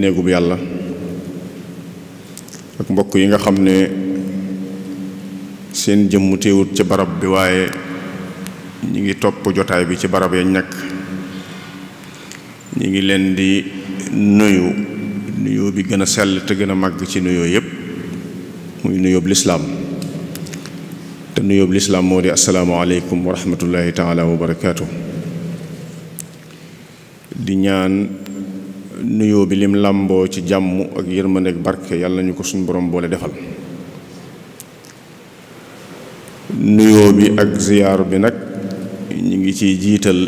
di bu yàlla ak mbokk yi nga xam ne seen jëmm teewut ci barab bi waaye ñi ngi topp jotaay bi ci barab ya nag ñi ngi leen di nuyu nuyoo bi gën a sell te gën a màgg ci nuyoo yépp muy nuyoob lislaam te nuyoob lislaam moo di asalaamaaleykum wa rahmatullahi taala wa barakaatu di ñaan nuyo bi lim làmboo ci jàmm ak yërmande ak barke yàlla nañu ko suñu borom boole defal nuyoo bi ak ziyaar bi nag ñu ngi ciy jiital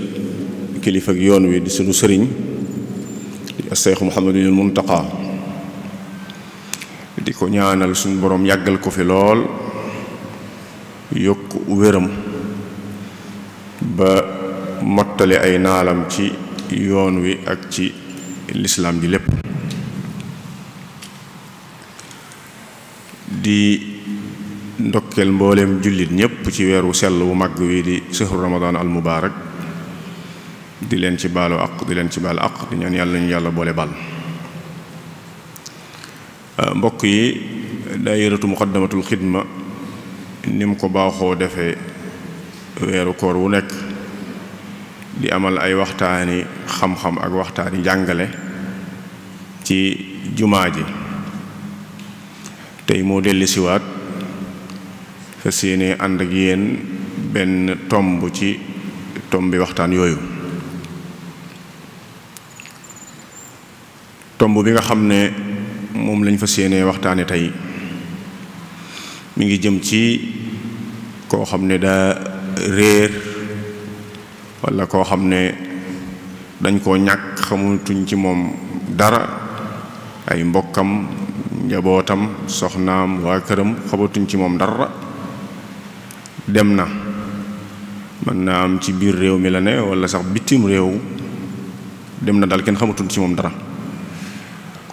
kilifa yoon wi di suñu sëriñ di Seex Muhammadul Muntaqa di ko ñaanal suñu boroom yàggal ko fi lool yokk wéram ba mottali ay naalam ci yoon wi ak ci lislaam ji lépp di ndokkeel mbooleem jullit ñépp ci weeru sell bu màgg wi di sëxru ramadaan al mubaarak di leen ci baalu ak di leen ci baal àq di ñaan yàlla ñu yàlla boole bal euh, mbokk yi daayiratu muqaddamatul xidma ni mu ko baaxoo defee weeru koor wu nekk di amal ay waxtaani xam-xam ak waxtaani jàngale ci jumaa ji tey moo dellusiwaat fa seeni ànd ak yéen benn tomb ci tombi waxtaan yooyu tomb bi nga xam ne moom lañ fa séenee waxtaane tey mu ngi jëm ci koo xam ne daa réer wala koo xam ne dañ koo ñàkk xamutuñ ci moom dara ay mbokkam njabootam soxnaam waa këram xamatuñ ci moom dara dem na mën naa am ci biir réew mi la ne wala sax bitim réew dem na daal kenn xamatuñ ci moom dara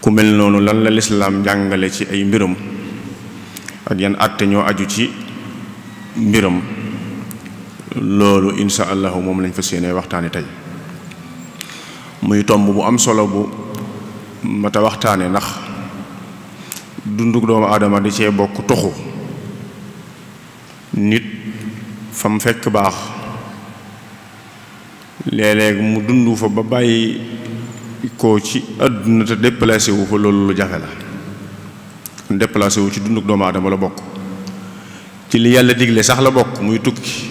ku mel noonu lan la lislaam jàngale ci ay mbiram ak yan àtte ñoo aju ci mbiram loolu insha allahu moom lañ fa yéene waxtaane tey muy tomb bu am solo bu mata waxtaane ndax dunduk doomu aadama di cee bokk toxu nit fam fekk baax léeg-léeg mu dund fa ba bàyyi koo ci àdduna te déplacé wu fa loolu lu jafe la kon wu ci dunduk doomu aadama la bokk ci li yàlla digle sax la bokk muy tukki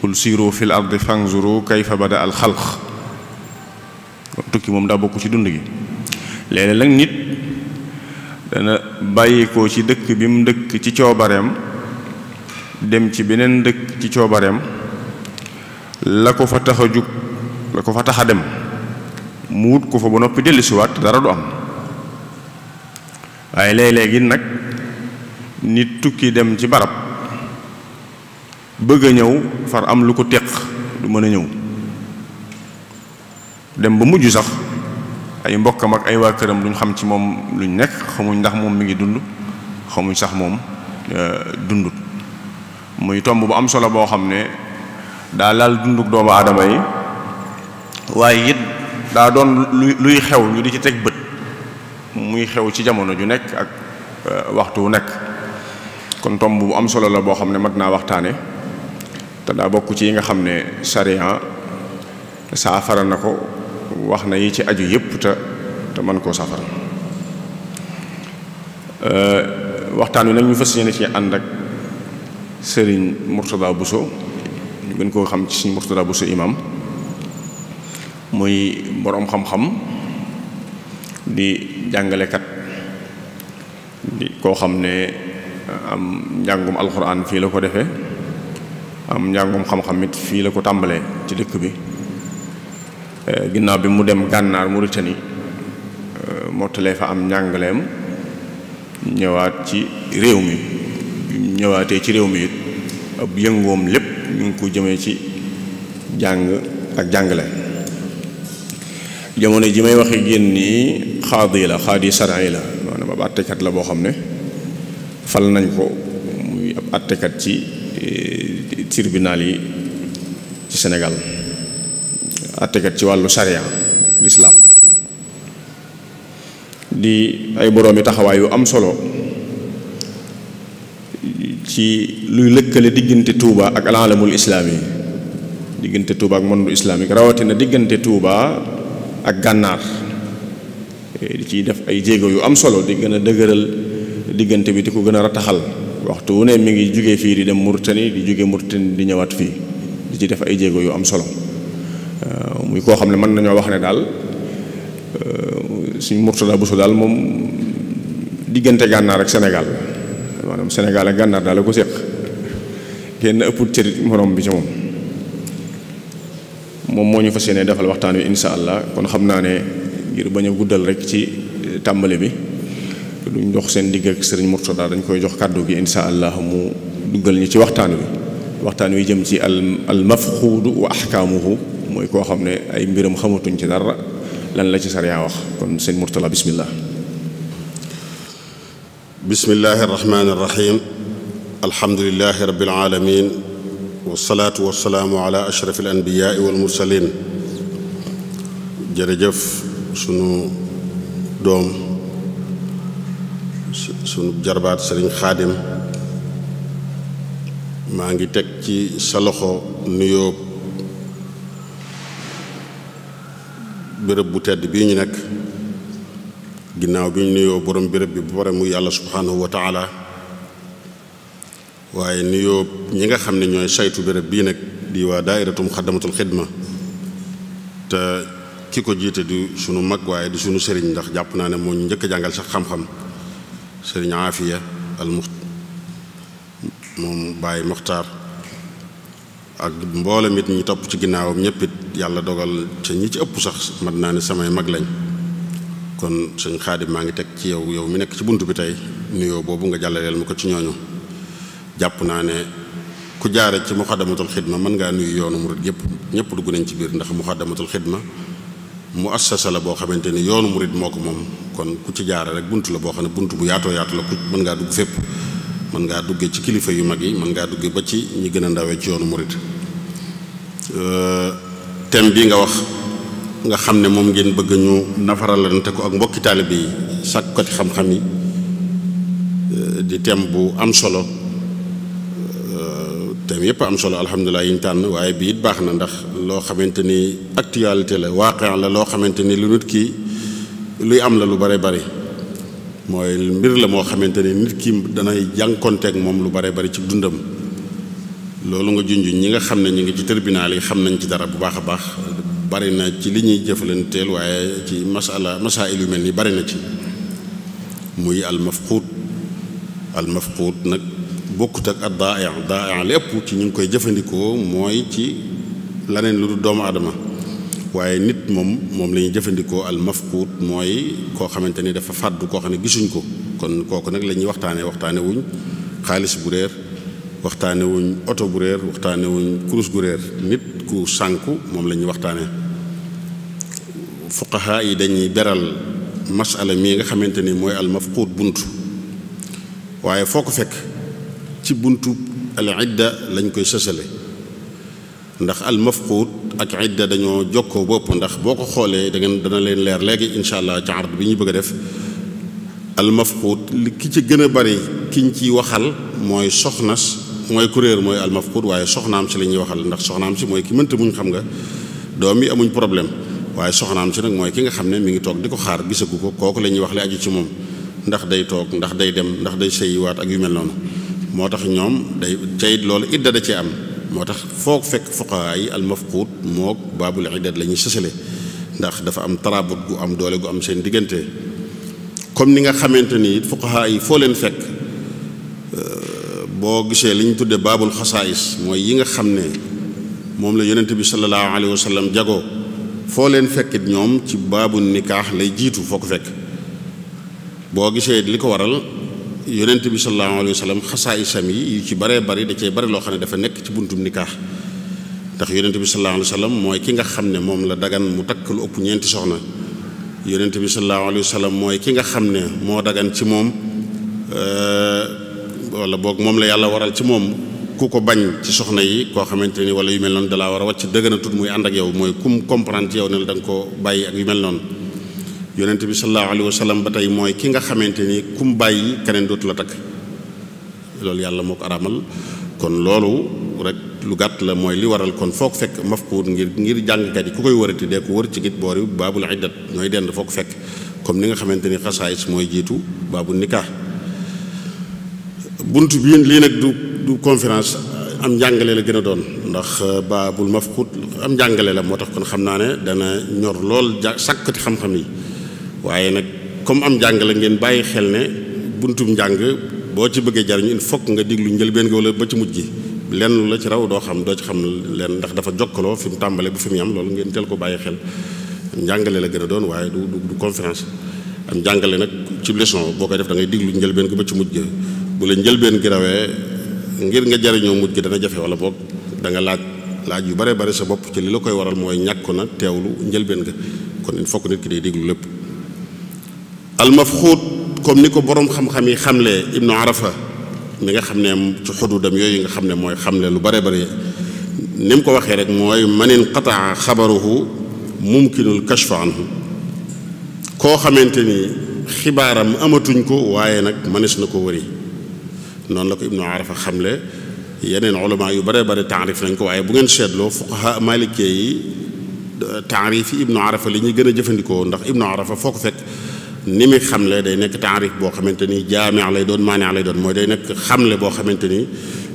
qul siiru fil ardi fanzuru kayfa bada al xalq tukki moom daa bokk ci dund gi léeg-léeg nag nit dana bàyyikoo ci dëkk bi mu dëkk ci coobareem dem ci beneen dëkk ci coobareem la ko fa tax a jug la ko fa tax a dem mu wut ko fa ba noppi dellusiwaat dara du am waaye léeg-léegi nag nit tukki dem ci barab bëgg ñëw far am lu ko teq du mën a ñëw dem ba mujj sax ay mbokkam ak ay waa këram luñ xam ci moom luñ nekk xamuñ ndax moom mi ngi dund xamuñ sax moom euh, dundut muy tomb bu am solo boo xam ne daa laal dunduk doomu aadama yi waaye it daa doon luy xew ñu di ci teg bët muy xew ci jamono ju nekk ak euh, waxtu wu nekk kon tomb bu am solo la boo xam ne mag naa waxtaane te daa bokk ci yi nga xam ne sariya saafara na ko wax na yi ci aju yépp te te mën koo saafara euh, waxtaan wi nag ñu fas yéene ci ànd ak sëriñ Mourtada Bousso ñu gën koo xam ci sëriñ Mourtada Bousso imam muy boroom xam-xam di jàngalekat di koo xam ne am njàngum alxuraan fii la ko defee am njàngum xam-xam it fii la ko tàmbalee ci dëkk bi eh, ginnaaw bi mu dem gànnaar Mauritanie eh, mottalee fa am njàngaleem ñëwaat ci réew mi ñëwaatee ci réew mi it ab yëngoom lépp ñu ngi ko jëmee ci jàng ak jàngale jamono ji may waxe génn nii xaadi la xaadi sari la maanaam ab àttekat la boo xam ne fal nañ ko muy ab àttekat ci eh, tribunal yi ci Sénégal àttekat ci wàllu sharia lislaam di ay boroomi taxawaay yu am solo ci luy lëkkale diggante Touba ak alamul islaami diggante Touba ak monde islamique rawatina diggante Touba ak gànnaar di ciy def ay jéego yu am solo di gën a dëgëral diggante bi di ko gën a rataxal waxtu wu ne mi ngi jóge fii di dem Murtani di jóge Murtani di ñëwaat fii di ci def ay jéego yu am solo euh, muy koo xam ne mën nañoo wax ne daal euh, suñ Murtada Bousso daal moom diggante gànnaar ak Sénégal maanaam Sénégal ak gànnaar daal la ko séq kenn ëpp cërit morom bi ci moom moom moo ñu fa yéene defal waxtaan wi insha allah kon xam naa ne ngir bañ a guddal rek ci tàmbali bi te duñ dox seen digg ak sëriñ Murtada dañ koy jox kàddu gi insha allah mu duggal ñu ci waxtaan wi waxtaan wi jëm ci al al mafxuudu wa ahkaamuhu mooy koo xam ne ay mbiram xamatuñ ci dara lan la ci sariya wax kon sëriñ Murtada bismillah bismillahi arrahmani arrahim alhamdulilahi rabbil alamin wasalaatu wasalaamu ala ashraf al anbiyaai wal mursalin jërëjëf sunu doom sunu jarbaat sëriñ xaadim maa ngi teg ci sa loxo nuyoo bërëb bu tedd bii ñu nekk ginnaaw bi ñu nuyoo borom bërëb bi bu pare mu yàlla subhaanahu wa taala waaye nuyoo ñi nga xam ne ñooy saytu bërëb bii nag diwaa waa daairatum xaddamatul xidma te ki ko jiite di sunu mag waaye di sunu sëriñ ndax jàpp naa ne moo njëkk jàngal sax xam-xam sëriñ Aafiya al Muxt moom Baye Muxtaar ak mboolem it ñu topp ci ginnaawam ñëpp it yàlla dogal ca ñi ci ëpp sax mat naa ne samay mag lañ kon sëñ Xaadim maa ngi teg ci yow yow mi nekk ci bunt bi tey nuyoo boobu nga jàllaleel ma ko ci ñooñu jàpp naa ne ku jaare ci muxaddamatul xidma mën ngaa nuyu yoonu murit yëpp ñëpp dugg nañ ci biir ndax muxaddamatul xidma mu assasa la boo xamante ni yoonu murit moo ko moom kon ku ci jaare rek bunt la boo xam ne bunt bu yaatoo yaatu la ku mën ngaa dugg fépp mën ngaa duggee ci kilifa yu mag yi mën ngaa duggee ba ci ñi gën a ndawee ci yoonu murit euh, thème bii nga wax nga xam ne moom ngeen bëgg ñu nafaralante ko ak mbokki taalibe yi sàkkati xam-xam yi euh, di thème bu am solo thème yëpp am solo alhamdulilah yi ñu tànn waaye bi it baax na ndax loo xamante ni actualité la waaqe la loo xamante ni lu nit ki luy am la lu bare bari mooy mbir la moo xamante ni nit ki danay jànkonteeg moom lu bare bari ci dundam loolu nga junj ñi nga xam ne ñu ngi ci tribunal yi xam nañ ci dara bu baax a baax bari na ci li ñuy jëfalanteel waaye ci masala masaa'il yu mel nii bari na ci muy al mafquud al mafquud nag. bokkut ak ak daa daa lépp ci ñu ngi koy jëfandikoo mooy ci laneen lu dul doomu aadama waaye nit moom moom lañuy ñuy jëfandikoo al mafquut mooy koo xamante ni dafa fàddu koo xam ne gisuñ ko kon kooku nag la ñuy waxtaanee waxtaane wuñ xaalis bu réer waxtaanewuñ oto bu réer waxtaane wuñ kurus gu réer nit ku sànku moom la ñuy waxtaane fuqaha yi dañuy beral masala mii nga xamante ni mooy al mafquut bunt waaye foo ko fekk ci buntu al idda lañ koy sësale ndax al mafquud ak idda dañoo jokkoo bopp ndax boo ko xoolee da ngeen dana leen leer léegi incha allah ci ard bi ñu bëgg a def al mafquud li ki ci gën a bari kiñ ciy waxal mooy soxnas mooy kuréer mooy al mafquud waaye soxnaam si la ñuy waxal ndax soxnaam si mooy ki mënta muñ xam nga doom yi amuñ problème waaye soxnaam si nag mooy ki nga xam ne mi ngi toog di ko xaar gisagu ko kooku lañuy wax li aju ci moom ndax day toog ndax day dem ndax day sëyiwaat ak yu mel noonu moo tax ñoom day teyit loolu idda da cee am moo tax foog fekk fuqahaa yi almafquud mook baabul iddat la ñuy ndax dafa am taraabut gu am doole gu am seen diggante comme ni nga xamante ni it yi foo leen fekk euh, boo gisee li ñu tudde baabul xasaais mooy yi nga xam ne moom la yonent bi sallallahu alayhi wa sallam jagoo foo leen fekkit ñoom ci baabul nikaax lay jiitu foo ko fekk boo gisee li ko waral yonent bi sallallahu alayhi wa sallam xasaayisam yi yu ci baree bari da cee bari loo xam ne dafa nekk ci buntum nikaax ndax yonent bi sallallahu alayhi wa mooy ki nga xam ne moom la dagan mu takk lu ëpp ñeenti soxna yonent bi sallallahu alayhi wa sallam mooy ki nga xam ne moo dagan ci moom euh, wala boog moom la yàlla waral ci moom ku ko bañ ci soxna yi koo xamante ni wala yu mel noonu dalaa war a wàcc dëgg na tut muy ànd ak yow mooy kum comprendre ci yow ne la da nga ko bàyyi ak yu mel noonu yonent bi sallallahu alayhi wa ba tey mooy ki nga xamante ni kum bàyyi keneen dootu la takk loolu yàlla moo ko araamal kon loolu rek lu gàtt la mooy li waral kon foog fekk mafkuur ngir ngir jàngkat yi ku koy wërati dee ko wër ci git boori baabul iddat ñooy dend foog fekk comme ni nga xamante ni xasaayis mooy jiitu baabu nikaa bunt bii lii nag du du conférence am njàngale la gën a doon ndax euh, baabul mafkuur am njàngale la moo tax kon xam naa ne dana ñor lool ja sàkkati yi waaye nag comme am njàng ngeen bàyyi xel ne buntum njàng boo ci bëggee jariñu il faut nga diglu njëlbeen nga wala ba ci mujj gi lenn la ci raw doo xam doo ci xam leen ndax dafa jokkaloo fi mu tàmbale bu fi mu yam loolu ngeen teel ko bàyyi xel njàngale la gën a doon waaye du du conférence am njàngale nag ci boo koy def da ngay diglu njëlbeen gi ba ci mujj gi bu la njëlbeen gi rawee ngir nga jariñoo mujj gi dana jafe wala boog da nga laaj laaj yu bare bare sa bopp ci li la koy waral mooy ñàkk na teewlu njëlbeen nga kon il faut que nit ki day diglu lépp almafxuut comme ni ko boroom xam-xam yi xamlee ibnu arafa mi nga xam ne ci xududam yooyu nga xam ne mooy xamle lu bare bare nim ko waxee rek mooy man inqataa xabaruhu mumkinul kashfu anhu koo xamante ni xibaaram amatuñ ko waaye nag mënees na ko wëri noonu la ko ibnu arafa xamle yeneen ulama yu bare bare taarif nañ ko waaye bu ngeen seetloo fuqaha malikee yi taarif yi ibnu arafa li ñuy gën a jëfandikoo ndax ibnu arafa foo ko fekk ni muy xamle day nekk taarif boo xamante ni jaamee lay doon maanee lay doon mooy day nekk xamle boo xamante ni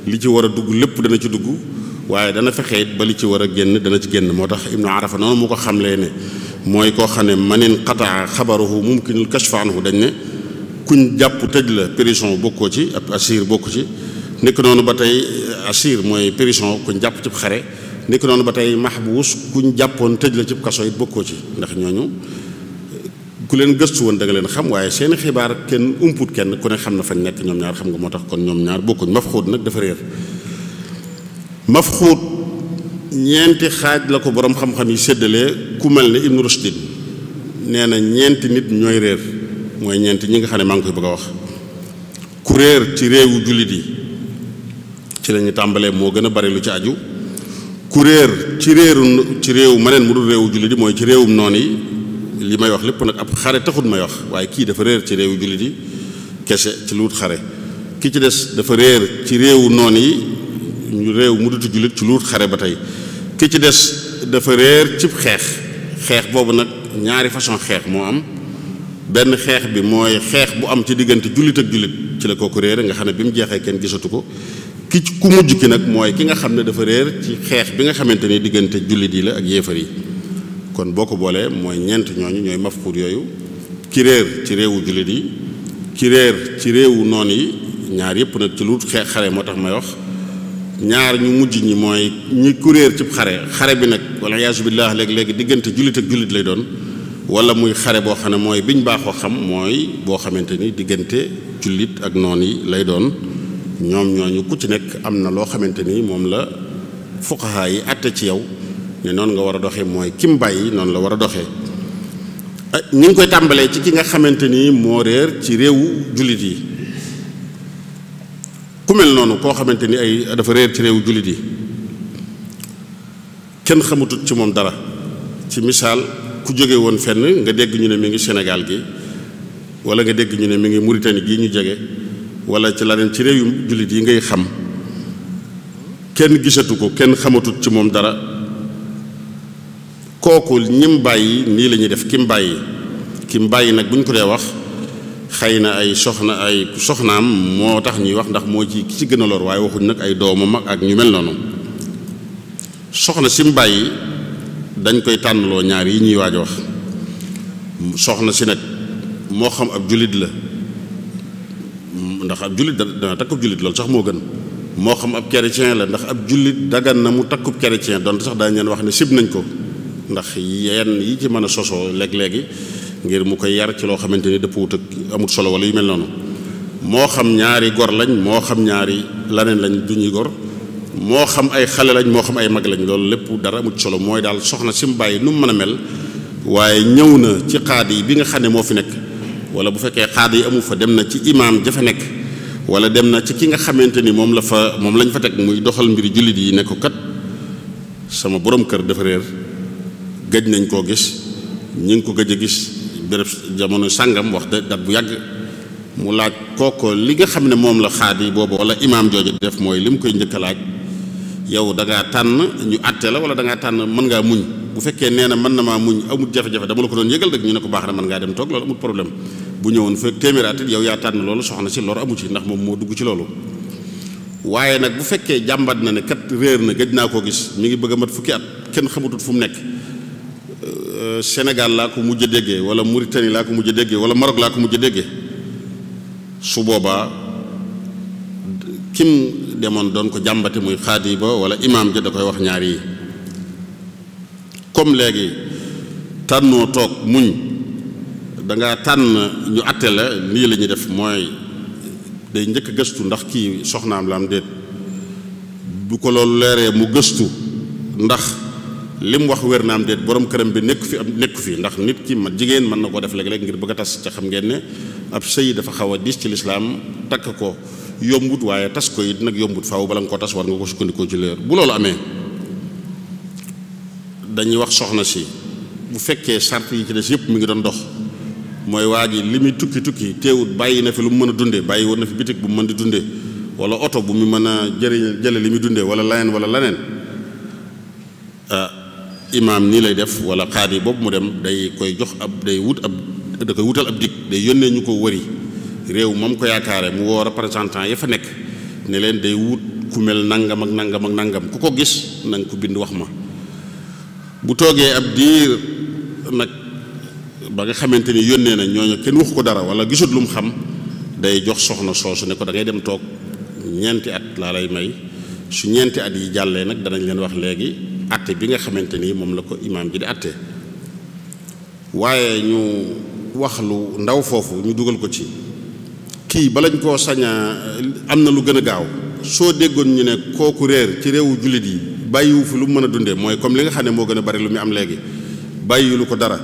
li ci war a dugg lépp dana ci dugg waaye dana fexe it ba li ci war a génn dana ci génn moo tax ibnu arafa noonu mu ko xamlee ne mooy koo xam ne manin qataa xabaruhu mumkinul kashfa anhu dañ ne kuñ jàpp tëj la prison bokkoo ci ab asir bokku ci nekk noonu ba tey asir mooy prison kuñ jàpp cib xare nekk noonu ba tey mahbuus kuñ jàppoon tëj la cib kaso it bokkoo ci ndax ñooñu ku leen gëstu woon da leen xam waaye seeni xibaar kenn umput kenn ku ne xam na fañ nekk ñoom ñaar xam nga moo tax kon ñoom ñaar bokkuñ mafxuut nag dafa réer mafxuut ñeenti xaaj la ko boroom xam-xam yi séddalee ku mel ne ibnu rushdin nee na ñeenti nit ñooy réer mooy ñeenti ñi nga xam ne maa ngi koy bëgg a wax ku réer ci réewu jullit yi ci la ñu tàmbalee moo gën a bari lu ci aju ku réer ci réeru ci réewu maneen mu dul réewu jullit yi mooy ci réewum noon yi li may wax lépp nag ab xare taxut may wax waaye kii dafa réer ci réewu jullit yi kese ci luut xare ki ci des dafa réer ci réewu noon yi ñu réew mu ci luut xare ba tey ki ci des dafa réer cib xeex xeex boobu nag ñaari façon xeex moo am benn xeex bi mooy xeex bu am ci diggante jullit ak jullit ci la kooku réere nga xam ne bi mu jeexee kenn gisatu ko ki ci ku mujj ki nag mooy ki nga xam ne dafa réer ci xeex bi nga xamante ni diggante jullit yi la ak yéefar yi kon boo ko boolee mooy ñeent ñooñu ñooy mafkuur yooyu ki réer ci réewu jullit yi ki réer ci réewu noon yi ñaar yëpp nag ci lu xee xare moo tax may wax ñaar ñu mujj ñi mooy ñu ku réer ci xare xare bi nag wala yaasu billah léegi-léegi diggante jullit ak lay doon wala muy xare boo xam ne mooy biñ baaxoo xam mooy boo xamante ni diggante jullit ak noon yi lay doon ñoom ñooñu ku ci nekk am na loo xamante ni moom la fuqaha yi àtte ci yow ne noonu nga war a doxee mooy kim bàyyi noonu la war a doxee ah, ñu ngi koy tàmbalee ci ki nga xamante ni moo réer ci réewu jullit yi ku mel noonu koo xamante ni ay dafa réer ci réewu jullit yi kenn xamatut ci moom dara ci misaal ku jóge woon fenn nga dégg ñu ne mi ngi Sénégal gi wala nga dégg ñu ne mi ngi Mauritanie gii ñu jege wala ci leneen ci réew yu jullit yi ngay xam kenn gisatu ko kenn xamatut ci moom dara kooku ñim bàyyi nii lañuy def kim bàyyi kim bàyyi nag bu ñu ko dee wax xëy na ay soxna ay soxnaam moo tax ñuy wax ndax moo ci ki ci gën a lor waaye waxuñ nag ay doomam ak ñu mel noonu soxna si mu bàyyi dañ koy tànnaloo ñaar yi ñuy waaj wax soxna si nag moo xam ab jullit la ndax ab jullit dana takkub jullit loolu sax moo gën moo xam ab chrétien la ndax ab jullit dagan na mu takkub chrétien donte sax daañu leen wax ne sib nañ ko ndax yenn yi ci mën a sosoo léeg-léegi ngir mu ko yar ci loo xamante ni dëpp wut ak amut solo wala yu mel noonu moo xam ñaari gor lañ moo xam ñaari laneen lañ du ñuy gor moo xam ay xale lañ moo xam ay mag lañ loolu lépp dara amut solo mooy daal soxna si mu bàyyi nu mu mën a mel waaye ñëw na ci xaad yi bi nga xam ne moo fi nekk wala bu fekkee xaad yi amu fa dem na ci imaam jafe nekk wala dem na ci ki nga xamante ni moom la fa moom lañ fa teg muy doxal mbiri jullit yi ne ko kat sama borom kër dafa réer gëj nañ koo gis ñu ngi ko gëj a gis béréb jamono sàngam wax da dat bu yàgg mu laaj kookoo li nga xam ne moom la xaat xaadi boobu wala imaam jooju def mooy li mu koy njëkk a laaj yow da ngaa tànn ñu àtte la wala da ngaa tànn mën ngaa muñ bu fekkee nee na mën na maa muñ amul jafe-jafe dama la ko doon yëgal rek ñu ne ko baax na mën ngaa dem toog loolu amul problème bu ñëwoon fekk téeméeraat it yow yaa tànn loolu soxna si lor amu ci ndax moom moo dugg ci loolu waaye nag bu fekkee jàmbat na ne kat réer na gëj naa koo gis mi ngi bëgg a fukki at kenn xamutul fu mu nekk Euh, Sénégal laa ko mujj déggee wala Mauritanie laa ko mujj déggee wala Maroc laa ko mujj déggee su boobaa kim demoon doon ko jàmbate muy xaadi ba wala imaam ja da koy wax ñaar yi comme léegi tànnoo toog muñ danga tànn ñu àtte la lii la ñuy def mooy day njëkk gëstu ndax kii soxnaam la am déet bu ko loolu leeree mu gëstu ndax li mu wax wér na am déet borom këram bi nekk fi am nekk fi ndax nit ki ma jigéen mën na koo def léeg-léeg ngir bëgg a tas ca xam ngeen ne ab sëy dafa xaw a diis ci lislaam takk ko yombut waaye tas ko it nag yombut faaw bala nga koo tas war nga ko sukkandikoo ci leer bu loolu amee dañuy wax soxna si bu fekkee sart yi ci des yëpp mu ngi doon dox mooy waa ji li muy tukki tukki teewut bàyyi na fi lu mu mën a dundee bàyyi woon na fi bitig bu mu mën di dundee wala oto bu mu mën a jëriñ jële li muy dundee wala laneen wala laneen ah, imaam nii lay def wala yi boobu mu dem day koy jox ab day wut ab da koy wutal ab dig day yónnee ñu ko wëri réew moom ko yaakaare mu woo représentant ya fa nekk ne leen day wut ku mel nangam ak nangam ak nangam ku ko gis nanga nga ko bind wax ma bu toogee ab diir nag ba nga xamante ni yónnee na ñooñu kenn waxu ko dara wala gisut lu mu xam day jox soxna soosu ne ko da ngay dem toog ñeenti at laa lay may su ñeenti at yi jàllee nag danañ leen wax léegi atte bi nga xamante nii moom la ko imaam ji di atte waaye ñu wax lu ndaw foofu ñu dugal ko ci kii balañ koo saña am na lu gën a gaaw soo déggoon ñu ne kooku réer ci réewu jullit yi bàyyiwu fi lu mu mën a dunde mooy comme li nga xam ne moo gën a bari lu mu am léegi bàyyilu ko dara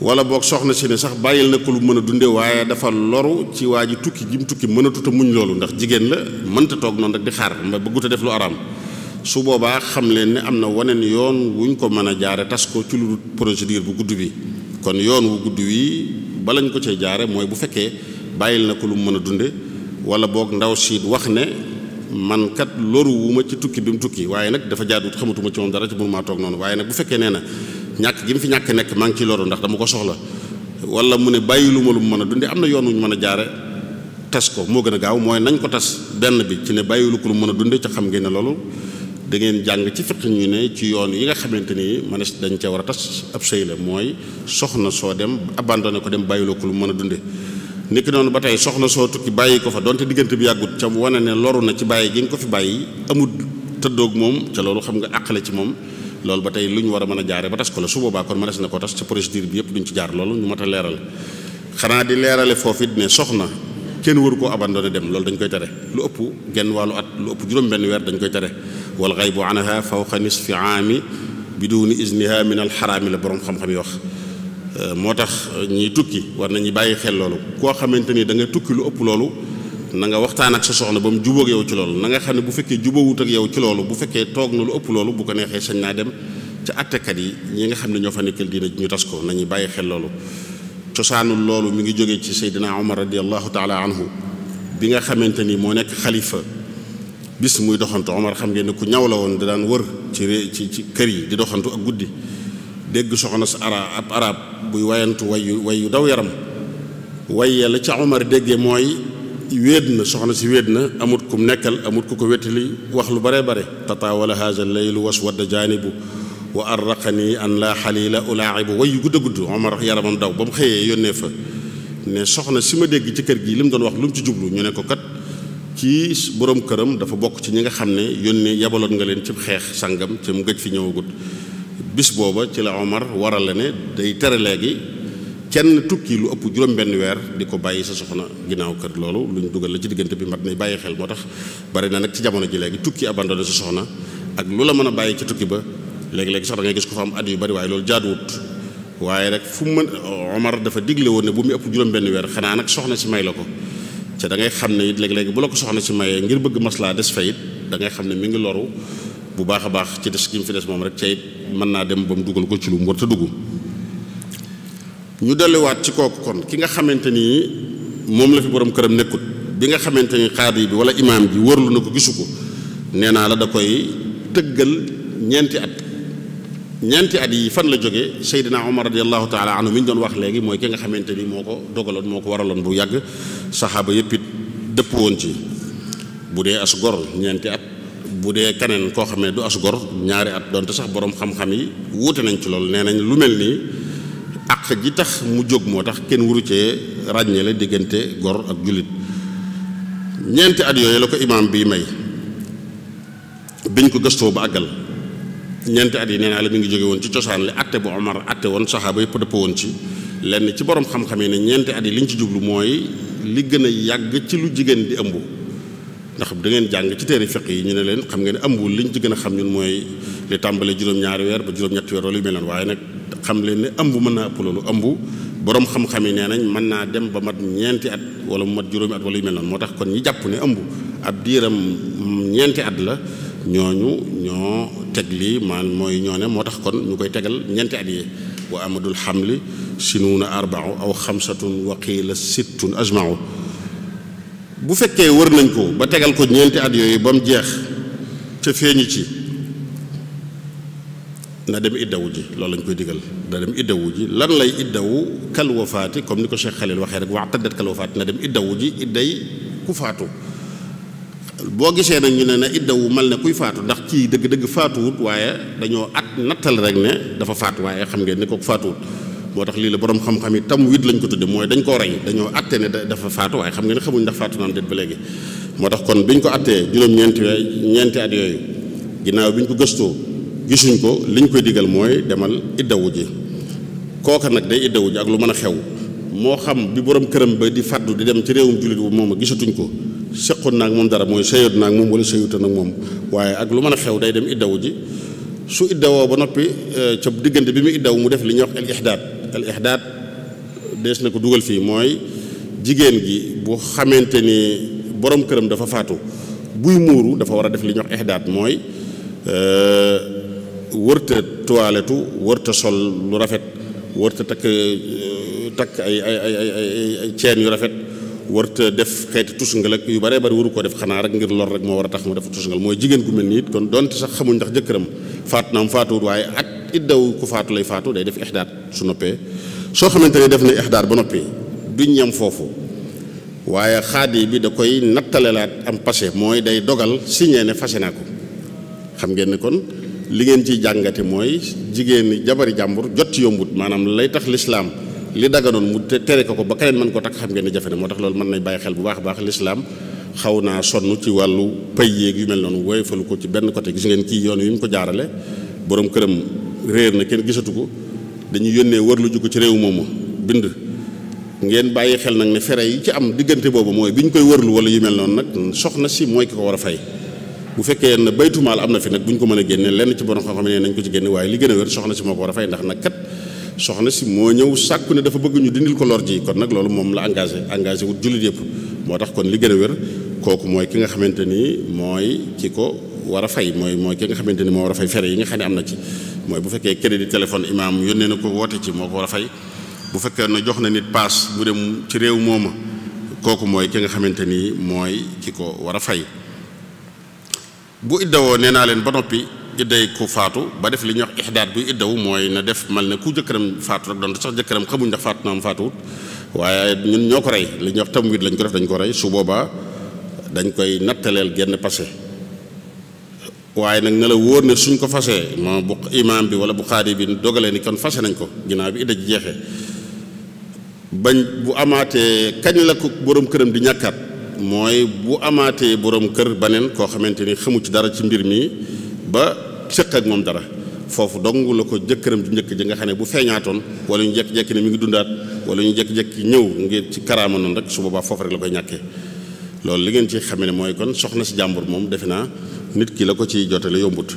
wala boog soxna si ne sax bàyyil na ko lu mën a dunde waaye dafa loru ci waa ji tukki jim tukki mënatut muñ loolu ndax jigéen la mënta toog noonu rek di xaar mba bëggut def lu araam su boobaa xam leen ne am na waneen yoon wuñ ko mën a jaare tas ko ci lu procédure bu gudd bi kon yoon wu gudd wi balañ ko cee jaare mooy bu fekkee bàyyil na ko lu mu mën a dunde wala boog ndaw siit wax ne man kat loru wu ma ci tukki bi mu tukki waaye nag dafa jaadut xamatuma ci moom dara ci mënu maa toog nag bu fekkee nee na ñàkk gi mu ñàkk nekk maa ngi ciy loru ndax dama ko soxla wala mu ne bàyyi lu ma lu mu mën a dunde am na yoon wuñ mën a jaare tas ko moo gën a gaaw mooy nañ ko tas benn bi ci ne bàyyilu ko lu mën a dunde ca xam ngeen ne loolu da ngeen jàng ci fiq ñu ne ci yoon yi nga xamante ni man dañ ca war a tas ab sëy la mooy soxna soo dem abandonné ko dem bàyyiloo ko lu mën a dunde niki noonu ba tey soxna soo tukki bàyyi ko fa donte diggante bi yàggut ca wane ne loru na ci bàyyi gi nga ko fi bàyyi amul tëddoog moom ca loolu xam nga àqale ci moom loolu ba tey lu ñu war a mën a jaare ba tas ko la su boobaa kon mënees na ko tas ca procédure bi yëpp duñ ci jaar loolu ñu mat a xanaa di leerale foofu it ne soxna kenn waru koo abandonné dem loolu dañ koy tere lu ëpp genn wàllu at lu juróom benn weer dañ koy tere walxaybu anha fawqa nisfi aami biduuni isniha min alxaraami la borom xam-xam yi wax moo tax ñiy tukki war nañu bàyyi xel loolu koo xamante ni da nga tukki lu ëpp loolu na nga waxtaan ak sa soxna ba mu jubóog yow ci loolu na nga xam ne bu fekkee jubóowut ak yow ci loolu bu fekkee toog na lu ëpp loolu bu ko neexee sañ naa dem ca attekat yi ñi nga xam ne ñoo fa nekkal diina ñu tas ko nañu bàyyi xel loolu cosaanul loolu mu ngi jógee ci seydina omar radiallahu taala anhu bi nga xamante ni moo nekk xalifa bis muy doxantu Omar xam ngeen ne ku ñaw la woon da daan wër ci ci ci kër yi di doxantu ak guddi dégg soxna si ara ab arab buy wayantu way wayu daw yaram waye la ca Omar déggee mooy wéet na soxna si wéet na amut kum nekkal amut ku ko wettali wax lu bare bare tataawala haza leylu waswadda jaanibu wa arraqani an laa xalila ulaaxibu wayu gudd a gudd Omar yaramam daw ba mu xëyee yónnee fa ne soxna si ma dégg ci kër gi li mu doon wax lu mu ci jublu ñu ne ko kat ci borom këram dafa bokk ci ñi nga xam ne yónni yabaloon nga leen ci xeex sangam ci mu gëj fi ñëwagut bis booba ci la Omar waral la ne day tere léegi kenn tukki lu ëpp juróom-benn weer di ko bàyyi sa soxna ginnaaw kër loolu lu ñu dugal la ci diggante bi mat nay bàyyi xel moo tax bari na nag ci jamono ji léegi tukki abandonné sa soxna ak lu la mën a bàyyi ca tukki ba léegi-léegi sax da gis ko fa am at yu bari waaye loolu jaaduwut waaye rek fu mu mën Omar dafa digle woon ne bu mu ëpp juróom-benn weer xanaa nag soxna si may la ko ca da ngay xam ne it léeg-léeg bu la ko soxna si mayee ngir bëgg maslaa des fa it da xam ne mi ngi loru bu baax a baax ci des gi mu fi des moom rek ca it mën naa dem ba mu dugal ko ci lu mu war a dugg ñu delluwaat ci kooku kon ki nga xamante ni moom la fi borom këram nekkut bi nga xamante ni xaadi bi wala imaam bi wërlu na ko gisu ko nee naa la da koy tëggal ñeenti at ñeenti at yi fan la jógee Seydina Omar radiallahu taala anhu mi ñu doon wax léegi mooy ki nga xamante ni moo ko dogaloon moo ko waraloon bu yàgg saxaaba yëpp it dëpp woon ci bu dee as gor ñeenti at bu dee keneen koo xam ne du as gor ñaari at donte sax borom xam-xam yi wuute nañ ci lool nee nañ lu mel nii àq ji tax mu jóg moo tax kenn wuru cee ràññeele diggante gor ak jullit ñeenti at yooyu la ko imaam bii may biñ ko gëstoo ba àggal ñeenti at yi nee naa la mi ngi jóge woon ci cosaan li atte bu Omar atte woon saxaaba yëpp dëpp woon ci lenn ci borom xam-xam yi ne ñeenti at yi liñ ci jublu mooy li gën a yàgg ci lu jigéen di ëmbu ndax da ngeen jàng ci téere fiq yi ñu ne leen xam ngeen ëmbul liñ ci gën a xam ñun mooy li tàmbale juróom-ñaari weer ba juróom-ñetti weer wala yu mel noonu nag xam leen ne ëmb mën naa ëpp loolu ëmb borom yi nee nañ mën naa dem ba mat ñeenti wala mu mat juróomi at wala mel noonu moo tax kon ñu jàpp ne ëmb ab diiram ñeenti at la ñooñu ñoo teg lii maanaam mooy ñoo ne moo tax kon ñu koy tegal ñeenti at yi wa amadul li sinuuna arbau aw xamsatun wa qiila sittun ajmau bu fekkee wër nañ ko ba tegal ko ñeenti at yooyu ba mu jeex ca feeñu ci na dem iddawu ji loolu lañ koy digal na dem iddawu ji lan lay iddawu kal wafaati comme ni ko Cheikh Khalil waxee rek wax taddat kal wafaati na dem iddawu ji idday ku faatu boo gisee nag ñu ne na wu mal ne kuy faatu ndax kii dëgg-dëgg faatuwut waaye dañoo at nattal rek ne dafa faatu waaye xam ngeen ni ko faatuwut boo tax lii la borom xam-xam yi tam wit lañ ko tudde mooy dañ koo rey dañoo atte ne dafa faatu waaye xam nga ne xamuñ ndax faatu naan moo tax kon biñ ko attee juróom-ñeenti weer ñeenti at yooyu ginnaaw biñ ko gëstoo gisuñ ko liñ koy digal mooy demal iddawu ji kooka nag day iddawu ji lu mën a xew moo xam bi borom këram ba di fàddu di dem ci réewum jullit bu moom gisatuñ ko seqoon naag moom dara mooy sëyoot naag moom wala sëyuta nag moom waaye ak lu mën a xew day dem iddawu ji su iddawoo ba noppi euh, ca diggante bi mu iddaw mu def li ñuy wax el ihdaad al ihdaat dees na ko dugal fii mooy jigéen gi bu xamante ni borom këram dafa faatu buy muuru dafa war a def li ñuy wax ihdaat mooy euh, wërta toiletu wërta sol lu rafet wërta takk euh, takk ay ay ay ay ay ceen yu rafet warta def xeeti tusngal ak yu baree bari waru ko def xanaa rek ngir lor rek moo war a tax mu def tusngal mooy jigéen gu mel nii kon donte sax xamuñ ndax jëkkëram faatu na am faatuwut waaye ak iddaw ku faatu lay faatu day def ixdaat su noppee soo xamante ne def na ixdaat ba noppi duñ ñam foofu waaye xaadi bi da koy nattalelaat am passé mooy day dogal si ne fase naa ko xam ngeen ne kon li ngeen ciy jàngate mooy jigéen ñi jabari jot ci yombut maanaam lay tax lislaam li daganoon mu tere ko ko ba keneen mën ko takk xam ngeen ne jafe na moo tax loolu mën nañ bàyyi xel bu baax baax lislaam xaw naa sonn ci wàllu pay yeeg yu mel noonu woyofalu ko ci benn côté gis ngeen kii yoon yu mu ko jaarale boroom këram réer na kenn gisatu ko dañu yónnee warlu ju ko ci réew moomu bind ngeen bàyyi xel nag ne fere yi ci am diggante boobu mooy bi ñu koy warlu wala yu mel noonu nag soxna si mooy ki ko war a fay bu fekkee ne baytumaal am na fi nag bu ñu ko mën a génne lenn ci borom xam-xam ne nañ ko ci génne waaye li gën a wér soxna si moo ko war a fay ndax nag kat soxna si moo ñëw sàkku ne dafa bëgg ñu dindil ko lor ji kon nag loolu moom la engagé engagé wut jullit yëpp moo tax kon li gën a wér kooku mooy ki nga xamante ni mooy ki ko war a fay mooy mooy ki nga xamante ni moo war a fay fere yi nga xam ne am na ci mooy bu fekkee crédit téléphone imaam yónnee na ko woote ci moo ko war a fay bu fekkee na jox na nit paas bu dem ci réew mooma kooku mooy ki nga xamante nii mooy ki ko war a fay bu iddawoo nee naa leen ba noppi idday ku faatu ba def li ñuy wax ixdaat buy iddaw mooy na def mal ne ku jëkkëram faatu rek dont sax jëkkëram xamuñ ndax faatu na am faatuwut waaye ñun ñoo ko rey li ñuy wax tam lañ ko def dañ ko rey su boobaa dañ koy nattaleel genn passé waaye nag na la wóor ne suñ ko fasee moom bu imaam bi wala bu xaadi bi dogalee ne kon fase nañ ko ginnaaw bi idda ji jeexee bañ bu amaatee kañ la ko borom këram di ñàkkaat mooy bu amaatee borom kër baneen koo xamante ni xamu ci dara ci mbir mi ba sëq ak moom dara foofu dong la ko jëkkëram ju njëkk ji nga xam ne bu feeñaatoon wala ñu jekk-jekki ne mi ngi dundaat wala ñu jekk-jekki ñëw ngir ci karaama noonu rek su boobaa foofu rek la koy ñàkkee loolu li ngeen ci xame ne mooy kon soxna si jàmbur moom defe naa nit ki la ko ci jotale yombut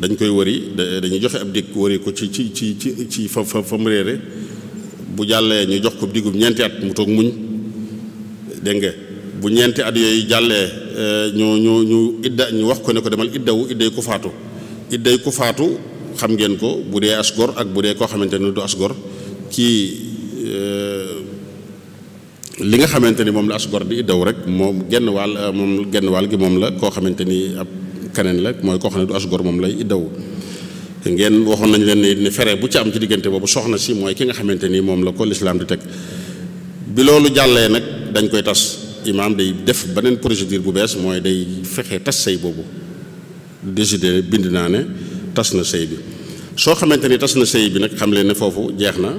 dañ koy wëri dañuy joxe ab dikk wëri ko ci ci ci ci ci fa fa mu réere bu jàllee ñu jox ko digub ñeenti at mu toog muñ dégg nga bu ñeenti at yooyu jàllee euh, ñu ñu ñu idda ñu wax ko ne ko demal iddawu idday ko faatu idday ko faatu xam ngeen ko bu dee asgor ak bu dee koo xamante ne du asgor kii euh, li nga xamante ni moom la asgor di daw rek moom genn wàll euh, moom genn wàll gi moom la koo xamante ni ab keneen la mooy koo xam ne du moom lay daw ngeen waxoon nañ leen ni fere bu ci am ci diggante boobu soxna si mooy ki nga xamante ni moom la ko lislaam di teg bi loolu jàllee nag dañ koy tas imaam day def beneen procédure bu bees mooy day fexe tas sëy boobu décider bind naa ne tas na sëy bi soo xamante ni tas na sëy bi nag xam leen ne foofu jeex na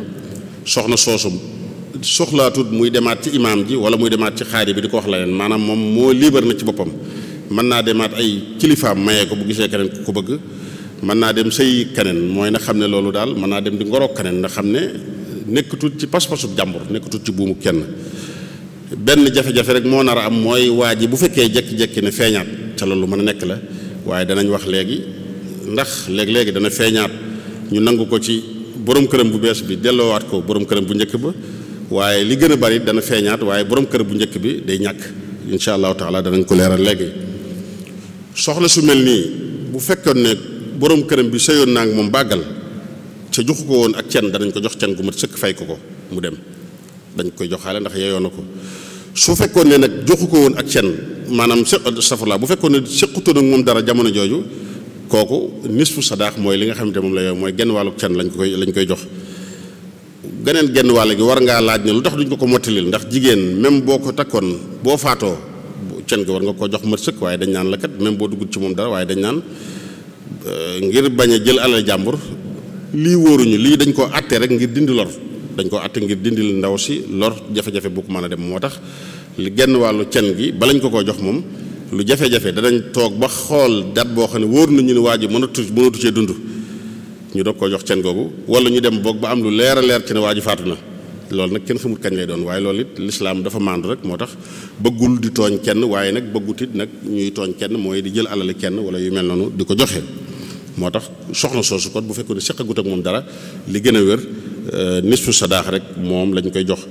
soxna soosu soxlaatut muy demaat ci imaam ji wala muy demaat ci xaari bi di ko wax la leen maanaam moom moo liibar na ci boppam mën naa demaat ay kilifaam mayee ko bu gisee keneen ku ko bëgg mën naa dem sëy keneen mooy na xam ne loolu daal mën naa dem di ngoro keneen na xam ne nekkatul ci pas-pasub jàmbur nekkatul ci buumu kenn benn jafe-jafe rek moo nar a am mooy waa ji bu fekkee jekki-jekki ne feeñaat ca loolu mën a nekk la waaye danañ wax léegi ndax léeg-léegi dana feeñaat ñu nangu ko ci borom këram bu bees bi delloowaat ko borom këram bu njëkk ba waaye li gën a bari dana feeñaat waaye borom kër bu njëkk bi day ñàkk incha allahu taala danañ ko leeral léegi soxla su mel nii bu fekkoon ne borom këram bi sëyoon naa ak moom bàggal ca joxu ko woon ak cen danañ ko jox cen mat sëkk fay ko ko mu dem dañ koy joxaale ndax yeyoo na ko su fekkoon ne nag joxu ko woon ak cen maanaam safurla bu fekkoon ne séqutoon ak moom dara jamono jooju kooku nisfu sadaax mooy li nga xamante moom la yow mooy genn wàllu cen lañ ko koy lañ koy jox geneen genn wàll gi war ngaa laaj ne lu tax duñ ko ko mottalil ndax jigéen même boo ko takkoon boo faatoo cen gi war nga koo jox mat sëkk waaye dañ naan la kat même boo duggut ci moom dara waaye dañ naan euh, ngir bañ a jël alal jàmbur lii wóoruñu lii dañ ko àtte rek ngir dindi lor dañ ko àtte ngir dindil ndaw si lor jafe-jafe bu ko mën a dem moo tax li genn wàllu cen gi balañ ko ko jox moom lu jafe-jafe danañ toog ba xool dat boo xam ne wóor nañu ne waa ji mënatu mënatu cee dund ñu doog koo jox cen googu wala ñu dem boog ba am lu leer leer ci ne waa ji faatu na loolu nag kenn xamul kañ lay doon waaye loolu it lislaam dafa màndu rek moo tax bëggul di tooñ kenn waaye nag bëggut nag ñuy tooñ kenn mooy di jël alali kenn wala yu mel noonu di ko joxe moo tax soxna soosu kon bu fekkoon ne seqagut ak moom dara li gën a wér euh, nisfu sadaax rek moom lañ koy jox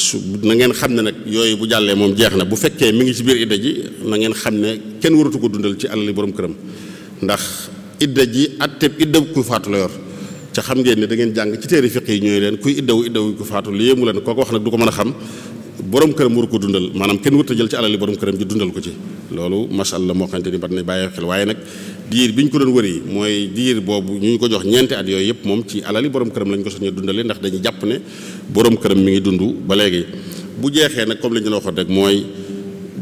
su na ngeen xam ne nag yooyu bu jàllee moom jeex na bu fekkee mi ngi ci biir idda ji na ngeen xam ne kenn waratu ko dundal ci alali borom këram ndax idda ji atteb idda ku faatu la yor ca xam ngeen ne da ngeen jàng ci téere fiq yi ñooy leen kuy iddawu iddawu ku faatu li yéemu leen kooku wax nag du ko mën a xam borom këram waru ko dundal maanaam kenn wut jël ci alali borom këram ji dundal ko ci loolu masalla moo xamante ni bat na bàyyi xel waaye nag diir bi ñu ko doon wëri mooy diir boobu ñu ñu ko jox ñeenti at yooyu yëpp moom ci alali borom këram lañ ko soññee dundale ndax dañuy jàpp ne borom këram mi ngi dund ba léegi bu jeexee nag comme li ñu la waxoon rek mooy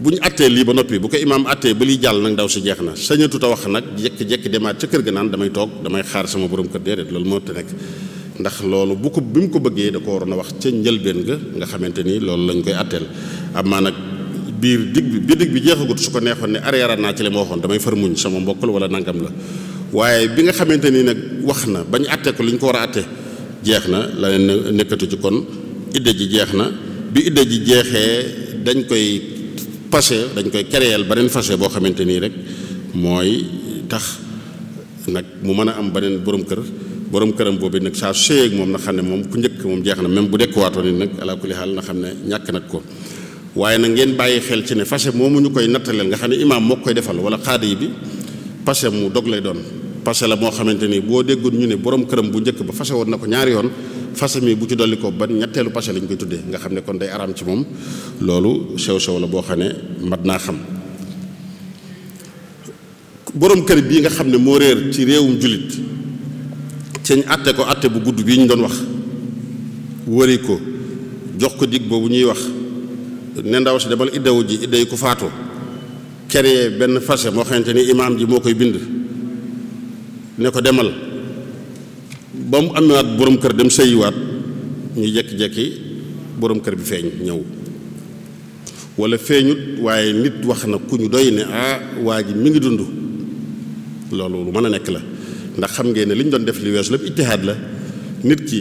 bu ñu attee lii ba noppi bu ko imaam attee ba lii jàll nag ndaw si jeex na sañatut a wax nag jekki-jekki demaat ca kër ga naan damay toog damay xaar sama borom kër déedéet loolu moo te nekk ndax loolu bu ko bi mu ko bëggee da ko waroon a wax ca njëlbeen ga nga xamante ni loolu lañ koy atteel am maa nag biir digg bi biir bi jeexagut su ko neexoon ne arrière naa ci li ma waxoon damay far muñ sama mbokkul wala nangam la waaye bi nga xamante ni nag wax na bañ atte ko li ñu ko war a jeex na la nekkatu ci kon idda ji jeex na bi idda ji jeexee dañ koy passé dañ koy créer beneen fase boo xamante nii rek mooy tax nag mu mën a am beneen borom kër borom këram boobu nag saa su seeyee moom na xam ne moom ku njëkk moom jeex na même bu dekkuwaatoo ni nag ala kulli xaal na xam ne ñàkk nag ko waaye nag ngeen bàyyi xel ci ne fase moomu ñu koy nattaleel nga xam ne imaam moo koy defal wala xaada yi bi passé mu dog lay doon passé la moo xamante ni boo déggoon ñu ne borom këram bu njëkk ba fase woon na ko ñaari fasami bu ci dolli ko ba ñetteelu pase lañ koy tuddee nga xam ne kon day araam ci moom loolu sew-sew la boo xam ne mat naa xam boroom kër bii nga xam ne moo réer ci réewum jullit ceeñ atte ko atte bu gudd bii ñu doon wax wëri ko jox ko dig boobu ñuy wax ne ndaw si demal iddawu ji idda yi ku faatu keree benn fase moo xamante ni imaam ji moo koy bind ne ko demal ba mu amaat borom kër dem sëyiwaat ñu jekki-jekki boroom kër bi feeñ ñëw wala feeñut waaye nit wax na ku ñu doy ne ah waa ji mu ngi dund loolu lu mën a nekk la ndax xam ngeen ne li ñu doon def li weesu lépp la nit ki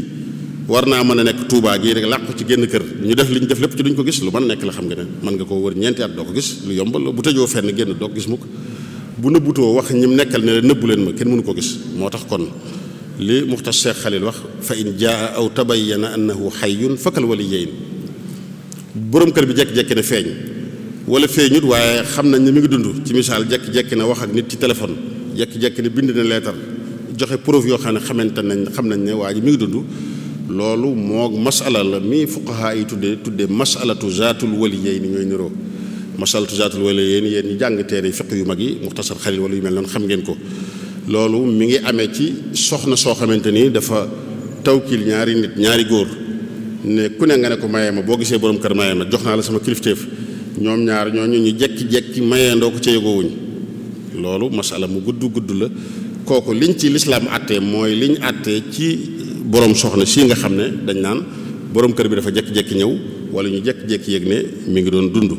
war naa mën a nekk Touba gii rek làqu ci génn kër ñu def li ñu def lépp ci duñ ko gis lu mën a nekk la xam nga ne mën nga koo wër ñeenti at doo ko gis lu yombal bu tëjoo fenn génn doo ko gis mukk bu nëbbutoo wax ñim nekkal ne nëbbu leen ma kenn mënu ko gis moo tax kon li muxtar Cheikh Xalil wax fa in jaa aw tabayyana annahu xayyun fakal waliyayn borom kër bi jekki-jekki ne feeñ wala feeñut waaye xam nañ ne mu ngi dund ci misaal jekki-jekki na wax ak nit ci téléphone jekki-jekki ne bind na leetar joxe preuve yoo xam ne xamante nañ xam nañ ne waa ji mi ngi dund loolu moo masala la mi fuqaha yi tuddee tuddee masalatu zaatul ni ñooy niroo masalatu jaatul waliyayni yéen ñi jàng teere fiq yu mag yi muxtasar xalil wala yu mel noonu xam ngeen ko loolu mi ngi amee ci soxna soo xamante ni dafa tawkil ñaari nit ñaari góor ne ku ne nga ne ko mayee ma boo gisee borom kër mayee ma jox naa la sama kilifteef ñoom ñaar ñoo ñu jekki-jekki mayee ndoo ko ca yëgoowuñ loolu masala mu gudd gudd la kooku liñ ci lislaam àttee mooy liñ àttee ci borom soxna si nga xam ne dañ naan borom kër bi dafa jekki-jekki ñëw wala ñu jekki-jekki yëg ne mi ngi doon dund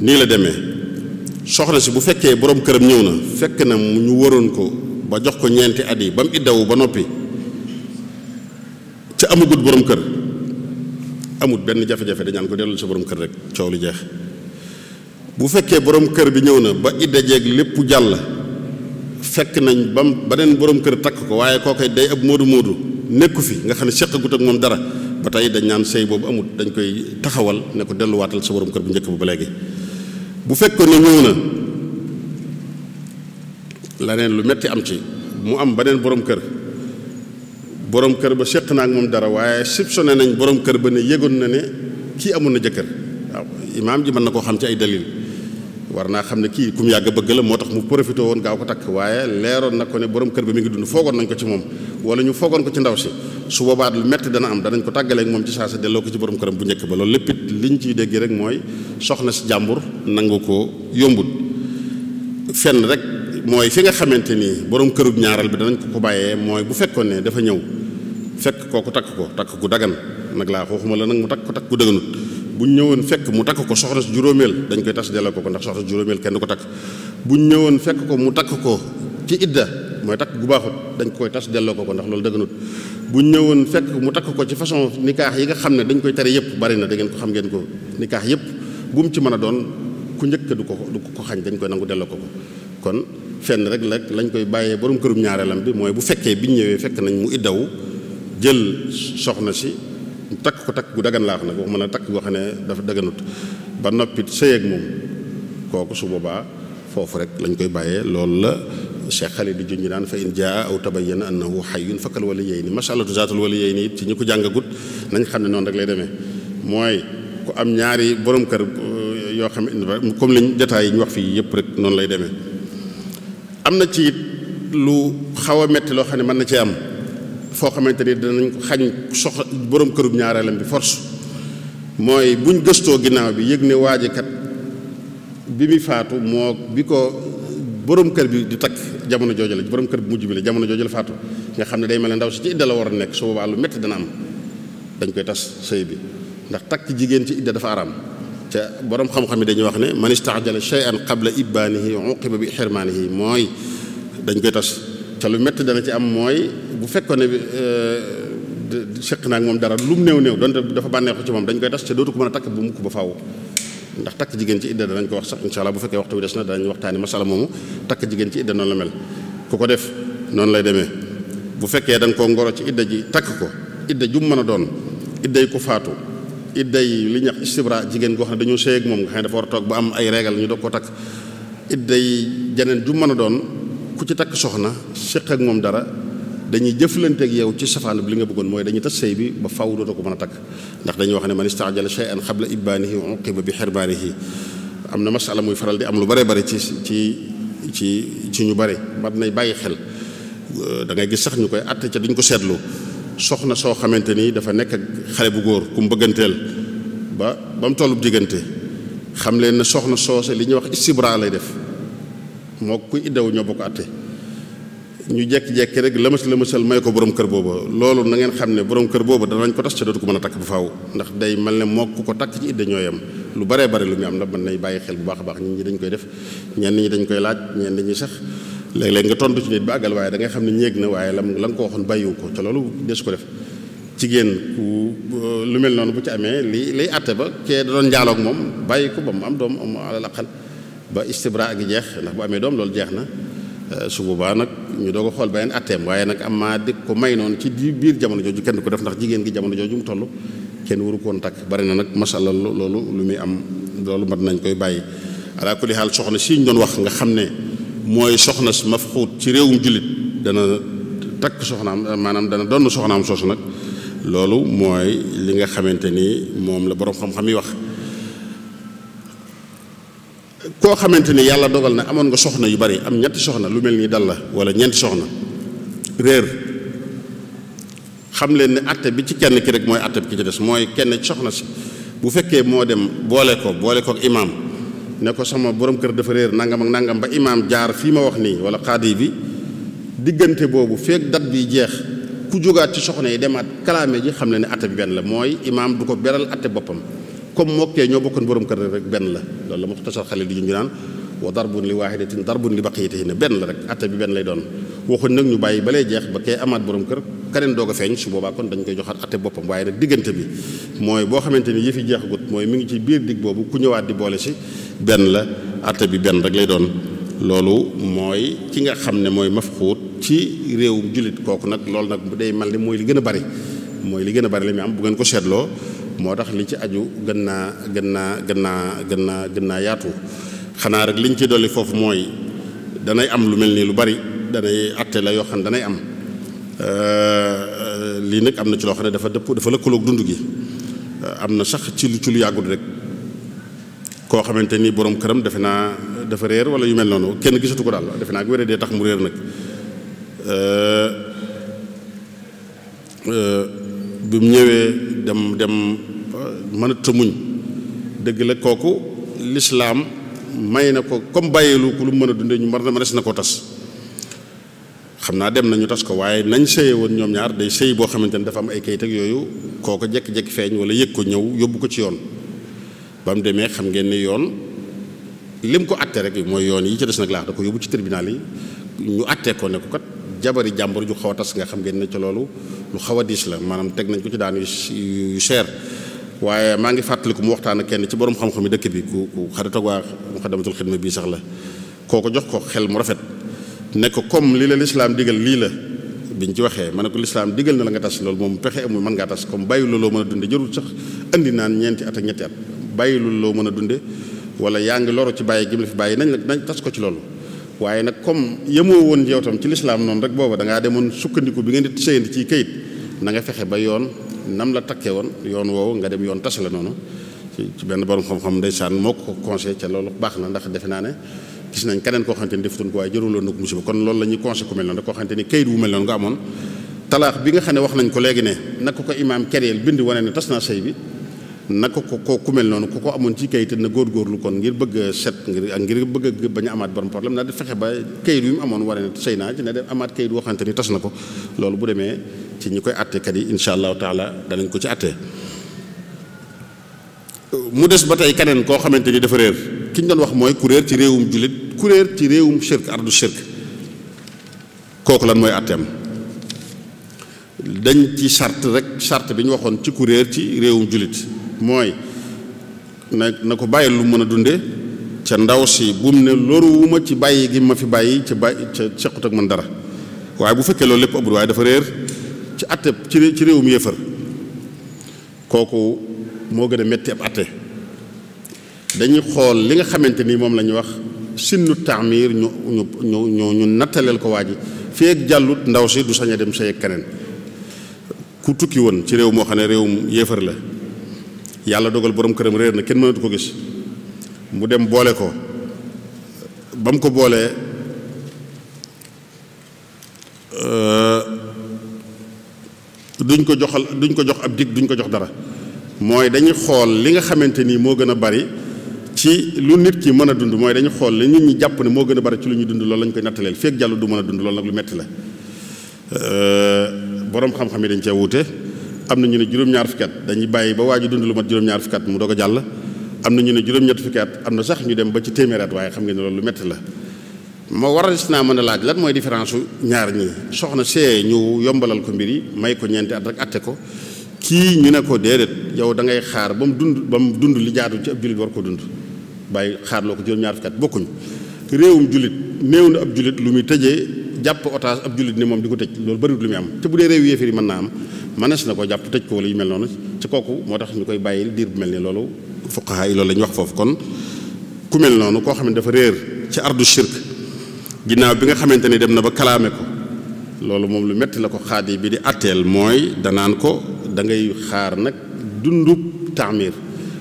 nii la demee soxna si bu fekkee borom këram ñëw na fekk na mu ñu waroon ko ba jox ko ñeenti at yi ba mu iddawu ba noppi ca amagut borom kër amut benn jafe-jafe dañaan ko dellul sa borom kër rek coow li jeex bu fekkee borom kër bi ñëw na ba idda jeeg lépp jàll fekk nañ bam beneen borom kër takk ko waaye kookoy day ab moodu moodu nekku fi nga xam ne seqagut ak moom dara ba tey dañ naan sëy boobu amut dañ koy taxawal ne ko delluwaatal sa borom kër bu njëkk ba ba léegi bu fekkoon ne ñëw na laneen lu metti am ci mu am beneen borom kër borom kër ba seq naa ak moom dara waaye soupçonné nañ borom kër ba ne yëgoon na ne kii amoon na jëkkër waaw imaam ji man na koo xam ci ay dalil war naa xam ne kii kum yàgg bëgg la moo tax mu profité woon gaaw ko takk waaye leeroon na ko ne borom kër ba mu ngi dund foogoon nañ ko ci moom wala ñu foogoon ko ci ndaw si su boobaa lu metti dana am danañ ko tàggaleek moom ci saa si delloo ko ci borom këram bu njëkk ba loolu lépp it liñ ciy dégg rek mooy soxna si jàmbur nangu ko yombut fenn rek mooy fi nga xamante ni borom këru ñaaral bi danañ ko ko bàyyee mooy bu fekkoon ne dafa ñëw fekk kooku takk ko takk gu dagan nag laa xooxuma la nag mu takk ko takk gu daganut bu ñëwoon fekk mu takk ko soxna si juróomeel dañ koy tas delloo ko ko ndax soxna si juróomeel kenn ko takk bu ñëwoon fekk ko mu takk ko ci idda mooy takk gu baaxut dañ koy tas delloo ko ko ndax loolu dëgganut bu ñëwoon fekk mu takk ko ci façon nikaax yi nga xam ne dañ koy tere yëpp bari na da ko xam ngeen ko nikaax yëpp bu mu ci mën a doon ku njëkk du ko du ko xañ dañ koy nangu delloo ko ko kon fenn rek la lañ koy bàyyee borom kërum ñaareelam bi mooy bu fekkee biñ ñëwee fekk nañ mu iddaw jël soxna si takk ko takk gu dagan laax nag wax mën a takk goo xam ne dafa daganut ba noppit sëy ak moom kooku su boobaa foofu rek lañ koy bàyyee loolu la Cheikh Xalil di junj naan fa in jaa aw tabayyana annahu xayyun fakkal waliyayni masalatu zaatul waliyayni it ci ñi ko jàngagut nañ xam ne noonu rek lay demee mooy ku am ñaari boroom kër euh, yoo xam ne comme liñ jataay yi ñu wax fii yëpp rek noonu lay deme am na ci lu xaw a metti loo xam ne mën na cee am foo xamante ni danañ ko xañ sox borom kërub ñaareelam bi force mooy buñ gëstoo ginnaaw bi yëg ne waajikat bi mu faatu moo bi ko borom kër bi di takk jamono jooju la borom kër bi mujj bi la jamono jooju la faatu nga xam ne day mel ne ndaw si ci idda la war a nekk su boobaa lu dana am dañ koy tas sëy bi ndax takk jigéen ci idda dafa araam ca borom xam-xam dañuy wax ne man istaajala shay'an qabla ibbaanihi uqiba bi xirmaanihi mooy dañ koy tas ca lu métti dana ci am mooy bu fekkoon ne euh, seq naa ak moom dara lu mu néew néew donte dafa bànneexu ci moom dañ koy tas ca dootu ko mën a takk bu mukk ba faw ndax takk jigéen ci idda danañ ko wax sax incha allah bu fekkee waxtu bi des na danañ waxtaani masala moomu takk jigéen ci idda noonu la mel ku ko def noonu lay demee bu fekkee da nga ngoro ci idda ji takk ko idda jum mën a doon idda yi ko faatu idda yi li ñax istibra jigéen goo xam ne dañoo sëy ak moom nga xam ne dafa war a toog ba am ay régal ñu doog ko takk idda yi janeen jum mën a doon ku ci takk soxna séq ak moom dara dañuy jëflante ak yow ci safaan bi li nga bëggoon mooy dañuy tas sëy bi ba faw dootoo ko mën a takk ndax dañuy wax ne man istaajala shay'an qabla ibbaanihi uqiba bi xirbaanihi am na masala muy faral di am lu bare bare ci ci ci ci ñu bare mat nay bàyyi xel da ngay gis sax ñu koy àtte ca duñ ko seetlu soxna soo xamante ni dafa nekk ak xale bu góor ku bëgganteel ba ba mu tollu diggante xam leen ne soxna soose li ñuy wax istibra lay def moo ku iddaw ñoo bokk àtte ñu jekki-jekki rek lëmas lëmasal may ko borom kër booba loolu nangeen xam ne borom kër booba danañ ko tas ca dootu ko mën a takk bu faaw ndax day mel ne moo ku ko takk ci idda ñooy lu baree bare lu ñu am la mën nañ bàyyi xel bu baax a baax ñi dañ koy def ñenn ñi dañ koy laaj ñenn ñi sax léeg-léeg nga tontu ci nit ba àggal waaye da xam ne ñéeg na waaye lam la nga ko waxoon bàyyiwu ko ca loolu des ko def jigéen ku lu mel noonu bu ci amee lii lay àtte ba kee da doon njaaloog moom bàyyi ko ba mu am doom am alal aqal ba istibra gi jeex ndax bu amee doom loolu jeex na su boobaa nag ñu doo a xool beneen atteem waaye nag am maa di ko may noonu ci biir jamono jooju kenn ko def ndax jigéen gi jamono jooju mu toll kenn waru koon takk bari na nag macha allah loolu lu muy am loolu mat nañ koy bàyyi ala kulli xaal soxna si ñu doon wax nga xam ne mooy soxna si mafxuut ci réewum jullit dana takk soxnaam maanaam dana donn soxnaam soosu nag loolu mooy li nga xamante ni moom la boroom xam-xam yi wax koo xamante ni yàlla dogal na amoon nga soxna yu bari am ñetti soxna lu mel nii dal la wala ñeenti soxna réer xam leen ne àtte bi ci kenn ki rek mooy atte bi ki ci des mooy kenn soxna si bu fekkee moo dem boole ko boole ko imaam ne ko sama boroom kër dafa réer nangam ak nangam ba imaam jaar fii ma wax nii wala xaadi bi diggante boobu feek dat bi jeex ku jógaat ci soxna yi demaat kalaame ji xam leen ne àtte bi benn la mooy imaam du ko beral atte boppam comme mokkee ñoo bokkoon borom kër rek benn la loolu la Muxtasar Xalil di ñu naan wa darbun li ne benn la rek atte bi benn lay doon waxuñ nag ñu bàyyi ba kay amaat borom kër kaneen doog a feeñ su boobaa kon koy joxaat atte boppam waaye nag diggante mooy boo xamante ni yëfi jeexagut mooy mi ngi ci biir dig boobu ku ñëwaat di boole benn la atte bi benn rek lay doon loolu mooy ki nga xam ne mooy mafxuut ci réewum jullit kooku nag loolu nag day mal ne mooy li gën a bari mooy li gën a bari la mu am bu ngeen ko seetloo moo tax li ci aju gën naa gën naa gën naa gën naa yaatu xanaa rek liñ ci dolli foofu mooy danay am lu mel nii lu bari danay atte la yoo xam ne danay am euh, lii nag am na ci loo xam ne dafa dëpp dafa lëkkaloog dund gi euh, am na sax ci lu ci rek koo xamante ni boroom këram defe naa dafa réer wala yu mel noonu kenn gisatu ko daal defe naa ak wéree dee tax mu réer nag euh, bi mu ñëwee dem dem mënut a muñ dëgg la kooku lislaam may na ko comme bàyyeelu ku lu mën a dundee ñu mar na mënees na koo tas xam naa dem nañu tas ko waaye nañ sëye woon ñoom ñaar day sëy boo xamante ne dafa am ay kayit ak yooyu kooko jekki-jekki feeñ wala yëg ko ñëw yóbbu ko ci yoon ba mu demee xam ngeen ni yoon lim ko atte rek mooy yoon yi ci des nag laax da ko yóbbu ci tribunal yi ñu attee ko ne ko jabari jàmbur ju xaw a tas nga xam ngeen ne ca loolu lu xaw a diis la maanaam teg ci daan yu cher waaye maa ngi fàttaliku mu waxtaan ak kenn ci borom xam-xam yi dëkk bi ku ku xaritag waa Muxaddamatul Xidma bii sax la kooko jox ko xel mu rafet ne ko comme lii la lislaam digal lii la biñ ci waxee ma ne ko lislaam digal na la nga tas loolu moom pexe amul mën ngaa tas comme bàyyi looloo mën a dunde jërul sax at ak ñetti at bàyyi mën a dunde wala yaa ngi ci bàyyi gim la fi bàyyi nañ nañ tas ko ci loolu waaye nag comme yemoo woon yow tam ci lislaam noonu rek booba dangaa demoon sukkandiku bi ngeen di séyandi ci kayit na nga fexe ba yoon nam la takkee woon yoon woowu nga dem yoon tas la noonu ci benn borom xam-xam ndeysaan mook ko conseillé ca loolu baax na ndax defe naa ne gis nañ keneen koo xamante ni defutoon ko waaye jëruloon na ko musiba kon loolu la ñuy conseillé ku mel noonu rek koo xamante ni kayit wu mel noonu nga amoon talaax bi nga xam ne wax nañ ko léegi ne naka ko imaam kereel bind wane ne tas naa sëy bi naka ko ko ku mel noonu ku ko amoon ci kayit na góor góorlu kon ngir bëgg a set ngir ak ngir bëgg a bañ a amaat borom problème na di fexe ba kayit yu mu amoon waree ne sëy naa ci ne dem amaat kayit woo xamante ni tas na ko loolu bu demee ci ñi koy àtteekat yi incha allahu danañ ko ci àttee. mu des ba tey keneen koo xamante ni dafa réer ki doon wax mooy ku ci réewum jullit ku ci réewum shirk ardu shirk kooku lan mooy àtteem dañ ci charte rek charte bi ñu waxoon ci ku réer ci réewum jullit. mooy na na ko bàyyi lu mën a dunde ca ndaw si bu mu ne loruwuma ci bàyyi gi ma fi bàyyi ca bàyyi ca sequt ak man dara waaye bu fekkee loolu lépp abul waaye dafa réer ci atte ci ci réewum yéefar kooku moo gën a metti ab atte dañuy xool li nga xamante ni moom la ñu wax sinnu taamir ñu ñu ñu ñu nattaleel ko waa ji feeg jàllut ndaw si du saña dem sey ak keneen ku tukki woon ci réew moo xam ne réewum yéefar la yàlla dogal borom këram réer na kenn mënatu ko gis mu dem boole ko ba mu ko boolee euh, duñ ko joxal duñ ko jox ab dig duñ ko jox dara mooy dañuy xool li nga xamante ni moo gën a bari ci lu nit ki mën a dund mooy dañu xool li nit ñi jàpp ne moo gën a bari ci lu ñu dund lool lañ koy nattaleel feek jàll du mën a dund loolu nag lu metti la euh, boroom xam-xam yi dañ cee wuute am na ñu ne juróom-ñaar fukki at dañuy bàyyi ba waa ji dund lu mat juróom-ñaar fukki at mu doog a jàll am na ñu ne juróom-ñett fukki am na sax ñu dem ba ci téeméeri at waaye xam ngeen ne loolu lu metti la moo waral si naa mën a laaj lan mooy différence su ñaar ñi soxna see ñu yombalal ko mbir yi may ko ñeenti at rek atte ko kii ñu ne ko déedéet yow da ngay xaar ba mu dund ba mu dund li jaadu ci ab jullit war koo dund bàyyi xaar loo ko juróom-ñaar fukki at bokkuñu réewum jullit néew na ab lu muy tëjee jàpp otage ab jullit ne moom ko tëj loolu bëriwul lu muy am te bu dee réew yéefar yi mën naa am mënees na ko jàpp tëj ko wala yu mel noonu ci kooku moo tax ñu koy bàyyi diir bu mel ni loolu fuqaha yi loolu la ñu wax foofu kon ku mel noonu koo xam ne dafa réer ci ardu shirk ginnaaw bi nga xamante ni dem na ba kalaame ko loolu moom lu metti la ko xaadi bi di atteel mooy danaan ko da ngay xaar nag dundub taamir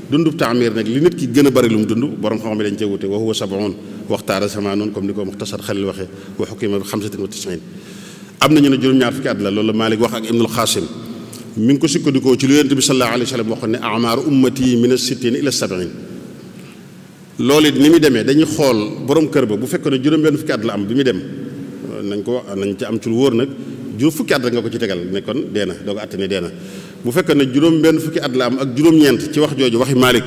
dundub taamir nag li nit ki gën a bari lu mu dund borom xam-xam dañ cee wute wa huwa sab'un waxtaara samaanoon comme ni ko Muxtasar waxee wa xukima bi xamsatin wa tis'in am na ñu ne juróom-ñaar fukki at la wax ak mi ngi ko sukkandikoo ci lu yonent bi sallallahu alayhi wa sallam ne amaaru ummati min as-sittina ila as-sab'in loolu it ni muy demee dañuy xool borom kër ba bu fekkoon ne juróom-benn la am bi muy dem nañ ko nañ ci am ci lu wóor nag juróom fukki nga ko ci tegal ne dee na doo ko àtte ne dee na bu fekkoon juróom-benn fukki at la am ak juróom-ñeent ci wax jooju waxi Malik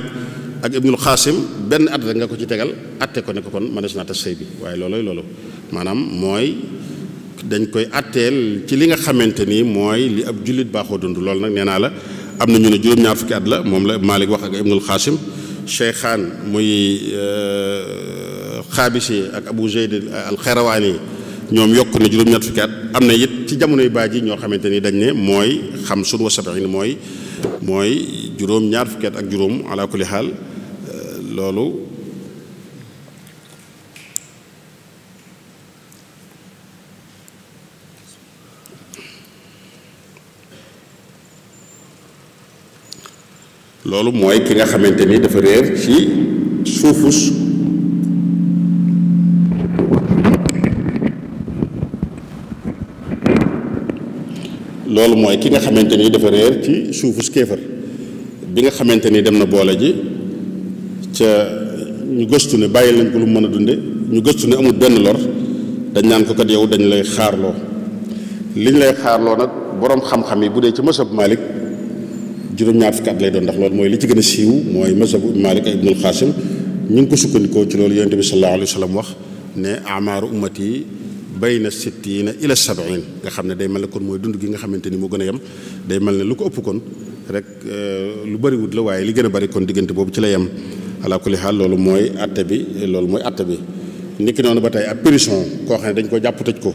ak Ibnul Xaasim benn at rek nga ko ci tegal àtte ko ne ko kon mënees naa tas sëy bi waaye loolooy loolu maanaam mooy. dañ koy atteel ci li nga xamante ni mooy li ab jullit baaxoo dund loolu nag nee naa la am na ñu ne juróom-ñaar fukki at la moom la Malik wax ak Ibnul Xaasim Cheikhaan muy euh, Xaabisi ak Abu Zayd al Xayrawaani ñoom yokk na juróom-ñaar fukki at am na it ci jamonoy baaj yi ñoo xamante ni dañ ne mooy xam sun wa sabiin mooy mooy juróom-ñaar fukki at ak juróom ala kulli xaal euh, loolu. loolu mooy ki nga xamante ni dafa réer ci suufus loolu mooy ki nga xamante ni dafa ci suufus kéefar bi nga xamante ni dem na boole ji ca ñu gëstu ne bàyyi lañ ko lu mën a dunde ñu gëstu ni amul benn lor dañ naan ko kat yow dañ lay xaarloo liñ lay xaarloo nag boroom xam-xam yi bu dee ci mësab Malik juróom-ñaar fukki at lay doon ndax loolu mooy li ci gën a siiw mooy mazhabu Ibn Malik Ibnul Xaasim ñu ngi ko sukkandikoo ci loolu yonent bi sallallahu alayhi wa sallam wax ne amaaru ummati bayna sittiina ila sab'in nga xam ne day mel ne mooy dund gi nga xamante ni moo gën a yem day mel ne lu ko ëpp kon rek euh, lu bëriwut la waaye li gën a bëri kon diggante boobu ci la yem ala kulli xaal loolu mooy atte bi loolu mooy atte bi niki noonu ba tey ab prison koo xam ne dañ ko jàpp tëj ko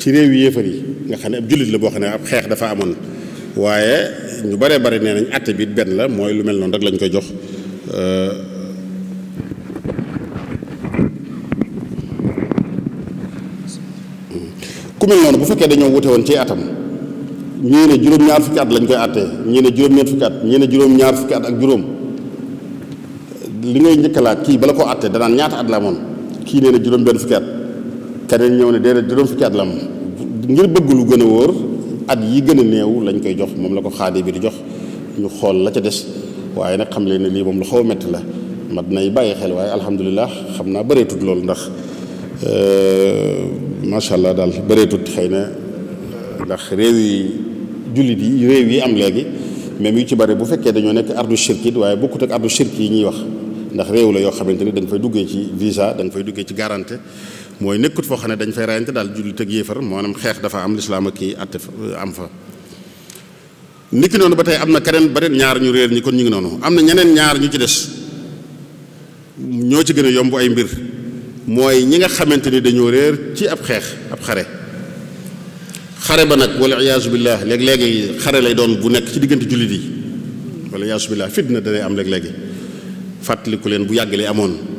ci réew yi yéefar yi nga xam ne ab la boo xam ne ab xeex dafa amoon ñu baree bari nee nañ atte bi benn la mooy lu mel noonu rek lañ koy jox euh, ku mel noonu bu fekkee dañoo wute woon ci atam ñii ne juróom-ñaar fukki at lañ koy attee ñu ne juróom-ñeent fukki juróom-ñaar fukki at ak juróom li ngay njëkk a kii bala koo attee danaan ñaata at la amoon kii nee na juróom-benn fukki at keneen ñëw ne déedéet juróom fukki at la am ngir bëgg lu gën a wóor. at yi gën a néew lañ koy jox moom la ko xaadi bi di jox ñu xool la ca des waaye nag xam leen ne lii moom lu xaw a metti la mat nay bàyyi xel waaye alhamdulilah xam naa bëreetut loolu ndax euh, macha allah daal bëreetut xëy na ndax réew yi jullit yi réew yi am léegi même yu ci bare bu fekkee dañoo nekk ardu shirkit waaye bokkut ak ardu shirk yi ñuy wax ndax réew la yoo xamante ni da nga fay duggee ci visa da nga fay duggee ci garantie mooy nekkut foo xam ne dañ fay rayante daal jullit ak yéefar am xeex dafa am lislaam ak kii àtte euh, am fa ndikki noonu ba tey am na keneen beneen ñaar ñu réer ñi kon ñu ngi noonu am na ñeneen ñaar ñu ci des ñoo ci gën a yomb ay mbir mooy ñi nga xamante ni dañoo réer ci ab xeex ab xare xare ba nag wala iyaasu billah léeg-léegi xare lay doon bu nekk ci diggante jullit yi wala iyaasu fit na danay am léeg-léegi fàttaliku leen bu yàgg lay amoon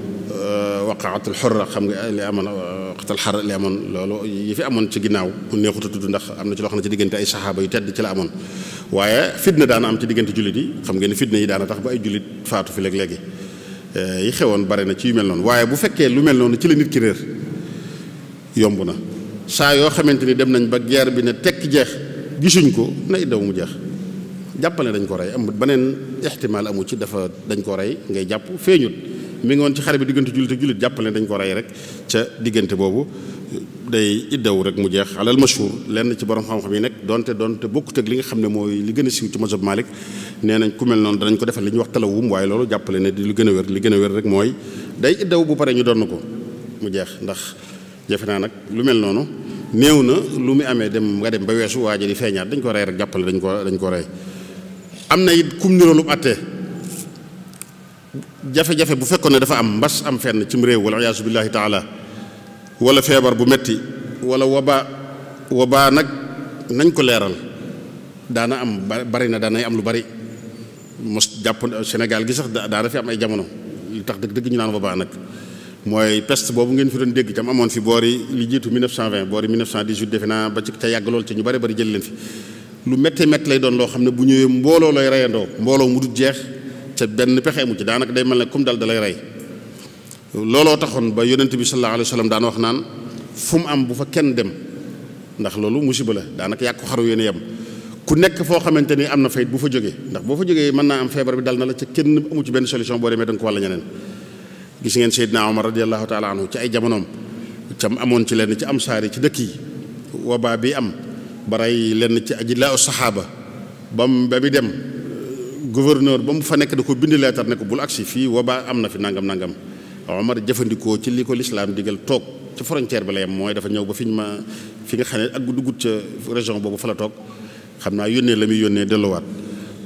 waqaatul xorra xam nga li amoon waqaatul xar li amoon loolu yi fi amoon ci ginnaaw ku neexut a tudd ndax am na ci loo xam ne ci diggante ay saxaaba yu tedd ci la amoon waaye fitna daana am ci diggante jullit yi xam ngeen ne fitna yi daana tax ba ay jullit faatu fi léeg-léegi eh, xewoon bare na ci yu mel noonu waaye bu fekkee mel noonu ci la nit ki réer yomb na saa yoo xamante ni dem nañ ba guerre bi ne tekk jeex gisuñ ko nay daw mu jeex jàppale dañ ko rey amut beneen ixtimaal amu ci dafa dañ ko rey ngay jàpp feeñut mi ngi woon ci xare bi diggante jullit ak jullit jàppale dañ ko rey rek ca diggante boobu day iddaw rek mu jeex alal mashhur lenn ci borom xam-xam yi nag donte donte bokkut li nga xam ne mooy li gën a siiw ci mazhab Malik nee nañ ku noonu danañ ko defal li ñu wax talawum waaye loolu jàppale ne di lu gën a wér li gën a wér rek mooy day iddaw bu pare ñu donn ko mu jeex ndax jefe naa nag lu mel noonu néew na lu mu amee dem nga dem ba weesu waa ji di feeñaat dañ ko rey rek jàppale dañ ko dañ ko rey am na it kum niroolu jafe-jafe bu fekkoon ne dafa am mbas am fenn cim réew wala iyaasu billaahi taala wala feebar bu metti wala waba waba nag nañ ko leeral daana am bari na daanay am lu bari mos jàpp Sénégal gi sax daana fi am ay jamono li tax dëgg dëgg ñu naan waba nag mooy peste boobu ngeen fi doon dégg tam amoon fi boori li jiitu 1920 boori 1918 defe naa ba ci ca yàgg lool ci ñu bari bari jël leen fi lu méttee métti lay doon loo xam ne bu ñëwee mbooloo lay reyandoo mbooloo mu dut jeex te benn pexe mu ci daanaka day mal ne kum dal dalay rey looloo taxoon ba yonent bi sallallahu alayhi daan wax naan fu mu am bu fa kenn dem ndax loolu musiba la daanaka yàq ko xaru yéen yem ku nekk foo xamante ni am na fayit bu fa jógee ndax boo fa jógee mën naa am feebar bi dal na la ca kenn amu ci benn solution boo demee da nga ko wàll ñeneen gis ngeen Seydina Omar radiyallahu taala anhu ci ay jamonoom cam amoon ci lenn ci am saari ci dëkk yi wabaa bi am baray lenn ci aji laa saxaaba bam ba mu dem gouverneur ba mu fa nekk da ko bind leetar ne ko bul agsi fii wabaa am na fi nangam nangam ma Omar jëfandikoo ci li ko lislaam digal toog ci frontière bi la yem mooy dafa ñëw ba fi ñu fi nga xam ne ak duggut ca région boobu fa la toog xam naa yónnee la muy yónnee delluwaat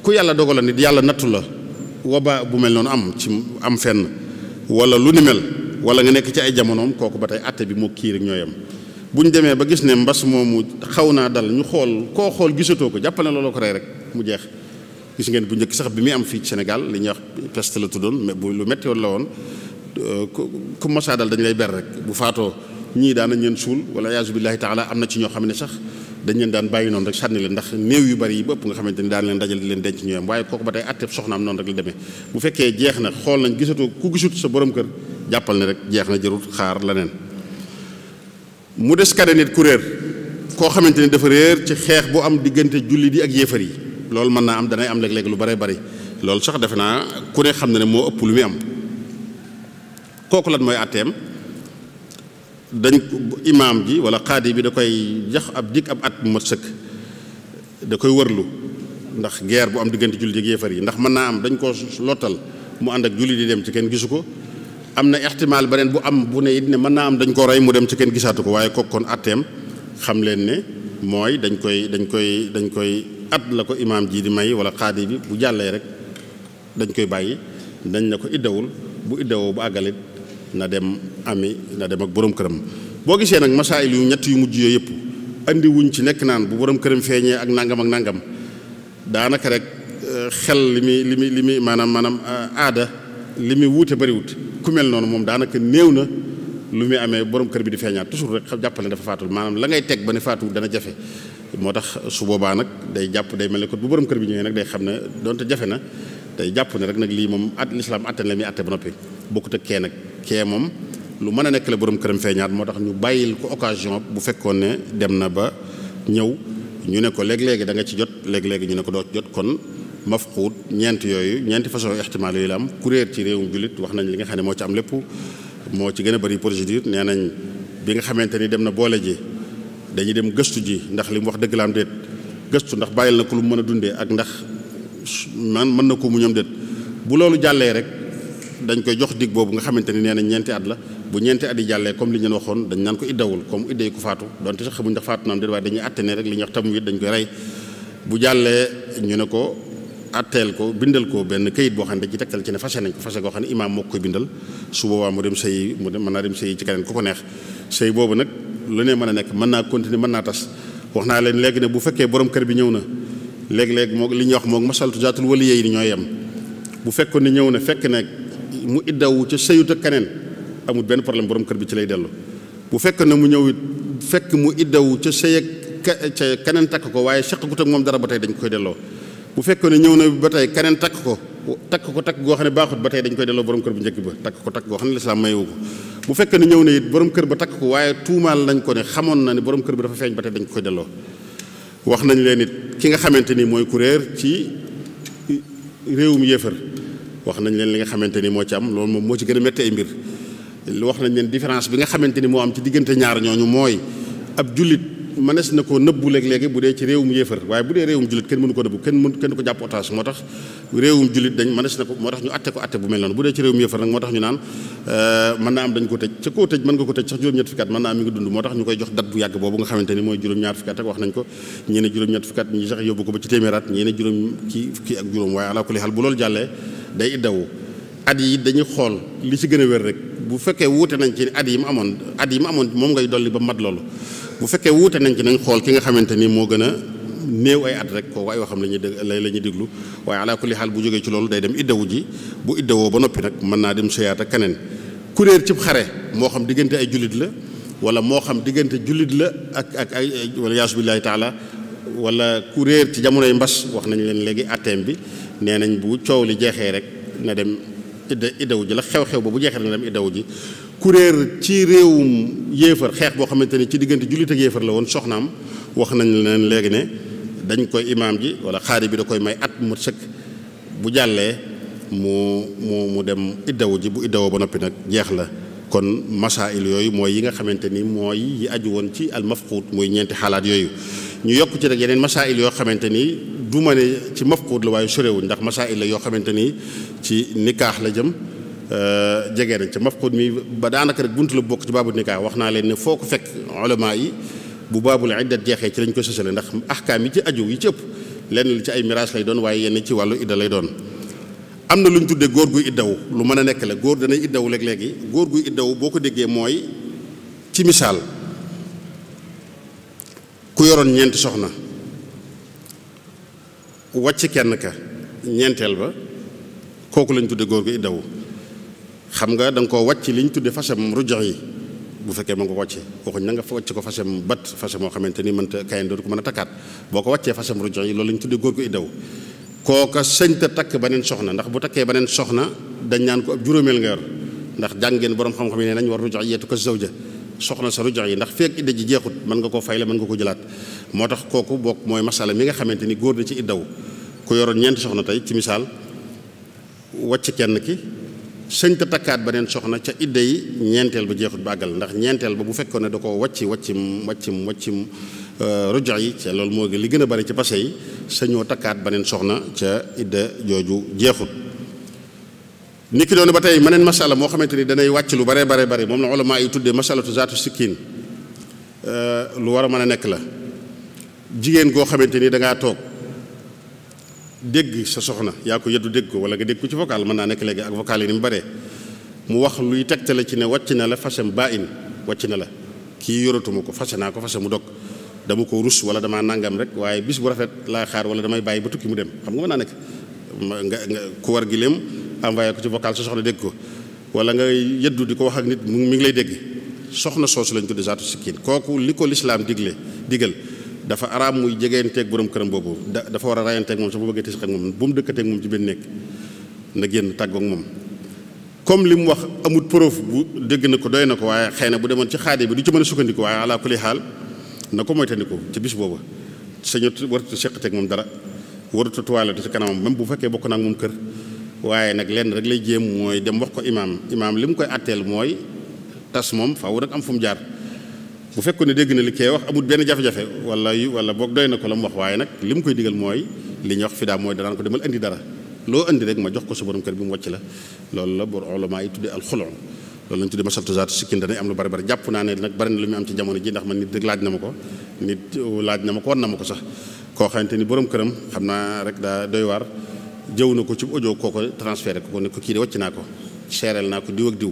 ku yàlla dogal nit yàlla nattu la wabaa bu mel noonu am ci am fenn wala lu ni mel wala nga nekk ci ay jamonoom kooku ba tey atte bi moo kii rek ñoo yam bu ñu demee ba gis ne mbas moomu xaw naa dal ñu xool koo xool gisatoo ko jàppale looloo ko rey rek mu jeex gis ngeen bu njëkk sax bi muy am fii Sénégal li ñuy wax peste la tuddoon mais bu lu metti la woon euh, ku mosaa dal dañu lay ber rek bu faatoo ñii daanañ leen suul wala yaasu billahi taala am na ci ñoo xam ne sax dañ leen daan bàyyi noonu rek sànni leen ndax néew yu bari yi bëpp nga xamante ni daan leen dajal di leen denc ñoom waaye kooku ba tey àtteeb soxnaam noonu rek la demee bu fekkee jeex na xool nañ gisatoo ku gisut sa borom kër jàppal ne rek jeex na jërul xaar leneen mu des kade nit ku réer koo xamante ni dafa réer ci xeex bu am diggante julli di ak yéefar yi loolu mën naa am danay am léeg-léeg lu bare bari loolu sax defe naa ku ne xam na ne moo ëpp lu muy am kooku lan mooy àtteem dañ imaam ji wala xaadi bi da koy jax ab dikk ab at mu mat sëkk da koy wërlu ndax geer bu am diggante jullit ak yéefar yi ndax mën naa am dañ ko lottal mu ànd ak jullit yi dem ci kenn gisu ko am na ixtimaal beneen bu am bu ne it ne mën naa am dañ koo rey mu dem ci kenn gisaatu ko waaye kook kon àtteem xam leen ne mooy dañ koy dañ koy dañ koy at la ko imaam ji di may wala xaadi bi bu jàllee rek dañ koy bàyyi dañ la ko iddawul bu iddawoo bu àggalit na dem ami na dem ak borom këram boo gisee nag masaayil yu ñett yu mujj yooyu yëpp andi wuñ ci nekk naan bu borom këram feeñee ak nangam ak nangam daanaka rek euh, xel li muy li muy li muy maanaam maanaam euh, aada li muy wuute bariwut ku mel noonu moom daanaka néew na lu muy amee borom kër bi di feeñaat toujours rek jàppale dafa faatu maanaam la ngay teg ba ne faatu dana jafe moo tax su boobaa nag day jàpp day mel ne ko bu borom kër bi ñëwee nag day xam ne donte jafe na day jàpp rek nag lii moom at lislaam atte la muy atte ba noppi bokkut ak kee nag kee moom lu mën a nekk la këram feeñaat moo tax ñu bàyyil ko occasion bu fekkoon ne dem na ba ñëw ñu ne ko léeg-léegi da nga ci jot léeg-léegi ñu ne ko doo jot kon mafquud ñeent yooyu ñeenti façon ixtimaal yooyu la am kuréer ci réewum jullit wax nañ li nga xam ne moo ci am lépp moo ci gën a bari procédure nee nañ bi nga xamante ni dem na boole ji dañuy dem gëstu ji ndax li mu wax dëgg laam déet gëstu ndax bàyyil na ko lu mu mën a dundee ak ndax man mën na ko mu ñoom déet bu loolu jàllee rek dañ koy jox dig boobu nga xamante ni nee nañ ñeenti at la bu ñeenti at yi jàllee comme li ñu waxoon dañ naan ko iddawul comme idda yi ko faatu donte sax xamuñ ndax faatu naam déet waaye dañuy àtte ne rek li ñuy wax wit dañ koy rey bu jàllee ñu ne ko atteel ko bindal ko benn kayit boo xam ne ci tegtal ci ne fase nañ ko fase goo xam ne imaam moo koy bindal su boobaa mu dem sëy mu dem mën naa dem sëy ci keneen ko neex boobu nag lu ne mën a mën naa continuer mën naa tas wax naa leen léegi ne bu fekkee borom kër bi ñëw na léeg-léeg moo li ñuy wax moom masaltu zaatul wali yi ñooy yem bu fekkoon ne ñëw na fekk ne mu iddawu ca sëyut ak keneen amul benn problème borom kër bi ci lay dellu bu fekkoon ne mu ñëw it fekk mu iddawu ca sëy ak ca keneen takk ko waaye seq gu ak moom dara ba tey dañ koy delloo bu fekkoon ne ñëw na ba tey keneen takk ko takk ko takk goo xam ne baaxut ba tey dañ koy delloo borom kër bu njëkk ba takk ko takk goo xam ne lislaam mayewu ko bu fekkee ne ñëw na it borom kër ba takk ko waaye tuumaal nañ ko ne xamoon na ne borom kër bi dafa feeñ ba tey dañ koy delloo wax nañ leen it ki nga xamante ni mooy kuréer ci réewum yéefar wax nañ leen li nga xamante ni moo ci am loolu moom moo ci gën a métti ay mbir wax nañ leen différence bi nga xamante ni moo am ci diggante ñaar ñooñu mooy ab jullit mënees na ko nëbbu léeg-léegi bu dee ci réewum yéefar waaye bu dee réewum jullit kenn mënu ko nëbbu kenn mënu kenn ko jàpp otage moo tax réewum jullit dañ mënees na ko moo tax ñu atte ko atte bu mel noonu bu dee ci réewum yéefar nag moo tax ñu naan euh, mën naa am dañ ko tëj ca koo tëj mën nga ko tëj sax juróom-ñett fukki at mën naa am mi ngi dund moo tax ñu koy jox dat bu yàgg boobu nga xamante ni mooy juróom-ñaar fukki at ak wax nañ ko ñii ne juróom-ñett fukki at ñi sax yóbbu ko ba ci téeméeraat ñii ne juróom kii fukki ak juróom waaye alaa kulli xaal bu loolu jàllee day iddawu at yi dañuy xool li ci gën a wér rek bu fekkee wuute nañ ci at yi mu amoon at yi mu amoon moom ngay dolli ba mat loolu bu fekkee wute nañ ci nañ xool ki nga xamante ni moo gën a néew ay at rek kooku ay waxam la ñuy dégg la ñuy déglu waaye ala kulli xaal bu jógee ci loolu day dem iddawu ji bu iddawoo ba noppi nag mën naa dem sëyaat ak keneen kuréer cib xare moo xam diggante ay jullit la wala moo xam diggante jullit la ak ak ay wala yaasu billaahi taala wala kuréer ci jamonoy mbas wax nañu leen léegi atteem bi nee nañ bu coow li jeexee rek nga dem idda iddawu ji la xew-xew ba bu jeexee na dem iddawu ji kuréer ci réewum yéefar xeex boo xamante ni ci diggante jullit ak yéefar la woon soxnaam wax nañ leen léegi ne dañ koy imaam ji wala xaari bi da koy may at mu sëkk bu jàllee mu mu dem iddawu ji bu iddawoo ba noppi nag jeex la kon masail yooyu mooy yi nga xamante ni mooy yi aju woon ci al mafkuut mooy ñeenti xalaat yooyu ñu yokk ci nag yeneen masail yoo xamante ni du ma ne ci mafquud la waaye sorewuñ ndax masail la yoo xamante ni ci nikaax la jëm Euh, jege nañ ca mafqud mi ba daanaka rek buntu la bokk ci baabul nikaa wax naa leen ne foo ko fekk ulama yi bu baabul iddat jeexee ci lañ ko sosale ndax ahkaam yi ci aju yi ci ëpp lenn li ci ay miraas lay doon waaye yenn ci wàllu idda lay doon am na lu ñu tuddee góor guy iddawu lu mën a nekk la góor danay iddawu léeg-léegi góor guy iddawu boo ko déggee mooy ci misaal ku yoroon ñeent soxna wacc kenn ka ñeenteel ba kooku lañ tuddee góor guy iddawu xam nga da nga koo wàcc li ñu tuddee fasam rujax yi bu fekkee mën nga ko wàcce na nga ko fasam bat fasam moo xamante ni mënta kayan dootu ko mën a takkaat boo ko wàccee fasam rujax yi loolu la ñu tuddee góor gu iddaw takk beneen soxna ndax bu takkee beneen soxna dañ naan ko ab juróomeel nga ndax jàngeen borom xam yi ne nañ war rujax yeetu ko zawja soxna sa rujax yi ndax feek idda jeexut mën nga koo fay mën nga ko jëlaat moo tax kooku bokk mooy masala mi nga xamante ni góor da ci iddaw ku yoroon ñeenti soxna tey ci misaal wàcc kenn ki sëñta takkaat beneen soxna ca idda yi ñeenteel ba jeexut bàggal ndax ñeenteel ba bu fekkoon ne da koo wàcci waccim waccim waccim euh, rujax yi ca loolu moo gi li gën a bari ci pase yi sañoo takkaat beneen soxna ca idda jooju jeexut nit ki doonu ba tey meneen masala moo xamante ni danay wàcc lu bare bare bari moom la maa yi tuddee masalatu zaatu sikkiin euh, lu war a mën a nekk la jigéen koo xamante ni dangaa toog dégg sa soxna yaa ko yeddu dégg ko wala nga dégg ko ci vocal mën naa nekk léegi ak vocal yi ni mu baree mu wax luy tegtale ci ne wàcc na la fasam baa in wàcc na la kii yoratuma ko fase naa ko fase mu dog dama ko rus wala damaa nangam rek waaye bis bu rafet laa xaar wala damay bàyyi ba tukki mu dem xam nga mën naa nekk nga nga ku war gi léem envoyé ko ci vocal sa soxna dégg ko wala nga yeddu di ko wax ak nit mu mi ngi lay dégg soxna soosu lañ tudde zaatu sikkiin kooku li ko lislaam digle digal dafa araam muy jegeenteeg borom këram boobu da dafa war a rayanteeg moom su ma bëggee tisqeeg moom bu mu dëkkateeg moom ci benn nekk na génn tàggook moom. comme li mu wax amut preuve bu dégg ko doy na ko waaye xëy na bu demoon ci xaade bi ci mën a sukkandiku waaye ala kulli xaal na ko moytandiku ci bis boobu sañu waratu seqateeg moom dara waratu tuwaale ci kanamam même bu fekkee bokk naa moom kër. waaye nag lenn rek lay jéem mooy dem wax ko imaam imaam li mu koy atteel mooy tas moom faaw nag am fu mu jaar. bu fekkoon ne dégg na li kee wax amul benn jafe-jafe wala yu wala boog doy na ko la mu wax waaye nag li mu koy digal mooy li ñu wax fi daa mooy dana ko demal indi dara loo indi rek ma jox ko sa borom kër bi mu wàcc la lool la bor ulama yi tudde alxulon loolu lañ tudde masatu zaatu sikkin danay am lu bari bari jàpp naa ne nag bari na lu muy am ci jamono ji ndax man nit dëgg laaj na ma ko nit uh, laaj na ma ko wan na ma ko sax koo xamante ni borom këram xam naa rek daa doy waar jëw na ko ci audio koo ko transféré ko ne ko kii de naa ko seereel naa ko diw ak diw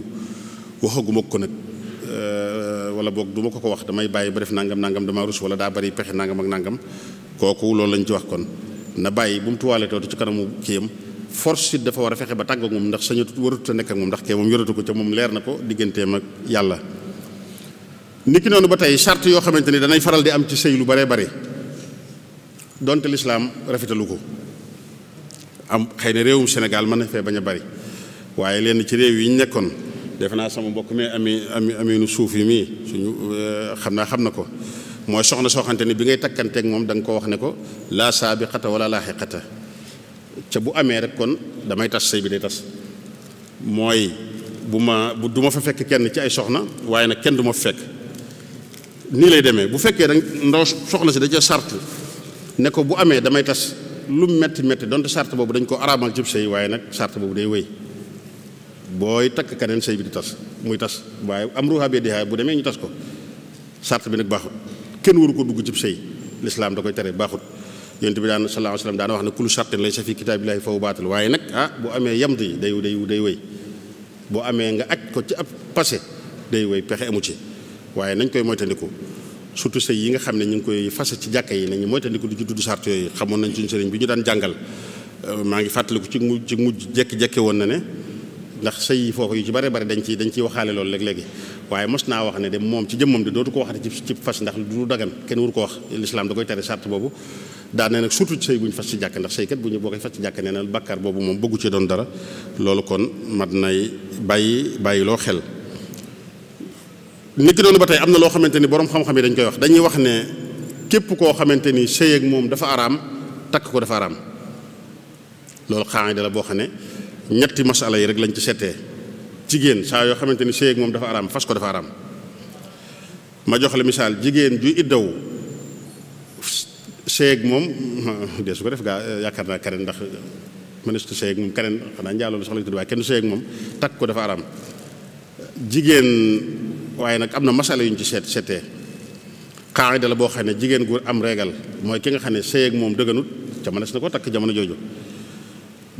waxaguma ko nag uh, wala boog du ma ko ko wax damay bàyyi ba def nangam nangam damaa rus wala daa bari pexe nangam ak nangam kooku loolu lañ ci wax kon na bàyyi bu mu ci kanamu kiyam force it dafa war a fexe ba tàggoog moom ndax sañatu waratu te nekk ak moom ndax kee moom yoratu ko ca moom leer na ko digganteem ak yàlla niki noonu ba tey charte yoo xamante ni danay faral di am ci sëy lu baree bari donte lislaam rafetalu ko am xëy na réewum Sénégal mën na fee bañ a bari defe naa sama mbokk mi ami ami nu suuf yi mii suñu euh, xam naa xam na ko mooy soxna soo xamante ni bi ngay takkanteek moom da nga ko wax ne ko laa saabiqata wala laaxiqata ca bu amee rek kon damay tas sëy bi day tas mooy bu ma bu duma fa fekk kenn ci ay soxna waaye nag kenn du ma fekk nii lay demee bu fekkee da ndaw soxna si da ca sart ne ko bu amee damay tas lu metti metti donte sart boobu dañ ko araamal cib sëy waaye nag sart boobu day wéy booy takk keneen sëy bi di tas muy tas waaye am ruuxa bee dixaay bu demee ñu tas ko sart bi nag baaxut kenn waru ko dugg cib sëy lislaam da koy tere baaxut yonent bi daan sallallahu alayhi wasallam daan wax ne kullu shartin laysa fi kitaabillahi fahu baatil waaye nag ah bu amee yamd yi day day day wéy boo amee nga aj ko ci ab passé day wéy pexe amu ci waaye nañ koy moytandiku surtout sëy yi nga xam ne ñu ngi koy fase ci jàkka yi nañu moytandiku du ci dudd sart yooyu xamoon nañ suñu sëriñ bi ñu daan jàngal euh, maa ngi fàttaliku ci mu ci mujj jekki-jekke woon na ne ndax sëy foofu yi ci bare bare dañ ci dañ ciy waxaale loolu léeg-léegi waaye mos naa wax ne de moom ci jëmmam de dootu ko waxati ci ci fas ndax du dagan kenn wur ko wax lislaam da koy tere sart boobu daa ne nag surtout sëy bu ñu fas ci jàkk ndax sëykat bu ñu boo koy fas ci jàkk nee na bàkkaar boobu moom bëggu ci doon dara loolu kon bàyyi bàyyi loo xel nit ki noonu ba tey am na loo xamante ni boroom xam-xam yi dañ koy wax dañuy wax ne képp koo xamante ni sëy ak moom dafa araam takk ko dafa araam loolu xaangi da la boo xam ne ñetti masala yi rek lañ ci settee jigéen saa yoo xamante ni séy moom dafa araam fas ko dafa araam ma jox la misaal jigéen ju iddaw séy moom dee su ko def gaa yaakaar naa keneen ndax mënees ko séy moom keneen xanaa njaaloo la soxla ñu tudd waaye kenn séy moom takk ko dafa araam jigéen waaye nag am na masala yu ñu ci seet settee qaida la boo xam ne jigéen gu am régal mooy ki nga xam ne séy ak moom dëgganut ca mënees na ko takk jamono jooju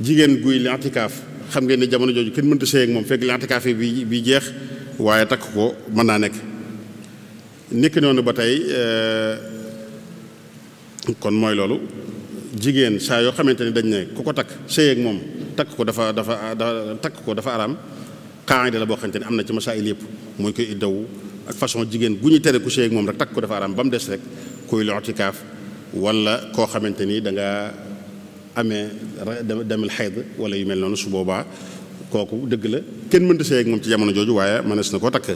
jigéen guy kaaf xam ngeen ne jamono jooju kenn mënta sëy moom fekk lentikaaf yi bi jeex waaye takk ko mën naa nekk nekk noonu ba tey euh, kon mooy loolu jigéen saa yoo xamante ni dañ ne ku ko takk sëy moom takk ko dafa dafa takk ko dafa araam xaanida boo xamante ni am na ci masaayil yëpp mooy koy iddawu ak jigéen gu ñu tere ku sëy moom rek takk ko dafa ba mu des rek kuy lentikaaf wala koo xamante ni da amee demel xayd wala yu mel noonu su boobaa kooku dëgg la kenn mënta sëy ak moom ci jamono jooju waaye mën mënees na koo takk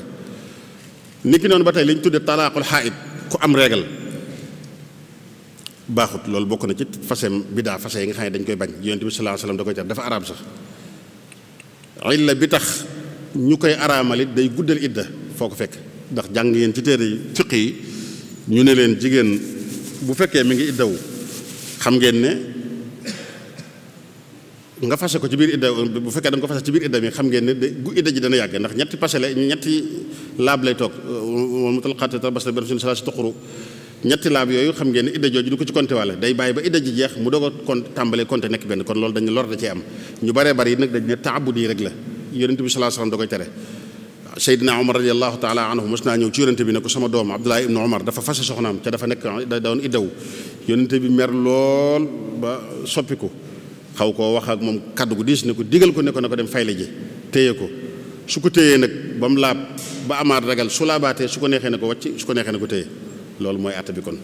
ki noonu ba tey li ñu tuddee talaaqul xaayit ku am régal baaxut loolu bokk na ci faseem daa fase yi nga xam ne dañ koy bañ yonent bi sallallahu alayhi wasallam da koy jar bi tax ñu koy araamalit day guddal idda foo ko fekk ndax jàng yéen ci téere yi fiq yi ñu ne leen jigéen bu fekkee mi ngi iddawu xam ngeen ne nga fase ko ci biir idda bu fekkee da nga ko fase ci biir idda mi xam ngeen ne gu idda ji dana yàgg ndax ñetti pasele ñetti laab lay toog moom mu talxaate tarbasla bi ko ci compté wàlle day bàyyi ba idda a kon tàmbalee compté nekk benn kon da cee am ñu baree la yonente bi salaa salaam da koy tere Seydina Omar radiallahu taala anhu naa ñëw ci yonente bi ne ko sama doom Abdullah ibnu Omar dafa fase soxnaam ca dafa nekk da doon iddawu yonente bi mer lool ba soppiku xaw koo wax ak moom kaddu gu diis ne ko diggal ko ne ko na ko dem fayle ji téye ko su ko téyee nag ba mu laab ba amaat ragal su laa baatee su ko neexee ne ko wàcc su ko neexee ne ko téye loolu mooy àtt bi kon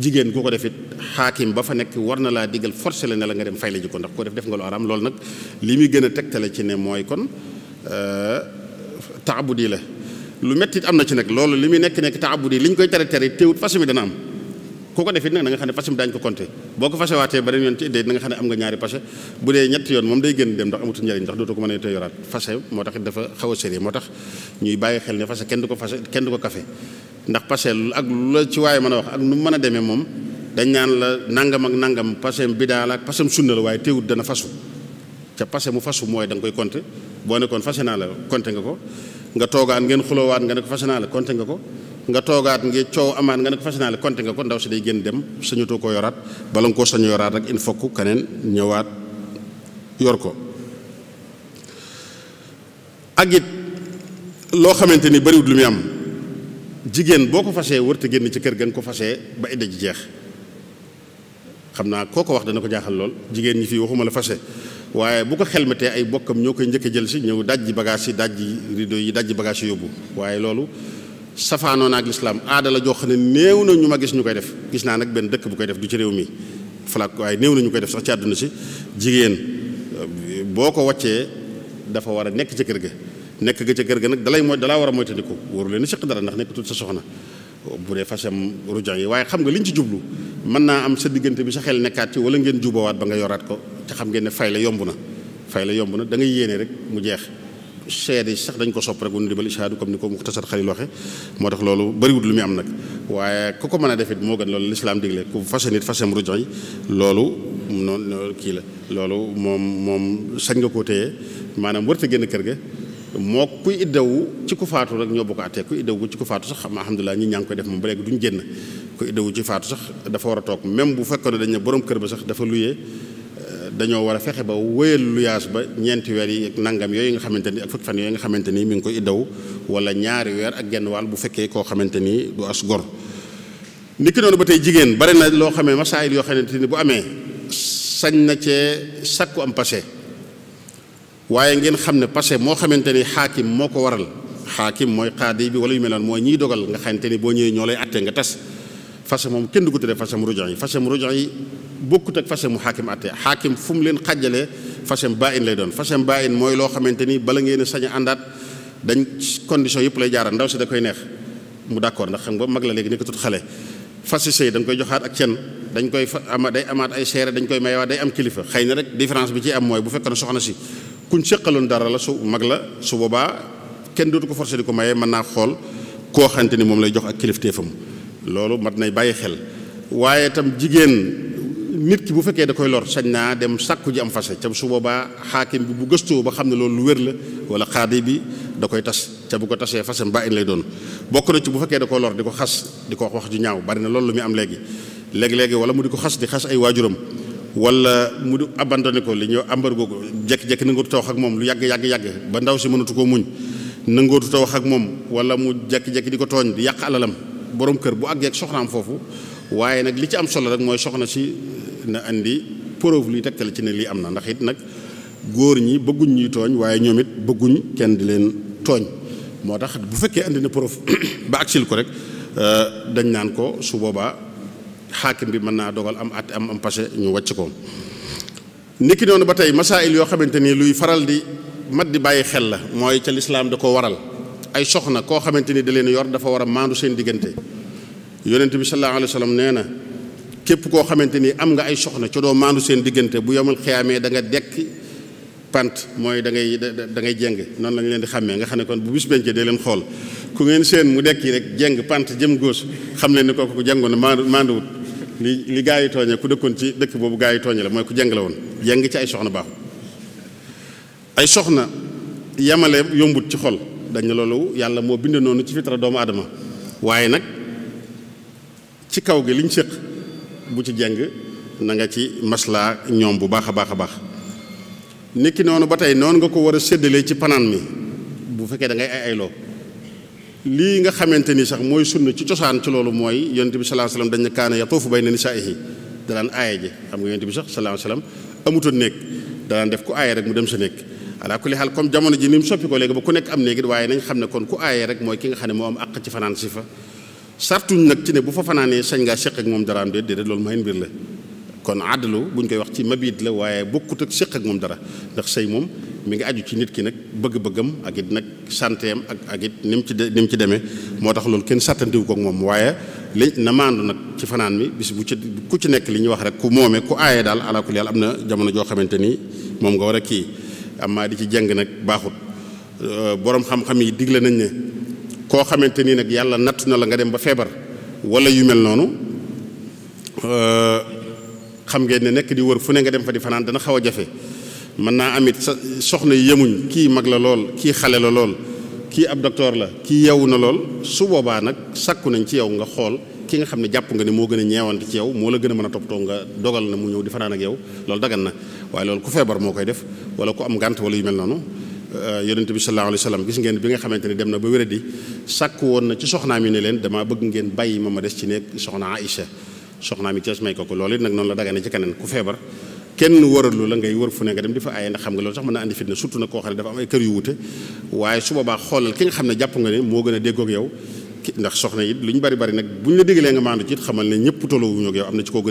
jigéen ku ko def it xaakim ba fa nekk war na laa digal forcé la ne la nga dem fayle ji ko ndax ko def def nga lu araam loolu nag li muy gën a tegtale ci ne mooy kon euh, taabudi la lu mettit am na ci nag loolu li muy nekk nekk taabudi li ñu koy tere tere teewut fas mi dana am ku ko def it nag da xam ne pasam daañu ko boo ko ne am nga ñaari passé bu dee ñetti yoon moom day gën dem ndax amatul njëriñ ndax dootoo ko a tey a sérieux moo tax ak lu a demee moom dañ naan nangam ak nangam pasem bidaa la ak pasem sunna la waaye teewut dana fasu ca passé mu fasu mooy da koy compter boo nekkoon fase naa la compter nga ko nga toogaat ngeen xuloowaat nga ne ko fase naa la konte nga ko nga toogaat ngeen coow amaat nga ne ko fase konte nga ko ndaw si day génn dem sañutoo ko yoraat bala nga koo sañu yoraat rek il faut que keneen ñëwaat yor ko ak loo xamante ni bariwut lu muy am jigéen boo ko fasee wërte génn ci kër gën ko fasee ba idda ji jeex xam naa koo ko wax dana ko jaaxal lool jigéen ñi fii waxuma la fase waaye bu ko xelmatee ay bokkam ñoo koy njëkk a jël si ñëw dajji bagage yi daj rido yi dajji bagage yi yóbbu waaye loolu safaanoo na ak lislaam aada la joo xam ne néew na ñu ma gis ñu koy def gis naa nag benn dëkk bu koy def du ci réew mi falaak waaye néew na ñu koy def sax ci àdduna si jigéen boo ko waccee dafa war a nekk ca kër ga nekk ga ca kër ga nag dalay mooy dalaa war a moytandiku waru leen seq dara ndax nekkatul sa soxna bu dee fasam rujan yi waaye xam nga liñ ci jublu mën naa am sa diggante bi sa xel nekkaat ci wala ngeen jubawaat ba nga yoraat ko te xam ngeen ne fay la yomb na fay la yomb na da ngay yéene rek mu jeex seede sax dañ ko sopp rek wunu dibal ishaadu comme ni ko muxtasar xalil waxe moo tax loolu bariwut lu muy am nag waaye ku ko mën a defit moo gën loolu lislaam digle ku fase nit fasem rujon loolu noonu kii la loolu moom moom sañ nga koo téye maanaam wërta kër ga moo kuy iddawu ci ku faatu rek ñoo bokk àttee kuy iddawu ci ku faatu sax ma alhamdulilah ñi ñaa ngi koy def moom ba léegi duñ génn kuy iddawu ci faatu sax dafa war a toog même bu fekkoon ne dañ ne boroom kër ba sax dafa luyee dañoo war a fexe ba wéyal luyaas ba ñeenti weer yi ak nangam yooyu nga xamante ni ak fukki fan yooyu nga xamante ni mu ngi koy iddaw wala ñaari weer ak genn wàll bu fekkee koo xamante ni du as gor niki noonu ba tey jigéen bari na loo xamee masaayil yoo xamante ni bu amee sañ na cee sakku am passé waaye ngeen xam ne passé moo xamante ni xaakim moo ko waral xaakim mooy xaadi bi wala yu mel noonu mooy ñiy dogal nga xamante ni boo ñëwee ñoo lay atte nga tas fase moom kenn du ko tuddee fasem rujan yi fasem rujan yi bokkut ak fasem mu xaakim atte xaakim fu mu leen xàjjalee fasem baa in lay doon fasem baa in mooy loo xamante ni bala ngeen a sañ a àndaat dañ condition yëpp lay jaaral ndaw si da koy neex mu d'accord ndax xam nga mag la léegi nekkatul xale fasi sëy dañ koy joxaat ak cen dañ koy ama day amaat ay seere dañ koy mayewaat day am kilifa xëy na rek différence bi ci am mooy bu fekkoon soxna si kuñ séqaloon dara la su mag la su boobaa kenn dootu ko forcé ko mayee mën naa xool koo xamante ni moom lay jox ak kilifteefam loolu mat nay bàyyi xel waaye tam jigéen nit ki bu fekkee da koy lor sañ naa dem sàkku ji am fase ca su boobaa xaakim bi bu gëstoo ba xam ne loolu lu wér la wala xaadi bi da koy tas ca bu ko tasee fasem bàyyi lay doon bokk na ci bu fekkee da koy lor di ko xas di ko wax wax ju ñaaw bari na loolu lu muy am léegi léegi-léegi wala mu di ko xas di xas ay waajuram wala mu di abandonné ko li ñuy ambargo ko jekki-jekki nangootu ta wax ak moom lu yàgg-yàgg-yàgg ba ndaw si mënatu koo muñ nangootu ta wax wala mu jekki di ko tooñ di yàq alalam borom kër bu àggeeg soxnaam foofu waaye nag li ci am solo rek mooy soxna si eh, na indi preuve luy tegtale ci ne lii am na ndax it nag góor ñi bëgguñ ni tooñ waaye ñoom it bëgguñ kenn di leen tooñ moo tax bu fekkee andi na preuve ba agsil ko rek eh, dañ naan ko su boobaa xaakim bi mën naa dogal am at am am passé ñu wàcc ko niki noonu ba tey masaayil yoo xamante ni luy faral di mat di bàyyi xel la mooy ca lislaam da ko waral ay soxna koo xamante ni da leen yor dafa war a maandu seen diggante yonent bi sallallahu alayhi wa nee na képp koo xamante ni am nga ay soxna ca doo seen diggante bu yomul xiyaamee da nga dekk pant mooy da ngay da ngay jéng noonu lañ leen di xàmmee nga xam ne kon bu bis bencee dee leen xool ku ngeen seen mu dekki rek jéng pant jëm góos xam leen ni kooku ku jàngoon maandu maanduwut li li gaa yi tooñe ku dëkkoon ci dëkk boobu gaa yi tooñe la mooy ku ci ay soxna baaxut ay soxna yamale yombut ci xol dañ loolu yàlla moo bind noonu ci fitra doomu aadama waaye nag ci kaw gi liñ séq bu ci jeng na nga ci maslaa ñoom bu baax a baax a baax nekki noonu ba tey noonu nga ko war a séddalee ci panaan mi bu fekkee da ngay ay ayloo lii nga xamante ni sax mooy sunna ci cosaan ci loolu mooy yonent bi sallallahu alayhi wasallam dañ ne kaana yatuufu bayna nisaa'ihi da daan aaye ji xam nga yonent bi sax sallallahu alayhi wasallam nekk da def ku aaye rek mu dem sa nekk ala kulli xaal comme jamono ji ni mu soppi ko léegi ba ku nekk am néegit waaye nañ xam ne kon ku aayee rek mooy ki nga ne moo am àq ci fanaan si fa sartuñ nag ci ne bu fa fanaanee sañ ngaa seq ak moom dara am déet déedéet loolu may mbir la koy wax ci mabit la waaye bokkut ak seq ak moom dara ndax sëy moom mi ngi aju ci nit ki nag bëgg-bëggam ak it nag santeem ak ak ni mu ci ni mu ci demee moo tax loolu kenn sàttantiwu ko ak moom waaye li na maandu nag ci fanaan mi bis bu ci ku ci nekk li ñuy wax rek ku moome ku daal ala am na jamono joo xamante ni moom nga war a kii amaa di ci jeng nag baaxut euh, boroom xam-xam yi digle nañ ne koo xamante nii nag yàlla natt na la nga dem ba feebar wala yu mel noonu euh, xam ngeen ne nekk di wër fu ne nga dem fa di fanaan dana xaw a jafe mën naa amit sa soxna yemuñ kii mag la lool kii xale la lool kii ab docteur la kii yeewu na lool su boobaa nag sakku nañ ci yow nga xool ki nga xam ne jàpp nga ne moo gën a ñeewante ci yow moo la gën a mën a toppatoo nga dogal na mu ñëw di fanaan ak yow loolu dagan na waaye loolu ku feebar moo koy def wala ku am ngànt wala yu mel noonu euh, yonente bi sallallahu alayhi wa sallam gis ngeen bi nga xamante ne dem na ba wéradi sàkk woon na ci soxnaam yi ne leen damaa bëgg ngeen bàyyi ma ma des ci nekk soxna Aïcha soxnaam yi tees may ko ko loolu it nag noonu la dagane ku feebar kenn waralu la ngay wër fu ne nga dem di fa aaye ndax xam nga loolu sax mën na andi fitna surtout nag koo xam ne dafa am kër yu wute waaye su boobaa xoolal ki xam ne jàpp nga ne moo gën a déggoog yow ndax soxna it lu ñu bari bari nag bu ñu la déggalee xamal ne ñëpp tolloo wuñu ak yow am na ci koo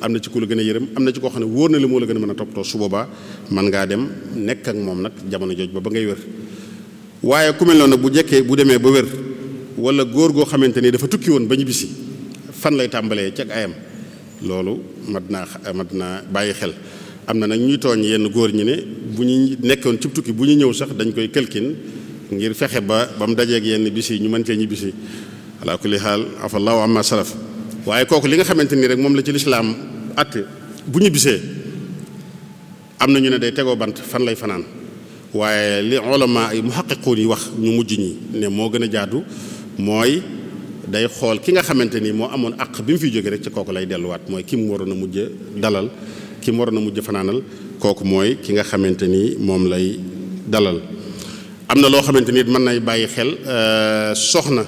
am na ci ku la gën a yërëm am na ci koo xam ne wóor na la moo la gën a mën a toppatoo su boobaa man ngaa dem nekk ak moom nag jamono jooj ba ba ngay wér waaye ku noonu bu jekkee bu demee ba wér wala góor goo xamante ni dafa tukki woon ba ñu bisi fan lay tàmbalee ci ak ayam loolu mat naa mat naa bàyyi xel am na nag ñuy tooñ yenn góor ñi ne bu ñu nekkoon ci tukki bu ñu ñëw sax dañ koy këlkin ngir fexe ba ba mu dajeeg yenn bis yi ñu mën cee ñibbisi ala kulli xaal afallahu amma waaye kooku li nga xamante ni rek moom la ci lislaam atte bu ñu bisee am na ñu ne day tegoo bant fan lay fanaan waaye li ulama ay muhaqiqoon yi wax ñu mujj ñi ne moo gën a jaadu mooy day xool ki nga xamante ni moo amoon àq bi mu fi jógee rek ci kooku lay delluwaat mooy ki mu waroon a mujj dalal ki mu waroon a mujj fanaanal kooku mooy ki nga xamante ni moom lay dalal am na loo xamante ni mën nay bàyyi xel euh, soxna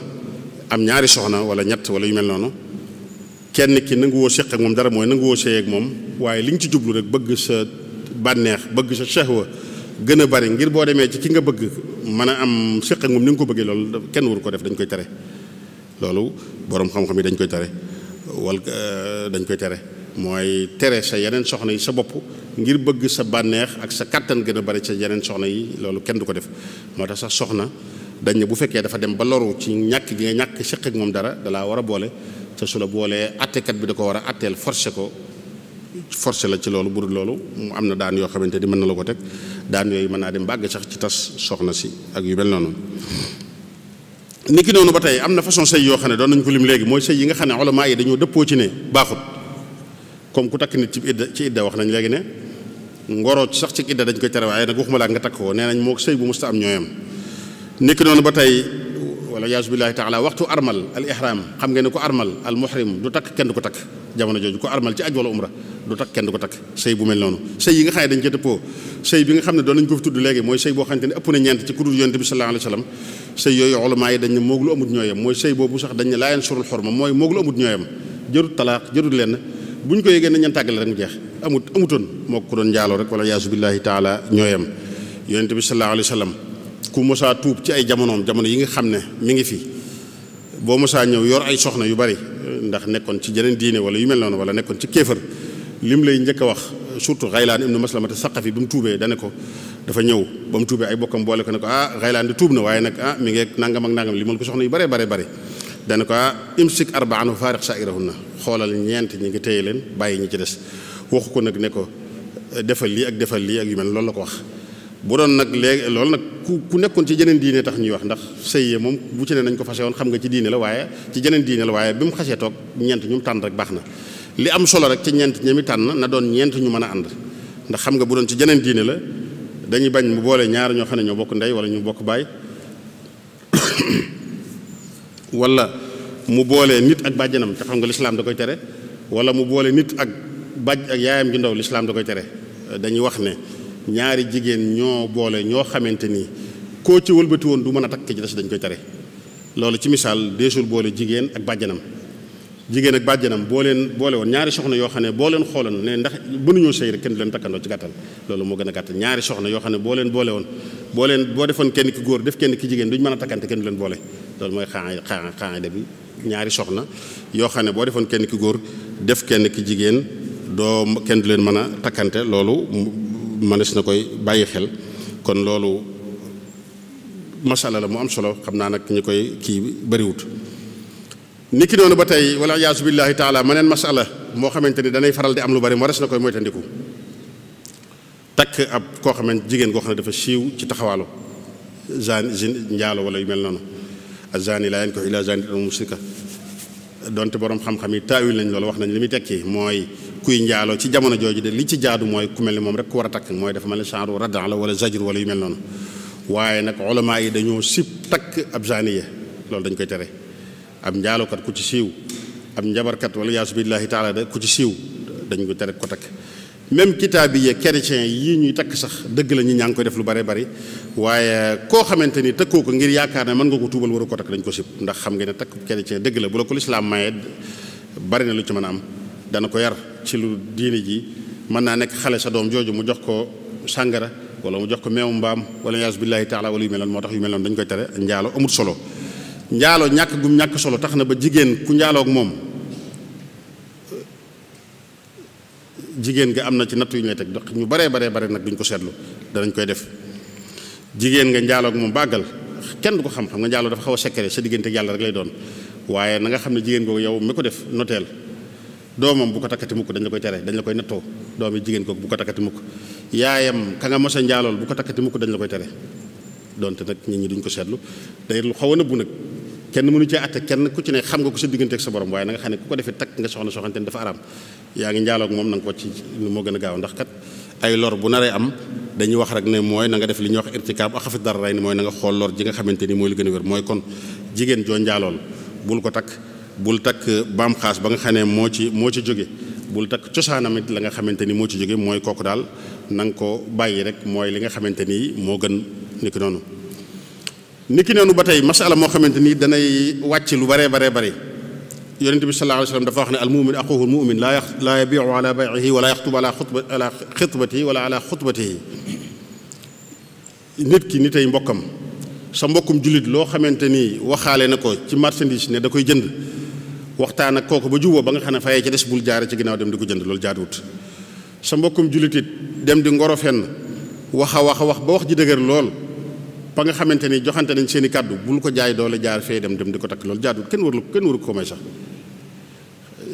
am ñaari soxna wala ñett wala yu mel noonu kenn ki nanguwoo séq ak moom dara mooy nanguwoo séy ak moom waaye li ñu ci jublu rek bëgg sa bànneex bëgg sa shahwa gën a bari ngir boo demee ci ki nga bëgg mën a am séq ak ni nga ko bëggee loolu kenn waru ko def dañ koy tere loolu boroom xam yi dañ koy tere wal euh, dañ koy tere mooy tere sa yeneen soxna yi sa bopp ngir bëgg sa bànneex ak sa kàttan gën a bari sa yeneen soxna yi loolu kenn du ko def moo tax sax soxna dañ bu fekkee dafa dem ba loru ci ñàkk gi nga ñàkk séq ak moom dara dalaa war a boole te su la boolee attekat bi da ko war a atteel forcé ko force la ci loolu bu dul loolu mu am na daan yoo xamante ni mën na la ko teg daan yooyu mën naa dem bàgg sax ci tas soxna si ak yu mel noonu ni ki noonu ba tey am na façon sëy yoo xam ne doon nañ ko lim léegi mooy sëy yi nga xam ne ulama yi dañoo dëppoo ci ne baaxut comme ku takk nit ci idda ci idda wax nañ léegi ne ngoro sax ci idda dañ koy tere waaye nag waxuma laa nga takk ko nee nañ moo sëy bu musta am ñooyam wala yaasu billaahi taala waxtu armal al ihram xam ngeen ne ko armal al du takk kenn du ko takk jamono jooju ko armal ci aj wala umra du takk kenn du ko takk sëy bu mel noonu sëy yi nga xam ne dañ ca dëppoo sëy bi nga xam ne doon nañ ko fi tudd léegi mooy sëy boo xamante ne ëpp na ñeent ci kuréel yonent bi sallallahu alayhi wa sallam sëy yooyu ulama yi dañ ne moog lu amut ñooyam mooy sëy boobu sax dañ ne laa yansurul xorma mooy moog lu amut ñooyam jërut talaaq jërut lenn bu moo ko doon njaaloo rek wala yaasu billaahi taala ñooyam yonent bi sallallahu alayhi wa bu mosaa tuub ci ay jamonoom jamono yi nga xam ne mu ngi fi boo mu saa ñëw yor ay soxna yu bari ndax nekkoon ci jeneen diine wala yu mel noonu wala nekkoon ci kéefër lim lay njëkk a wax surtout xaylaan ibnu maslamata saqafi bi mu tuubee dana ko dafa ñëw ba mu tuubee ay bokkam boole ko ne ko ah xaylaan di tuub na waaye nag ah mu ngi nangam ak nangam limal ko soxna yu bare bare bare dane ko ah imsik arbaan wa faariq saairahunna xoolal ñeent ñi ngi téye leen bàyyi ñi ci des waxu ko nag ne ko defal lii ak defal lii ak yu mel la ko wax bu doon nag léegi loolu nag ku ku nekkoon ci jeneen diine tax ñuy wax ndax sëy yee moom bu ci ne nañ ko fase woon xam nga ci diine la waaye ci jeneen diine la waaye bi mu xasee toog ñeent ñu mu tànn rek baax na li am solo rek ci ñeent ñami tànn na doon ñeent ñu mën a ànd ndax xam nga bu doon ci jeneen diine la dañuy bañ mu boole ñaar ñoo xam ne ñoo bokk ndey wala ñu bokk baay mu boole nit ak bàjjanam xam nga lislaam da koy tere wala mu boole nit ak bàjj ak yaayam ju ndaw lislaam da koy tere dañuy wax ne ñaari jigéen ñoo boole ñoo xamante ni koo ci wëlbati woon du mën a takk ci des dañ koy tere loolu ci misaal deesul boole jigéen ak bàjjanam jigéen ak bàjjanam boo leen boole woon ñaari soxna yoo xam ne boo leen ne ndax bënuñoo sëy rek kenn leen takkandoo ci gàttal loolu moo gën a gàttal ñaari yoo xam ne boo leen boole woon boo leen boo defoon kenn ki góor def kenn ki jigéen duñ mën a takkante kenn du leen boole loolu mooy xaa xaa xaade ñaari soxna yoo xam ne boo defoon kenn ki góor def kenn ki jigéen doo kenn du leen mën a takkante loolu mënees na koy bàyyi xel kon loolu masala la mu am solo xam naa nag ñu koy kii bëriwut niki noonu ba tey wala yaasu billahi taala ma neen masala moo xamante ni danay faral di am lu bari waras na koy moytandiku takk ab koo xamante jigéen goo xam ne dafa siiw ci taxawaalu zaan njaalo wala yu mel noonu azaani laa yankihu illaa zaaniatun mushrika donte borom xam-xam yi taawil nañ loolu wax nañ li muy tekki mooy kuy njaaloo ci jamono jooju de li ci jaadu mooy ku mel ni moom rek ku war a takk mooy dafa mel ni genre radan la wala zajr wala yu mel noonu waaye nag ulama yi dañoo sib takk ab zaniya loolu dañ koy tere ab njaalookat ku ci siiw ab njabarkat wala yaasu billahi taala da ku ci siiw dañ ko tere ko takk même kitaab yi chrétien yii ñuy takk sax dëgg la ñi ñaa ngi koy def lu bare bari waaye koo xamante ni tëkkoo ko ngir yaakaar ne mën nga ko tuubal war ko takk dañ ko sib ndax xam nga ne takk chrétien dëgg la bu la ko lislaam maye bari na lu ci mën a am dana ko yar ci lu diine ji mën naa nekk xale sa doom jooju mu jox ko sàngara wala mu jox ko meewu mbaam wala yaas billahi taala wala yu mel noonu moo tax yu mel noonu dañ koy tere njaalo amul solo njaalo ñàkk ñàkk solo tax na ba jigéen ku moom jigéen nga am na ci natt yu ñu lay teg ñu baree baree bare nag duñ ko seetlu danañ koy def jigéen nga njaaloog moom bàggal kenn du ko xam xam nga njaaloo dafa xaw a secret sa diggante ak yàlla rek doon waaye na nga xam ne jigéen googu yow mi ko def noteel doomam bu ko takkati mukk dañ la koy tere dañ la koy nettoo doomi jigéen googu bu ko takkati mukk yaayam ka nga mos a njaalool bu ko takkati mukk dañ la koy tere donte nag nit ñi duñ ko seetlu day xaw a nëbbu nag kenn mënu ci ku ne xam nga ko sa diggante ak sa borom waaye na nga xam ne ku ko defee takk nga soxna soxante dafa araam yaa ngi njaaloog moom nanga nga ko ci moo gën a gaaw ndax kat ay lor bu naree am dañuy wax rek ne mooy na nga def li ñuy wax irtikaab ak xafit dara rey ni mooy na nga xool lor ji nga xamante ni mooy lu gën a wér ko takk bul takk baam xaas ba nga xam ne moo ci moo ci jóge bul takk cosaanam la nga xamante ni moo ci jóge mooy kooku daal na nga bàyyi rek mooy li nga xamante ni moo gën niki noonu niki noonu ba tey masala moo xamante ni danay wàcc lu bare baree bari yonent bi sallallahu alayhi wa sallam dafa wax ne al mumin axuhu al mumin laa laa yabiu ala bay'ihi wala yaxtub ala xutba ala xitbatihi wala ala xutbatihi nit ay mbokkam sa mbokkum jullit loo xamante ni waxaale na ko ci marchandise ne da koy jënd waxtaan ak kooku ba juboo ba nga xam ne fayee ci des bul jaare ci ginnaaw dem di ko jënd loolu jaar jaaduwut sa mbokkum jullit dem di ngoro fenn wax a wax wax ba wax ji dëgër lool ba nga xamante ni joxante nañ seeni i kàddu bul ko jaay doole jaar fee dem dem di ko takk loolu jaadu kenn warul kenn waru ko may sax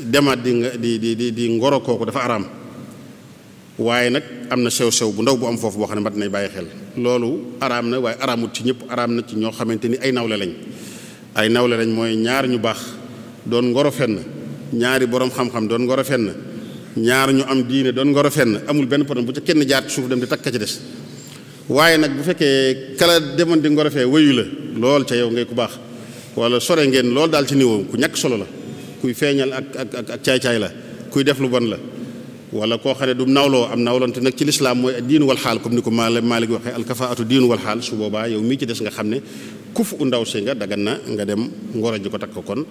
demaat di nga di di di di ngoro kooku dafa araam waaye nag am na sew-sew bu ndaw bu am foofu boo xam ne mat nay bàyyi xel loolu araam na waaye araamut ci ñëpp araam na ci ñoo xamante ni ay nawle lañ ay nawle lañ mooy ñaar ñu baax doon ngoro fenn ñaari borom xam-xam doon ngoro fenn ñaar ñu am diine doon ngoro fenn amul benn problème bu kenn jaar ci suuf dem di takk ci des waaye nag bu fekkee kala demoon di ngorofee wéyu la lool ca yow ngay ku baax wala sore ngeen lool daal ci niveau ku ñàkk solo la kuy feeñal ak ak ak caay-caay la kuy def lu bon la wala koo xam ne du nawloo am nawlonte nag ci lislaam mooy diinu wal xaal comme ni ko Maalik waxee alkafaatu diinu wal xaal su boobaa yow mii ci des nga xam ne kuf u ndaw si nga dagan na nga dem ngoro ji ko takk kon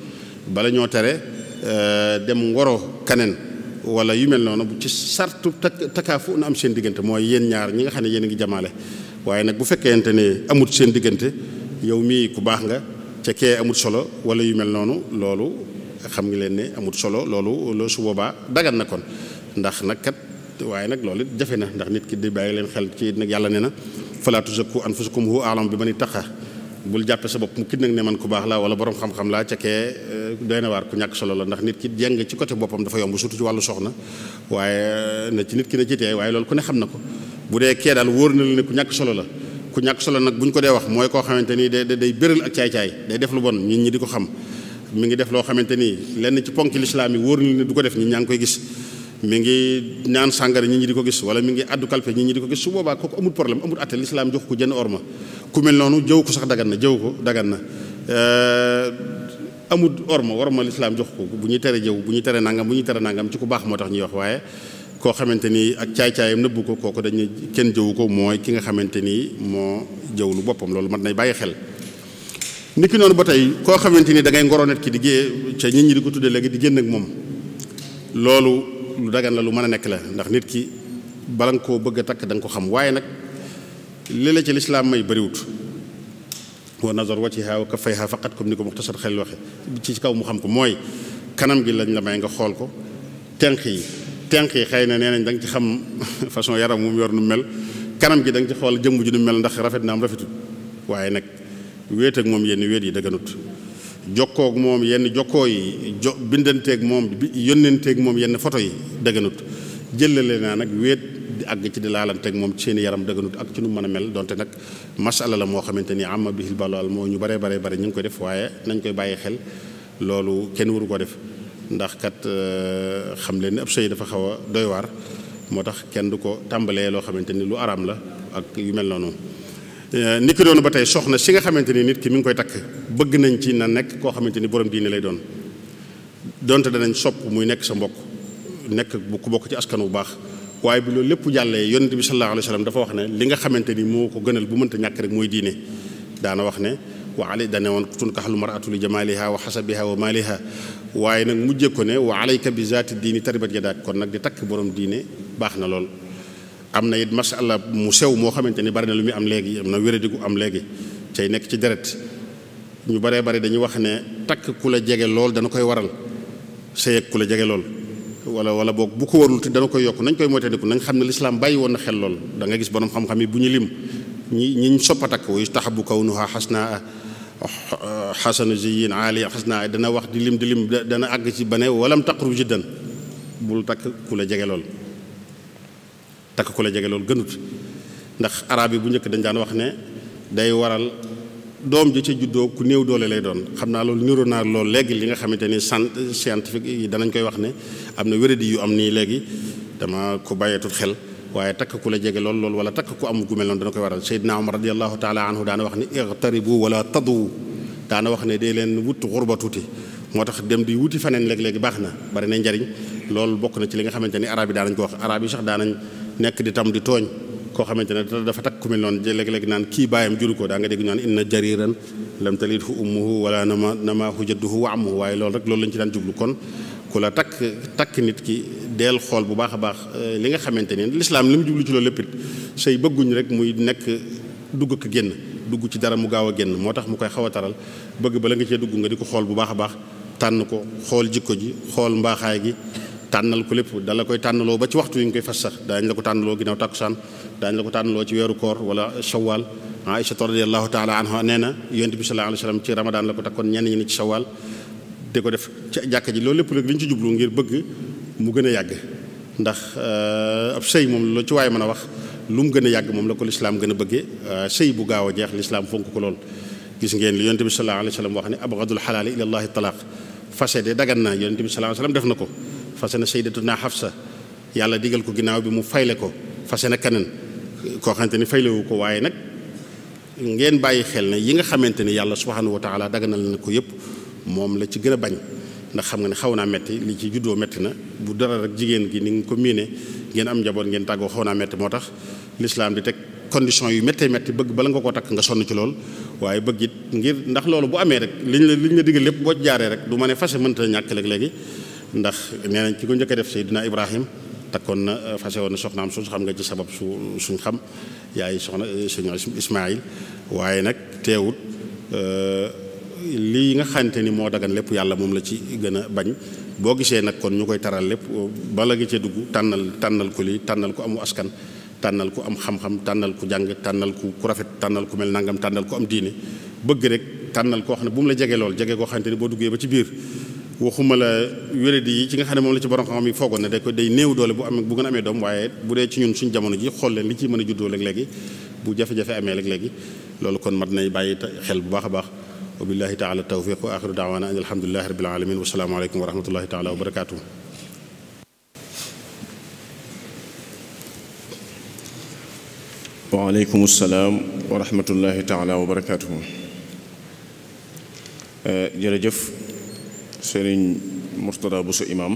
bala ñoo tere euh, dem ngoro kaneen wala yu mel noonu ci sartu takaafu na am seen diggante mooy yéen ñaar ñi nga xam ne yéen a ngi jamaale waaye nag bu fekkente ne amut seen diggante yow mii ku baax nga ca kee solo wala yu mel noonu loolu xam ngi leen ne amut solo loolu loolu su boobaa dagan na kon ndax nag kat waaye nag loolu it jafe na ndax nit ki di bàyyi leen xel ci nag yàlla ne na fala tuzakku anfusakum huwa a'lamu bi man taxa bul jàppe sa bopp mu kit nag ne man ku baax laa wala borom xam-xam laa ca kee euh, doy na waar ku ñàkk solo la ndax nit ki jeng ci côté boppam dafa yomb surtout ci wàllu soxna waaye euh, na ci ki na waaye loolu ku ne xam na ko bu dee kee daal wóor na la ne solo la ku ñàkk solo nag bu ñu ko dee wax mooy koo xamante ni day day béral ak caay day def lu bon nit ñi di ko xam mi ngi def loo xamante ni lenn ci ponk lislaam yi wóor na ne du ko def ñi ñaa ngi koy gis mi ngi naan sàngara ñi ñi di ko gis wala mi ngi addu kalpe ñi ñi di ko gis su boobaa kooku amul ko jënn orma ku mel noonu jëw ko sax dagan na jëw ko dagan na eh, amul orma orma lislaam jox ko bu ñuy teree jëw bu ñu tere nangam bu ñu teree nangam ci ku baax moo tax ñuy wax waaye koo xamante ni ak caay-caayam nëbbu ko kooku dañu kenn jëwu ko mooy ki nga xamante ni moo jëwlu boppam loolu mat nay bàyyi xel nit ki noonu ba tey koo xamante ni da ngay ngoronet ki di gée ca nit ñi di ko tuddee léegi di génn moom loolu lu dagan la lu mën a nekk la ndax nit ki bala nga koo bëgg takk danga ko xam waaye nag li ci lislaam may bariwut wa nazar wajhiha wa kaffayha faqat comme ni ko muxtasar xel waxe ci kaw mu xam ko mooy kanam gi lañ la may nga xool ko tenq yi tenq yi xëy na nee nañ da nga ci xam façon yaram mu yor nu mel kanam gi da ci xool jëmm ju nu mel ndax rafet na am rafetut waaye nag wéet moom yenn wéet yi dëgganut jokkoog moom yenn jokkoo yi jo bindanteeg moom yónnenteeg moom yenn foto yi dëgganut jëlale naa nag wéet di àgg ci di laalanteeg moom ci seen yaram dëgganut ak ci nu man a mel donte nag masala la moo xamante ni amma bihil laal moo ñu baree baree bare ñu ngi koy def waaye nañ koy bàyyi xel loolu kenn waru koo def ndax kat euh, xam leen ni ab sëy dafa xaw a doy waar moo tax kenn du ko tàmbalee loo xamante ni lu araam la ak yu mel noonu euh, nit ki doonu ba tey soxna si nga xamante ni nit ki mi ngi koy takk bëgg nañ ci na nekk koo xamante ni borom diine lay doon donte danañ sopp muy nekk sa mbokk nekk bu bokk ci askan bu baax waaye bi loolu lépp jàllee yonent bi sallallahu alayhi wa dafa wax ne li nga xamante ni moo ko gënal bu mënta ñàkk rek mooy diine daana wax ne wa alay dane woon tunkaxal maratu li jamaliha wa xasabiha wa maliha waaye nag mujjee ko ne wa alayka bi zaati diini taribat yadaak kon nag di takk borom diine baax na lool am na it masala mu sew moo xamante ni bari na lu muy am léegi am na gu am léegi cay nekk ci deret ñu baree bari dañu wax ne takk ku la jege lool dana koy waral sëy ak ku la jege lool wala wala boog bu ko warul te dana koy yokk nañ koy moytandiku nañ xam ne lislaam bàyyi woon na xel lool da nga gis borom xam-xam yi bu ñu lim ñi ñiñ soppatak wa yustahabu kawnuha xasnaa xasanu ziyin xas naa dana wax di lim di lim dana àgg ci ba ne walam taqrub jiddan bul takk ku la jege lool takk ku la jege lool gënut ndax arab yi bu njëkk dañ daan wax ne day waral doom ji ca juddoo ku néew doole lay doon xam naa loolu niru naa loolu léegi li nga xamante ni sant scientifique yi danañ koy wax ne am na wéradi yu am nii léegi dama ko bàyyeetul xel waaye takk ku la jege lool lool wala takk ku am gu mel noonu dana koy waral Seydina Omar radiyallahu taala anhu daana wax ne iqtaribu wala tadwu daana wax ne dee leen wut xurba tuuti moo tax dem di wuti faneen léeg-léegi baax na bari na njariñ loolu bokk na ci li nga xamante ni arab yi daanañ ko wax arab yi sax daanañ nekk di tam di tooñ koo xamante ne dafa takk ku mel noonu léeg-léeg naan kii baayam juru ko daa nga dégg ñaan inna jariran lam talidhu ummuhu wala nama namaahu jadduhu wa amuhu waaye loolu rek loolu lañ ci daan jublu kon ku la takk takk nit ki deel xool bu baax a baax euh, li nga xamante ne lislaam li mu jublu ci loolu lépp it sëy bëgguñ rek muy nekk dugg ak génn dugg ci dara mu gaaw a génn moo tax mu koy xaw a taral bëgg bala nga cee dugg nga di ko xool bu baax a baax tànn ko xool jikko ji xool mbaaxaay gi tànnal ko lépp dala koy tànnaloo ba ci waxtu yi nga koy fas sax daañu la ko tànnaloo ginnaaw tàkkusaan daañu la ko tànnaloo ci weeru koor wala shawal aïchatu radiallahu taala anha nee na yonent bi sallallahu alayhi wa sallam ci ramadan la ko def ci jàkka ji loolu lépp nag li ñu ci jublu ngir bëgg mu gën a yàgg ndax euh, ab sëy moom la ci waay mën a wax lu mu gën a yàgg moom la ko lislaam gën a bëggee euh, sëy bu gaaw a jeex lislaam fonk ko lool gis ngeen li yonent bi sallallahu alayhi wa sallam wax ne abgadul xalaali ilallahi talaaq fase de dagan na yonent bi sallallahu alayhi wa sallam def na ko fase na sayyidatuna Xafsa yàlla digal ko ginnaaw bi mu fayle ko fase na keneen koo xamante ni faylewu ko waaye nag ngeen bàyyi xel ne yi nga xamante ni yàlla subhaanahu wa taala daganal na ko yëpp moom la ci gën a bañ ndax xam nga ne xaw naa metti li ci juddoo metti na bu dara rek jigéen gi ni nga ko miine ngeen am njaboot ngeen tàggoo xaw naa metti moo tax lislaam di teg condition yu méttee métti bëgg bala nga koo takk nga sonn ci lool waaye bëgg it ngir ndax loolu bu amee rek li liñ la ñu la digg lépp boo jaaree rek du ma ne fase ñàkk léeg-léegi ndax nee nañ ki ko njëkk a def Seydina Ibrahim takkoon na euh, fase woon na soxnaam su xam nga ci sabab su suñ xam yaay soxna euh, sëñ Ismaayil waaye nag teewut euh, lii nga xamante ni moo dagan lépp yàlla moom la ci gën a bañ boo gisee nag kon ñu koy taral lépp bala gi ca dugg tànnal tànnal ko lii tànnal ko amu askan tànnal ko am xam-xam tànnal ku jàng tànnal ku ku rafet tànnal ku mel nangam tànnal ko am diine bëgg rek tànnal koo xam ne bu mu la jege lool jege koo xamante ni boo duggee ba ci biir waxuma la wéradi yi ci nga xam ne moom la ci borom xam-xam yi foogoon ne day ko day néew doole bu amee bu gën amee doom waaye bu dee ci ñun suñ jamono ji xool leen li ciy mën a juddoo léegi bu jafe-jafe amee léegi loolu kon mat nay bàyyi xel bu baax a baax wa billahi taala tawfiq wa axiru daawaana an alhamdulilahi rabbil alamin wa salaamu aleykum wa rahmatullahi taala wa barakaatu waaleykum salaam wa rahmatullahi taala wa barakaatu eh, Serigne Mourtada Bousso Imam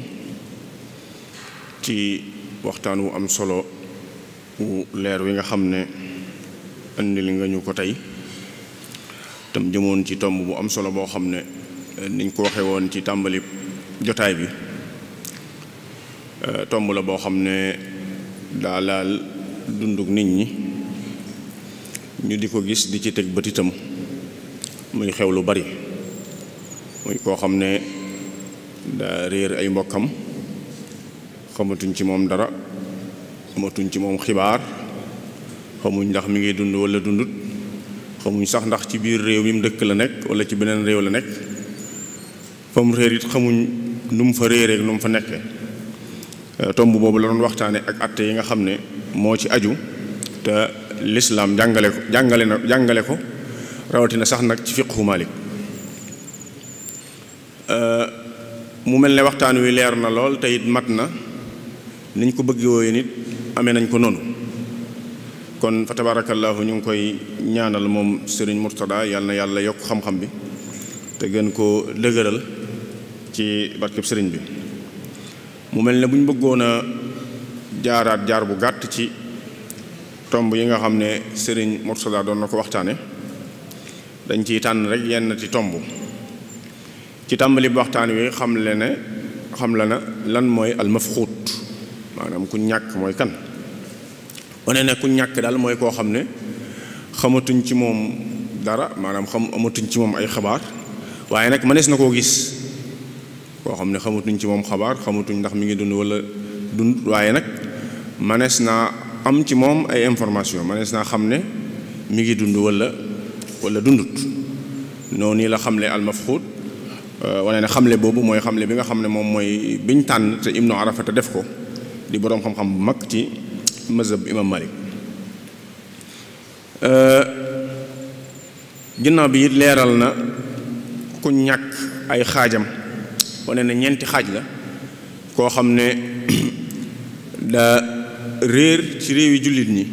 ci waxtaan wu am solo wu leer wi nga xam ne indil nga ñu ko tey tam jëmoon ci tomb bu am solo boo xam ne eh, niñ ko waxee woon ci tàmbali jotaay bi eh, tomb la boo xam ne daalaal laal dunduk nit ñi ñu di ko gis di ci teg batitam itam muy xew lu bari muy koo xam ne daa réer ay mbokkam xamatuñ ci moom dara xamatuñ ci moom xibaar xamuñ ndax mi ngi dund wala dundut xamuñ sax ndax ci biir réew mi mu dëkk la nekk wala ci beneen réew la nekk fa mu réer it xamuñ nu mu fa réereek nu mu fa nekkee euh, tomb boobu la doon waxtaane ak atte yi nga xam ne moo ci aju te lislaam jàngale jàngale na jàngale ko rawatina sax nag ci fiqhu Maalik euh, mu mel ne waxtaan wi leer na lool te it mat na niñ ko bëggee wooyu nit amee nañ ko noonu kon fa tabaarakallaahu ñu ngi koy ñaanal moom sëriñ Murtada yàlla na yàlla yokk xam-xam bi te gën koo dëgëral ci barkeb sëriñ bi mu mel ni bu ñu bëggoon a jaaraat jaar bu gàtt ci tomb yi nga xam ne sëriñ Murtada doon na ko waxtaane dañ ciy tànn rek yenn ci tomb ci tàmbali bu waxtaan wi xam le ne xam la na lan mooy almafxuut maanaam ku ñàkk mooy kan wane ne ku ñàkk daal mooy koo xam ne xamatuñ ci moom dara maanaam xam amatuñ ci moom ay xabaar waaye nag mënees na koo gis koo xam ne xamatuñ ci moom xabaar xamatuñ ndax mi ngi dund wala dund waaye nag mënees naa am ci moom ay information mënees naa xam ne mi ngi dund walla wala dundut noonu la xamle almafxuut Euh, wane na xamle boobu mooy xamle bi nga xam ne moom mooy biñ tànn te ibnu arafa te def ko di boroom xam-xam bu mag ci mazhab imam malik euh, ginnaaw bi it leeral na ku ñàkk ay xaajam wane na ñeenti xaaj la koo xam ne da réer ci réewi jullit ñi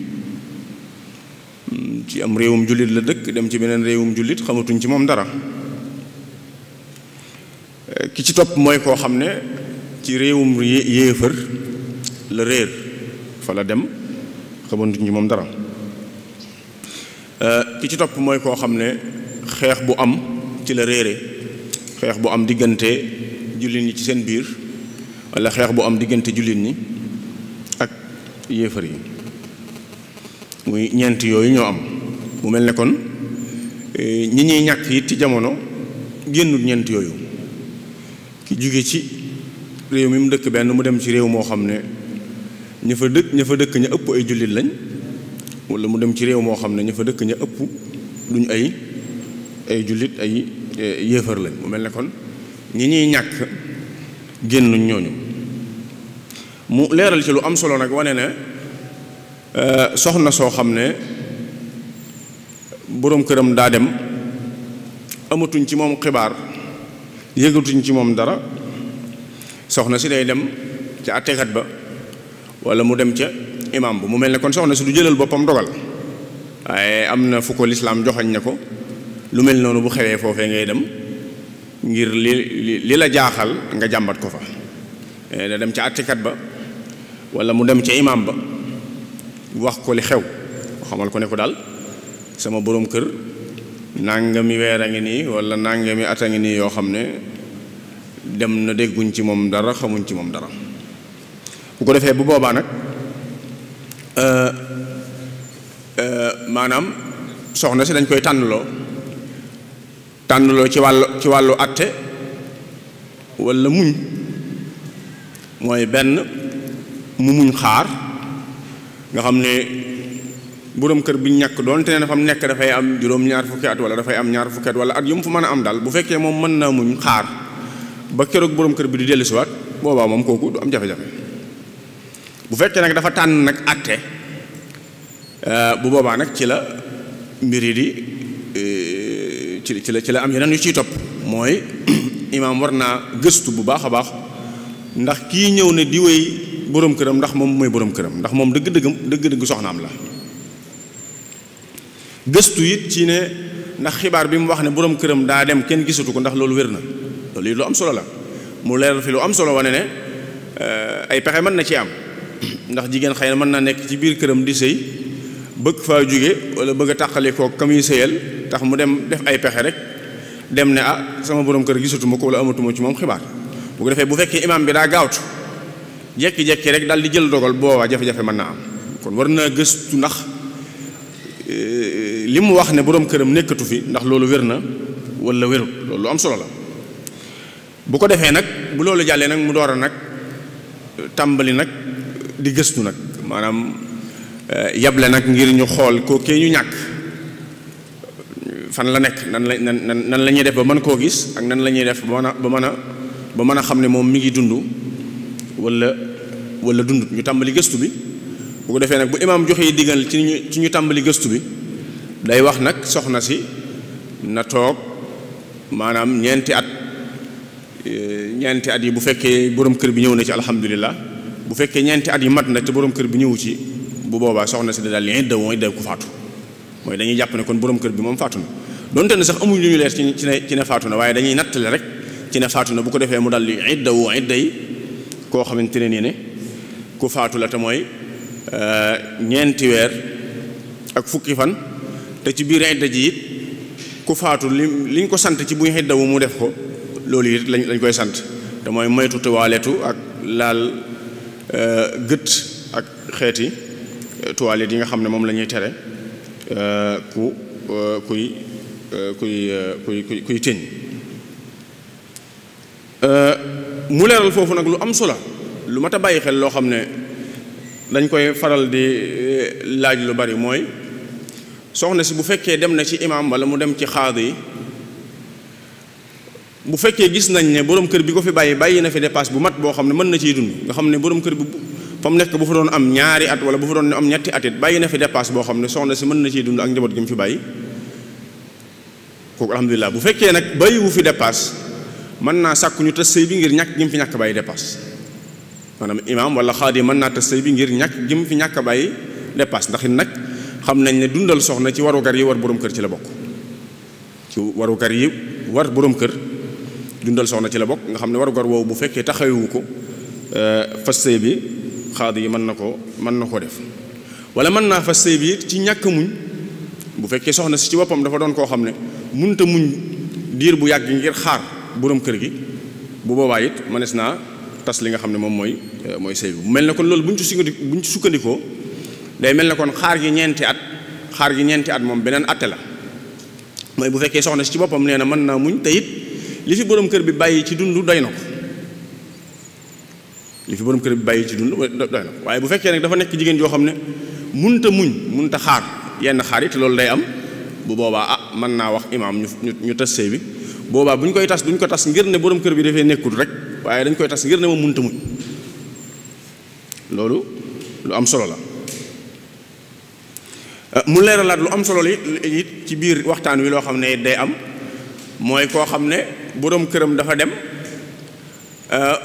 hmm, ci am réewum jullit la dëkk dem ci beneen réewum jullit xamatuñ ci moom dara ki ci topp mooy koo xam ne ci réewum yéefër la réer fa la dem xamantu ñi moom dara euh, ki ci topp mooy koo xam ne xeex bu am ci la réere xeex bu am diggante jullit ñi ci seen biir walla xeex bu am diggante jullit ñi ak yéefar yi muy ñeent yooyu ñoo am mu mel ne kon euh, ñi ñuy ñàkk it ci jamono génnul ñeent yooyu ki jóge ci réew mi mu dëkk benn mu dem ci réew moo xam ne ña fa dëkk ña ëpp ay jullit lañ walla mu dem ci réew moo xam ne ña fa dëkk ña ëpp duñ ay ay jullit ay yéefar lañ mu mel ne kon ñi ñuy ñàkk génnuñ ñooñu mu leeral ci lu am solo nag wane ne euh, soxna soo xam ne boroom këram daa dem amatuñ ci moom xibaar yëgatuñ ci moom dara soxna si day dem ca àtteekat ba walla mu dem ca imaam ba mu mel ne kon soxna si du jëlal boppam dogal waaye am na fu ko lislaam joxañ ne ko lu mel noonu bu xewee foofee ngay dem ngir li li la jaaxal nga jàmbat ko fa eh, da dem ca àtteekat ba wala mu dem ca imaam ba wax ko li xew xamal ko ne ko daal sama boroom kër nàngami weer a ngi nii wala nàngami at a ngi nii yoo xam ne dem na dégguñ ci moom dara xamuñ ci moom dara bu ko defee bu boobaa nag euh, euh, maanaam soxna si dañ koy tànnloo tànnloo ci wàllu ci wàllu atte wala muñ mooy benn mu muñ xaar nga xam ne borom kër bi ñàkk doonte ne mu nekk dafay am juróom-ñaar fukki at wala dafay am ñaar fukki at wala at yu mu fa mën a am daal bu fekkee moom mën naa muñ xaar ba keroog borom kër bi di dellusiwaat boobaa moom kooku du am fekkee nag dafa tànn nag atte euh, bu boobaa nag ci la mbir yi di euh, ci ci la ci la am yeneen yu ciy topp mooy imaam war naa gëstu bu baax a baax ndax kii ñëw ne di borom këram ndax moom mooy borom këram ndax moom dëgg-dëggam dëgg-dëgg soxnaam la gëstu it ci ne ndax xibaar bi mu wax ne borom këram daa dem kenn gisatu ko ndax loolu wér na loolu it lu am solo la mu leeral fi lu am solo wane ne euh, ay pexe mën na ci am ndax jigéen xëy na mën naa nekk ci biir këram di sëy bëgg faa jóge wala bëgg a tàqalikoo kamuy sëyal tax mu dem def ay pexe rek dem ne ah sama borom kër gisatuma ko wala amatuma ci moom xibaar bu ko defee bu fekkee imaam bi daa gaawtu jekki-jekki rek daal di jël dogal boobaa jafe-jafe mën naa am kon war naa gëstu ndax euh, li mu wax ne boroom këram nekkatu fi ndax loolu wér na walla wérut loolu am solo la bu ko defee nag bu loolu jàllee nag mu door nag euh, tàmbali nag di gëstu nag maanaam euh, yable nag ngir ñu xool kookee ñu ñàkk fan la nekk nan la nan nan la ñuy def ba mën koo gis ak nan la ñuy def ba mën a mën a ba mën a xam ne moom mi ngi dund wala wala dundut ñu tàmbali gëstu bi bu ko defee nag bu imaam joxee digal ci ci ñu tàmbali gëstu bi day wax nag soxna si na toog maanaam ñeenti at e, ñeenti at yi bu fekkee borom kër bi ñëw na ci alhamdulilah bu fekkee ñeenti at yi mat na te borom kër bi ñëwu ci bu boobaa soxna si da daal li da mooy day ku faatu mooy dañuy jàpp ne kon borom kër bi moom faatu na donte ne sax amuñ lu ñu leer ci ci ne ci ne faatu na waaye dañuy nattale rek ci ne faatu na bu ko defee mu dal li idda wu idda yi koo xamante ne nii ne ku faatu la te mooy e, ñeenti weer ak fukki fan te ci biir idda ji it ku faatu li liñ ko sant ci buy xidda mu def ko loolu it lañ lañ koy sant te mooy moytu tuwaaletu ak laal euh, gët ak xeeti euh, tuwaalet yi nga xam ne moom lañuy tere euh, ku kuy kuy kuy kuy kuy tëñ mu leeral foofu nag lu am solo lu mat a bàyyi xel loo xam ne dañ koy faral di laaj lu bari mooy soxna si bu fekkee dem na ci imaam wala mu dem ci xaad yi bu fekkee gis nañ ne borom kër bi ko fi bàyyi bàyyi na fi dépasse bu mat boo xam ne mën na ciy dund nga xam ne boroom kër bi fa mu nekk bu fa doon am ñaari at wala bu fa doon am ñetti at it bàyyi na fi dépasse boo xam ne soxna si mën na ciy dund ak njaboot gi mu fi bàyyi kooku alhamdulilah bu fekkee nag bàyyi wu fi dépasse mën naa sàkku ñu tas sëy bi ngir ñàkk gi mu fi ñàkk bàyyi dépasse maanaam imaam wala xaad mën naa tas sëy bi ngir ñàkk gi fi ñàkk bàyyi dépasse ndax it nag xam nañ ne dundal soxna ci warugar yi war borom kër ci la bokk ci warugar yi war boroom kër dundal soxna ci la bokk nga xam ne warugar woowu bu fekkee taxawewu ko euh, fas sëy bi xaad yi mën na ko mën na koo def wala mën naa fas sëy bi ci ñàkk muñ bu fekkee soxna si ci boppam dafa doon koo xam ne munta muñ diir bu yàgg ngir xaar boroom kër gi bu boobaa it mënees naa tas li nga xam ne moom mooy euh, mooy sëy mel na ko loolu buñ ci sukkandik buñ ci sukkandikoo day mel ne kon xaar gi ñeenti at xaar gi ñeenti at moom beneen ate la mooy bu fekkee soxna si ci boppam nee na mën naa muñ te it li fi borom kër bi bàyyi ci dund doy na ko li fi borom kër bi bàyyi ci dund doy na ko waaye bu fekkee nag dafa nekk jigéen joo xam ne munta muñ munta xaar yenn xaarit loolu day am bu boobaa ah mën naa wax imaam ñu ñu tas sëy bi boobaa bu ñu koy tas duñ ko tas ngir ne boroom kër bi dafay nekkul rek waaye dañ koy tas ngir ne moom munta muñ loolu lu am solo la Euh, mu leeralaat lu am solo li it ci biir waxtaan wi loo xam ne day am mooy koo xam ne boroom këram dafa dem euh,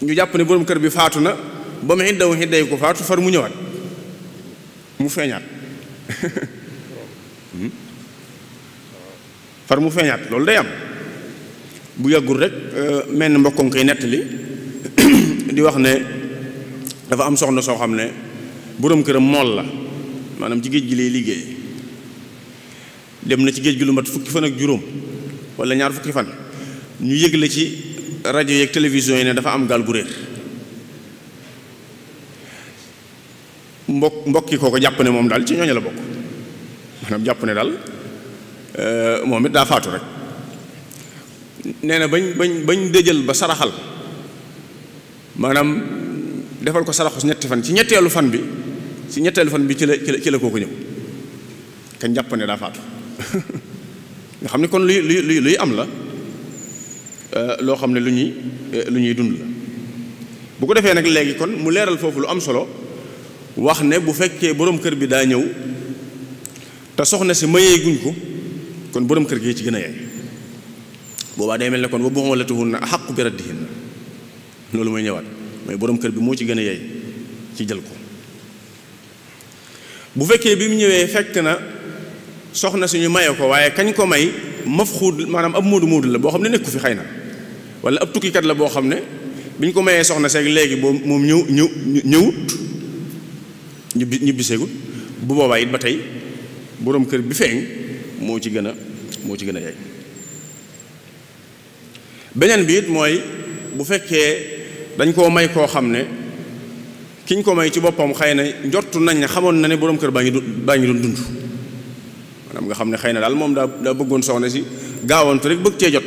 ñu jàpp ne boroom kër bi faatu na ba mu xiddawu xidday ko faatu far mu ñëwaat mu feeñaat hmm? far mu feeñaat loolu day am bu yàggul rek euh, menn mbokkam koy nettali di wax ne dafa am soxna soo xam ne boroom këram mool la maanaam ci géej gi lay liggéey dem na ci géej gi lu mat fukki fan ak juróom wala ñaar fukki fan ñu yëg la ci rajo yeeg télévision yi ne dafa am gaal gu réer mbokk mbokki kooko jàpp ne moom daal ci ñooñu la bokk maanaam jàpp ne daal euh, moom it daa faatu rek nee na bañ bañ bañ dëjal ba saraxal maanaam defal ko saraxus ñetti fan ci ñetteelu fan bi ci ñetteelu fan bi ci la ci la kooku ñëw kañ jàpp ne daa faatu nga xam ne kon luy luy luy am la euh, loo xam ne lu ñuy euh, lu ñuy dund la bu ko defee nag léegi kon mu leeral foofu lu am solo wax ne bu fekkee boroom kër bi daa ñëw te soxna si mayee guñ ko kon boroom kër gi ci gën a yaay boobaa day mel ne kon wa buxuulatuhunna axaqqu bi raddihinna loolu mooy ñëwaat mooy borom kër bi moo ci gën a yaay ci jël ko bu fekkee bi mu ñëwee fekk na soxna ñu maye ko waaye kañ ko may mafxuud maanaam ab moodu moodu la boo xam ne nekku fi xëy na wala ab tukkikat la boo xam ne biñ ko mayee soxna seeg léegi boobu moom ñëw ñëw ñëwut ñibbi ñibbiseegut bu boobaa yit ba tey boroom kër bi feeñ moo ci gën a moo ci gën a yey beneen bi it mooy bu fekkee dañ koo may koo xam ne ki ñu ko may ci boppam xëy na njortu nañ ne xamoon na ne boroom kër baa ngi baa ngi doon dund maanaam nga xam ne xëy na daal moom daa daa bëggoon soxna si gaawantu rek bëgg cee jot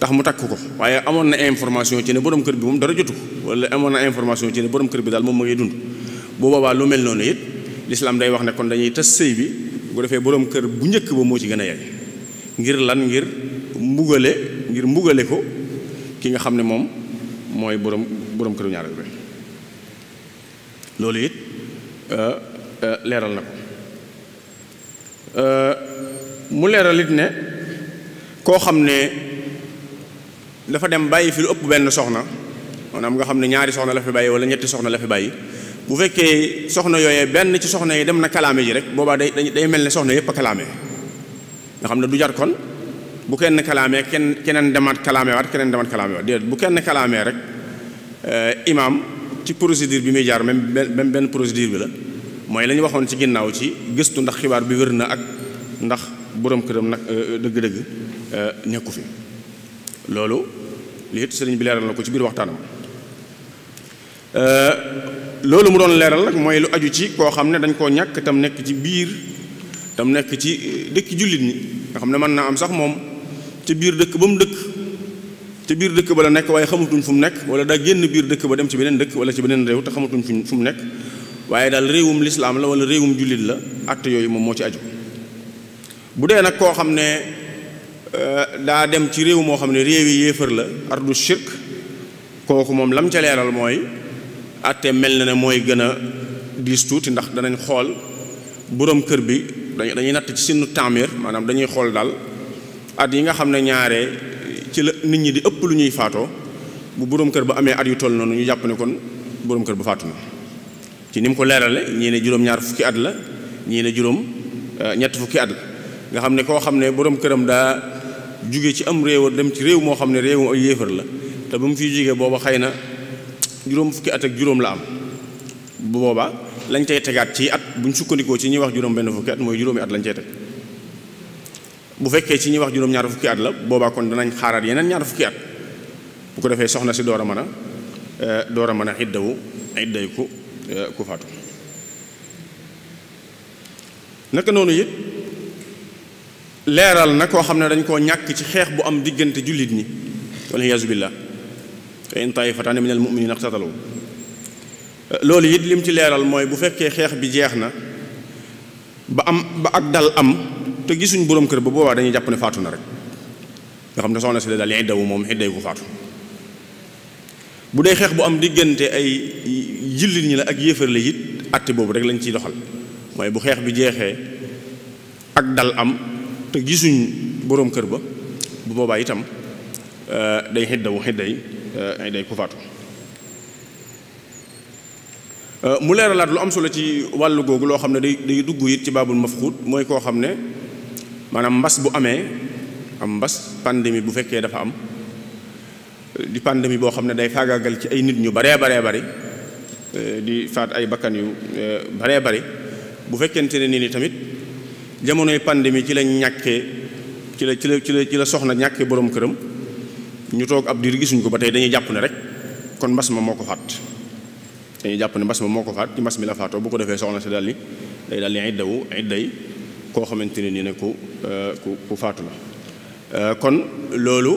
tax mu takk ko waaye amoon na information ci ne borom kër bi moom dara jotu ko wala amoon na information ci ne kër bi daal moom ma ngay dund bu boobaa lu mel noonu it lislaam day wax ne kon dañuy tas sëy bi bu defee boroom kër bu njëkk ba moo ci gën a yey ngir lan ngir mbugale ngir mbugale ko ki nga xam ne moom mooy borom borom këru ñaareel bi loolu it euh, euh, leeral na ko euh, mu leeral it ne koo xam ne dafa dem bàyyi fii lu ëpp benn soxna maanaam nga xam ne ñaari soxna la fi bàyyi wala ñetti soxna la fi bàyyi bu fekkee soxna yooyee benn ci soxna yi dem na kalaame ji rek boobaa day day mel ne soxna yëpp a kalaame nga xam ne du jar kon bu kenn kalaamee kenn keneen demaat kalaame waat keneen demaat kalaame waat bu kenn kalaamee rek imaam ci procédure bi muy jaar même même benn procédure bi la mooy la ñu waxoon ci ginnaaw ci gëstu ndax xibaar bi wér na ak ndax boroom këram nag euh, euh, dëgg-dëgg euh, nekku fi loolu lii sëriñ bi leeral na ko ci biir waxtaanam loolu mu doon leeral nag mooy lu aju ci koo xam ne dañ koo ñàkk tam nekk ci biir tam nekk ci dëkk jullit ñi nga xam ne mën naa am sax moom ci biir dëkk ba mu dëkk ca biir dëkk ba la nekk waaye xamatuñ fu mu nekk wala da génn biir dëkk ba dem ci beneen dëkk wala ci beneen réew te xamatuñ fu mu nekk waaye daal réewum lislaam la wala réewum jullit la acte yooyu moom moo ci aju bu dee nag koo xam ne euh, daa dem ci réew moo xam ne réew yi yéefar la ardu shirk kooku moom lam ca leeral mooy atte mel na ne mooy gën a diis tuuti ndax danañ xool borom kër bi dañuy natt ci sinu taamir maanaam dañuy xool daal at yi nga xam ne ñaare ci la nit ñi di ëpp lu ñuy faatoo bu borom kër ba amee at yu toll noonu ñu jàpp ne kon boroom kër ba faatu na ci ni mu ko leerale ñii ne juróom-ñaar fukki at la ñii ne juróom euh, ñett fukki at la nga xam ne koo xam ne borom këram daa jóge ci am réew dem ci réew moo xam ne réew ay yéefar la te ba mu fiy jógee booba xëy na juróom fukki at ak juróom la am bu boobaa lañ cay tegaat ci at ñu sukkandikoo ci ñuy wax juróom benn fukki at mooy juróomi at lañ cay bu fekkee ci ñuy wax juróom ñaar fukki at la boobaa kon danañ xaaraat yeneen ñaar fukki at bu ko defee soxna si door a mën a euh, door a mën a iddawu idday ku euh, ku faatu naka noonu it leeral na koo xam ne dañ koo ñàkk ci xeex bu am diggante jullit ñi wala yaasu billah fa in taifataani min al muminina iqtatalu loolu it lim ci leeral mooy bu fekkee xeex bi jeex na ba am ba ak dal am te gisuñ borom kër ba boobaa dañuy jàpp ne faatu na rek nga xam ne soxna si daal idda wu moom idday ku faatu bu dee xeex bu am diggante ay jullit ñi la ak yéefar la it àtte boobu rek lañ ciy doxal mooy bu xeex bi jeexee ak dal am te gisuñ boroom kër ba bu boobaa itam eh, day xiddawu xidday xidday eh, ku faatu eh, mu leeralaat lu am solo ci wàll googu loo xam ne day day dugg it ci baabul mafxuut mooy koo xam ne maanaam mbas bu amee am mbas pandémie bu fekkee dafa am di pandémie boo xam ne day faagaagal ci ay nit ñu baree baree bari euh, di faat ay bakkan yu euh, baree bari bu fekkente ne nii ni tamit jamonoy pandémie ci la ñàkkee ci la ci la ci la soxna ñàkkee boroom këram ñu toog ab diir gisuñ ko ba tey dañuy jàpp ne rek kon mbas ma moo ko faat dañuy jàpp ne mbas ma moo ko faat ci mbas mi la faatoo bu ko defee soxna si daal di day daal di iddawu idday koo xamante ne nii ne ku euh, ku ku faatu la euh, kon loolu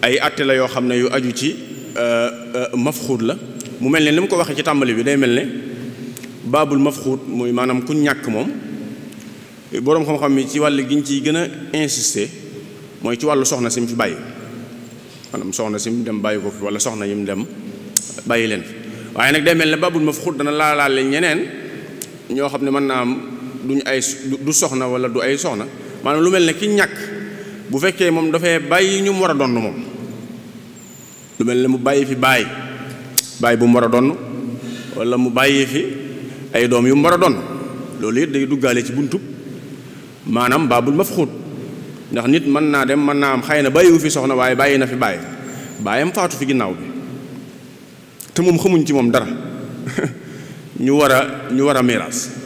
ay atte la yoo xam ne yu aju ci euh, mafxuut la mu mel ne li mu ko waxee ci tàmbali bi day mel ne baabul mafxuut muy maanaam ku ñàkk moom boroom xam-xam ci wàll gi ciy gën a insister mooy ci wàllu soxna si mu fi bàyyi maanaam mu dem bàyyi ko fi wala soxna yi mu dem bàyyi leen waaye nag day mel ne baabul mafxuut dana laalaale ñeneen ñoo xam ne mën naa am duñ ay du soxna wala du ay soxna maanaam lu mel ne ki ñàkk bu fekkee moom dafay bàyyi ñu mu war a donn moom lu mel ne mu bàyyi fi bàyyi bàyyi bu mu war a donn wala mu bàyyi fi ay doom yu mu war a donn loolu it day duggaale ci buntu maanaam baabul mafxuut ndax nit mën naa dem mën naa am xëy na bàyyiwu fi soxna waaye bàyyi na fi bàyyi bàyyam faatu fi ginnaaw bi te moom xamuñ ci moom dara ñu war a ñu war a miiraas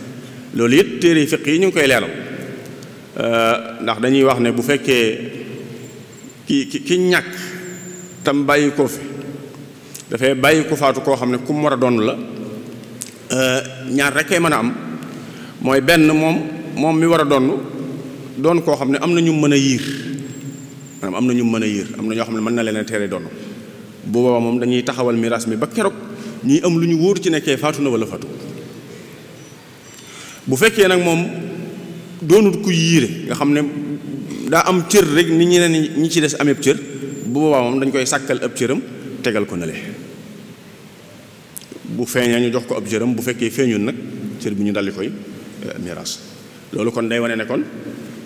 loolu it téere fiq yi ñu ngi koy leeral euh, ndax dañuy wax ne bu fekkee ki ki ki ñàkk tam bàyyi ko fi dafay bàyyi ko faatu koo xam ne ku war a doon la euh, ñaar rek kay mën a am mooy benn moom moom mi war a donn doon koo xam ne am na ñu mën a yiir maanaam am na ñu mën a yiir am na ñoo xam ne mën na leen a tere donn bu boobaa moom dañuy taxawal miraas mi ba keroog ñuy am lu ñu wóor ci nekkee faatu na wala faatu. bu fekkee nag moom doonut ku yiire nga xam ne daa am cër rek nit ni ñeneen ñi ci des ameeb cër bu boobaa moom dañ koy sàkkal ab cëram tegal ko nale bu feeñee ñu jox ko ab cëram bu fekkee feeñul nag cër bi ñu daldi koy euh, miraas loolu kon day wane ne kon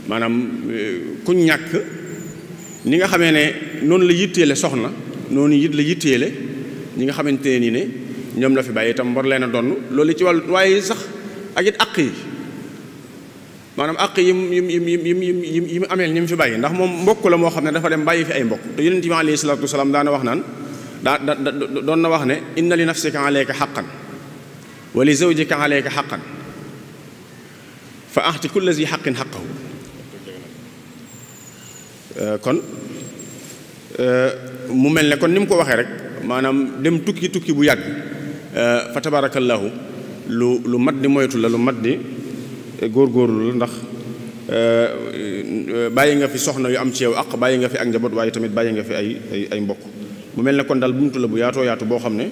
maanaam euh, ku ñàkk ni nga xamee ne noonu la yitteele soxna noonu it la yitteele ñi nga xamante nii ne ñoom la fi bàyyi itam war leen a donn loolu ci wàllu waaye sax ak àq yi maanaam àq yi mu yi mu yi mu yi mu ameel ñi mu fi bàyyi ndax moom mbokk la moo xam ne dafa dem bàyyi fi ay mbokk te yonent bi alayhi salaatu wasalaam daana wax naan daa da doon na wax ne inna li nafsika alayka xaqan wa li zawjika alayka xaqan fa axti kulla zi xaqin xaqahu euh, kon euh, mu mel ne kon ni mu ko waxee rek maanaam dem tukki tukki bu yàgg euh, fa tabarakallahu lu lu mat di moytu la lu mat di eh, góorgóorlu la ndax eh, eh, bàyyi nga fi soxna yu am ci yow ak bàyyi nga fi ak njaboot waaye tamit bàyyi nga fi ay ay mbokk mu mel ne kon daal buntu la bu yaatoo yaatu boo xam ne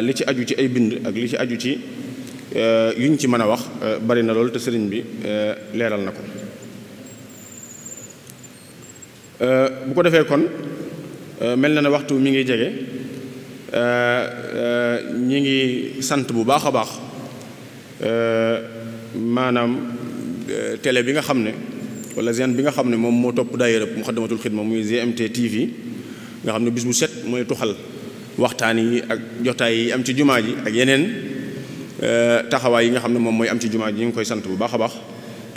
li ci aju ci ay bind ak li ci aju ci yu yuñ ci mën a wax bari na lool te sëriñ bi leeral na ko bu ko defee kon mel na ne waxtu mi ngi jege ñu ngi sant bu baax a baax Euh, maanaam euh, télé bi nga xam ne wala zen bi nga xam ne moom moo topp daayira Muxaddamatul Xidma muy GMT TV nga xam ne bis bu set mooy tuxal waxtaan yi ak jotaay yi am ci jumaa ji ak yeneen euh, taxawaay yi nga xam ne moom mooy am ci jumaa ji ñu ngi koy sant bu baax a baax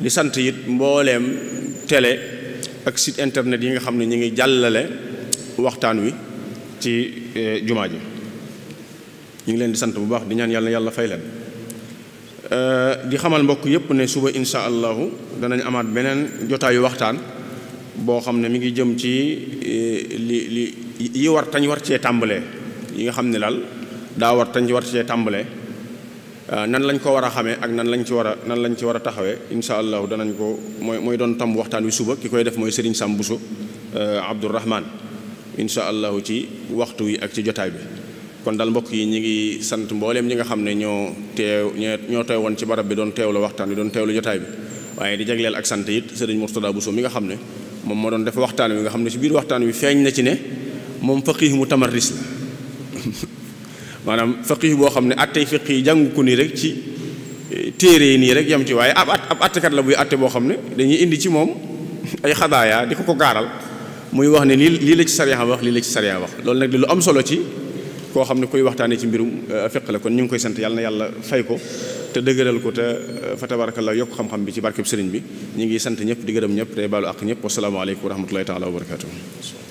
di sant it mbooleem télé ak site internet yi nga xam ne ñu ngi jàllale waxtaan wi ci jumaa ji ñu ngi leen di sant bu baax di ñaan yàlla yàlla fay leen Euh, di xamal mbokk yëpp ne suba insha allahu danañ amaat beneen jotaayu waxtaan boo xam ne mi ngi jëm ci eh, li li yi war tañ war cee tàmbalee yi nga xam ne daal daa war tañ war cee tàmbalee euh, nan lañ ko war a xamee ak nan lañ ci war a nan lañ ci war a taxawee insha allahu danañ ko mooy mooy doon tàmb waxtaan wi suba ki koy def mooy Serigne Sam Bousso euh, Abdourahman insha allahu ci waxtu wi ak ci jotaay bi kon daal mbokk yi ñu ngi sant mbooleem ñi nga xam ne ñoo teew ñoo teew woon ci barab bi doon teew la waxtaan bi doon teewlu jotaay bi waaye di jagleel ak sant it sëriñ Mourtada Bousso mi nga xam ne moom moo doon def waxtaan wi nga xam ne ci biir waxtaan wi feeñ na ci ne moom faqih mu tamarris la maanaam boo xam ne attey fiqi yi jàng ko nii rek ci eh, téere yi nii rek yam ci waaye ab at ab la buy atte boo xam ne dañuy indi ci moom ay xadaaya di ko ko gaaral muy wax ne lii lii la ci sariya wax lii la ci sariya wax loolu nag lu am solo ci koo xam ne kuy waxtaanee ci mbirum euh, fiq la kon ñu ngi koy sant yàlla na yàlla fay ko te dëgëral ko te euh, fa tabarakallah yokk xam-xam bi ci barkeb sëriñ bi ñu ngi sant ñëpp di gërëm ñëpp tey baalu àq ñëpp wasalaamaaleykum wa rahmatullahi taala wa barakatuh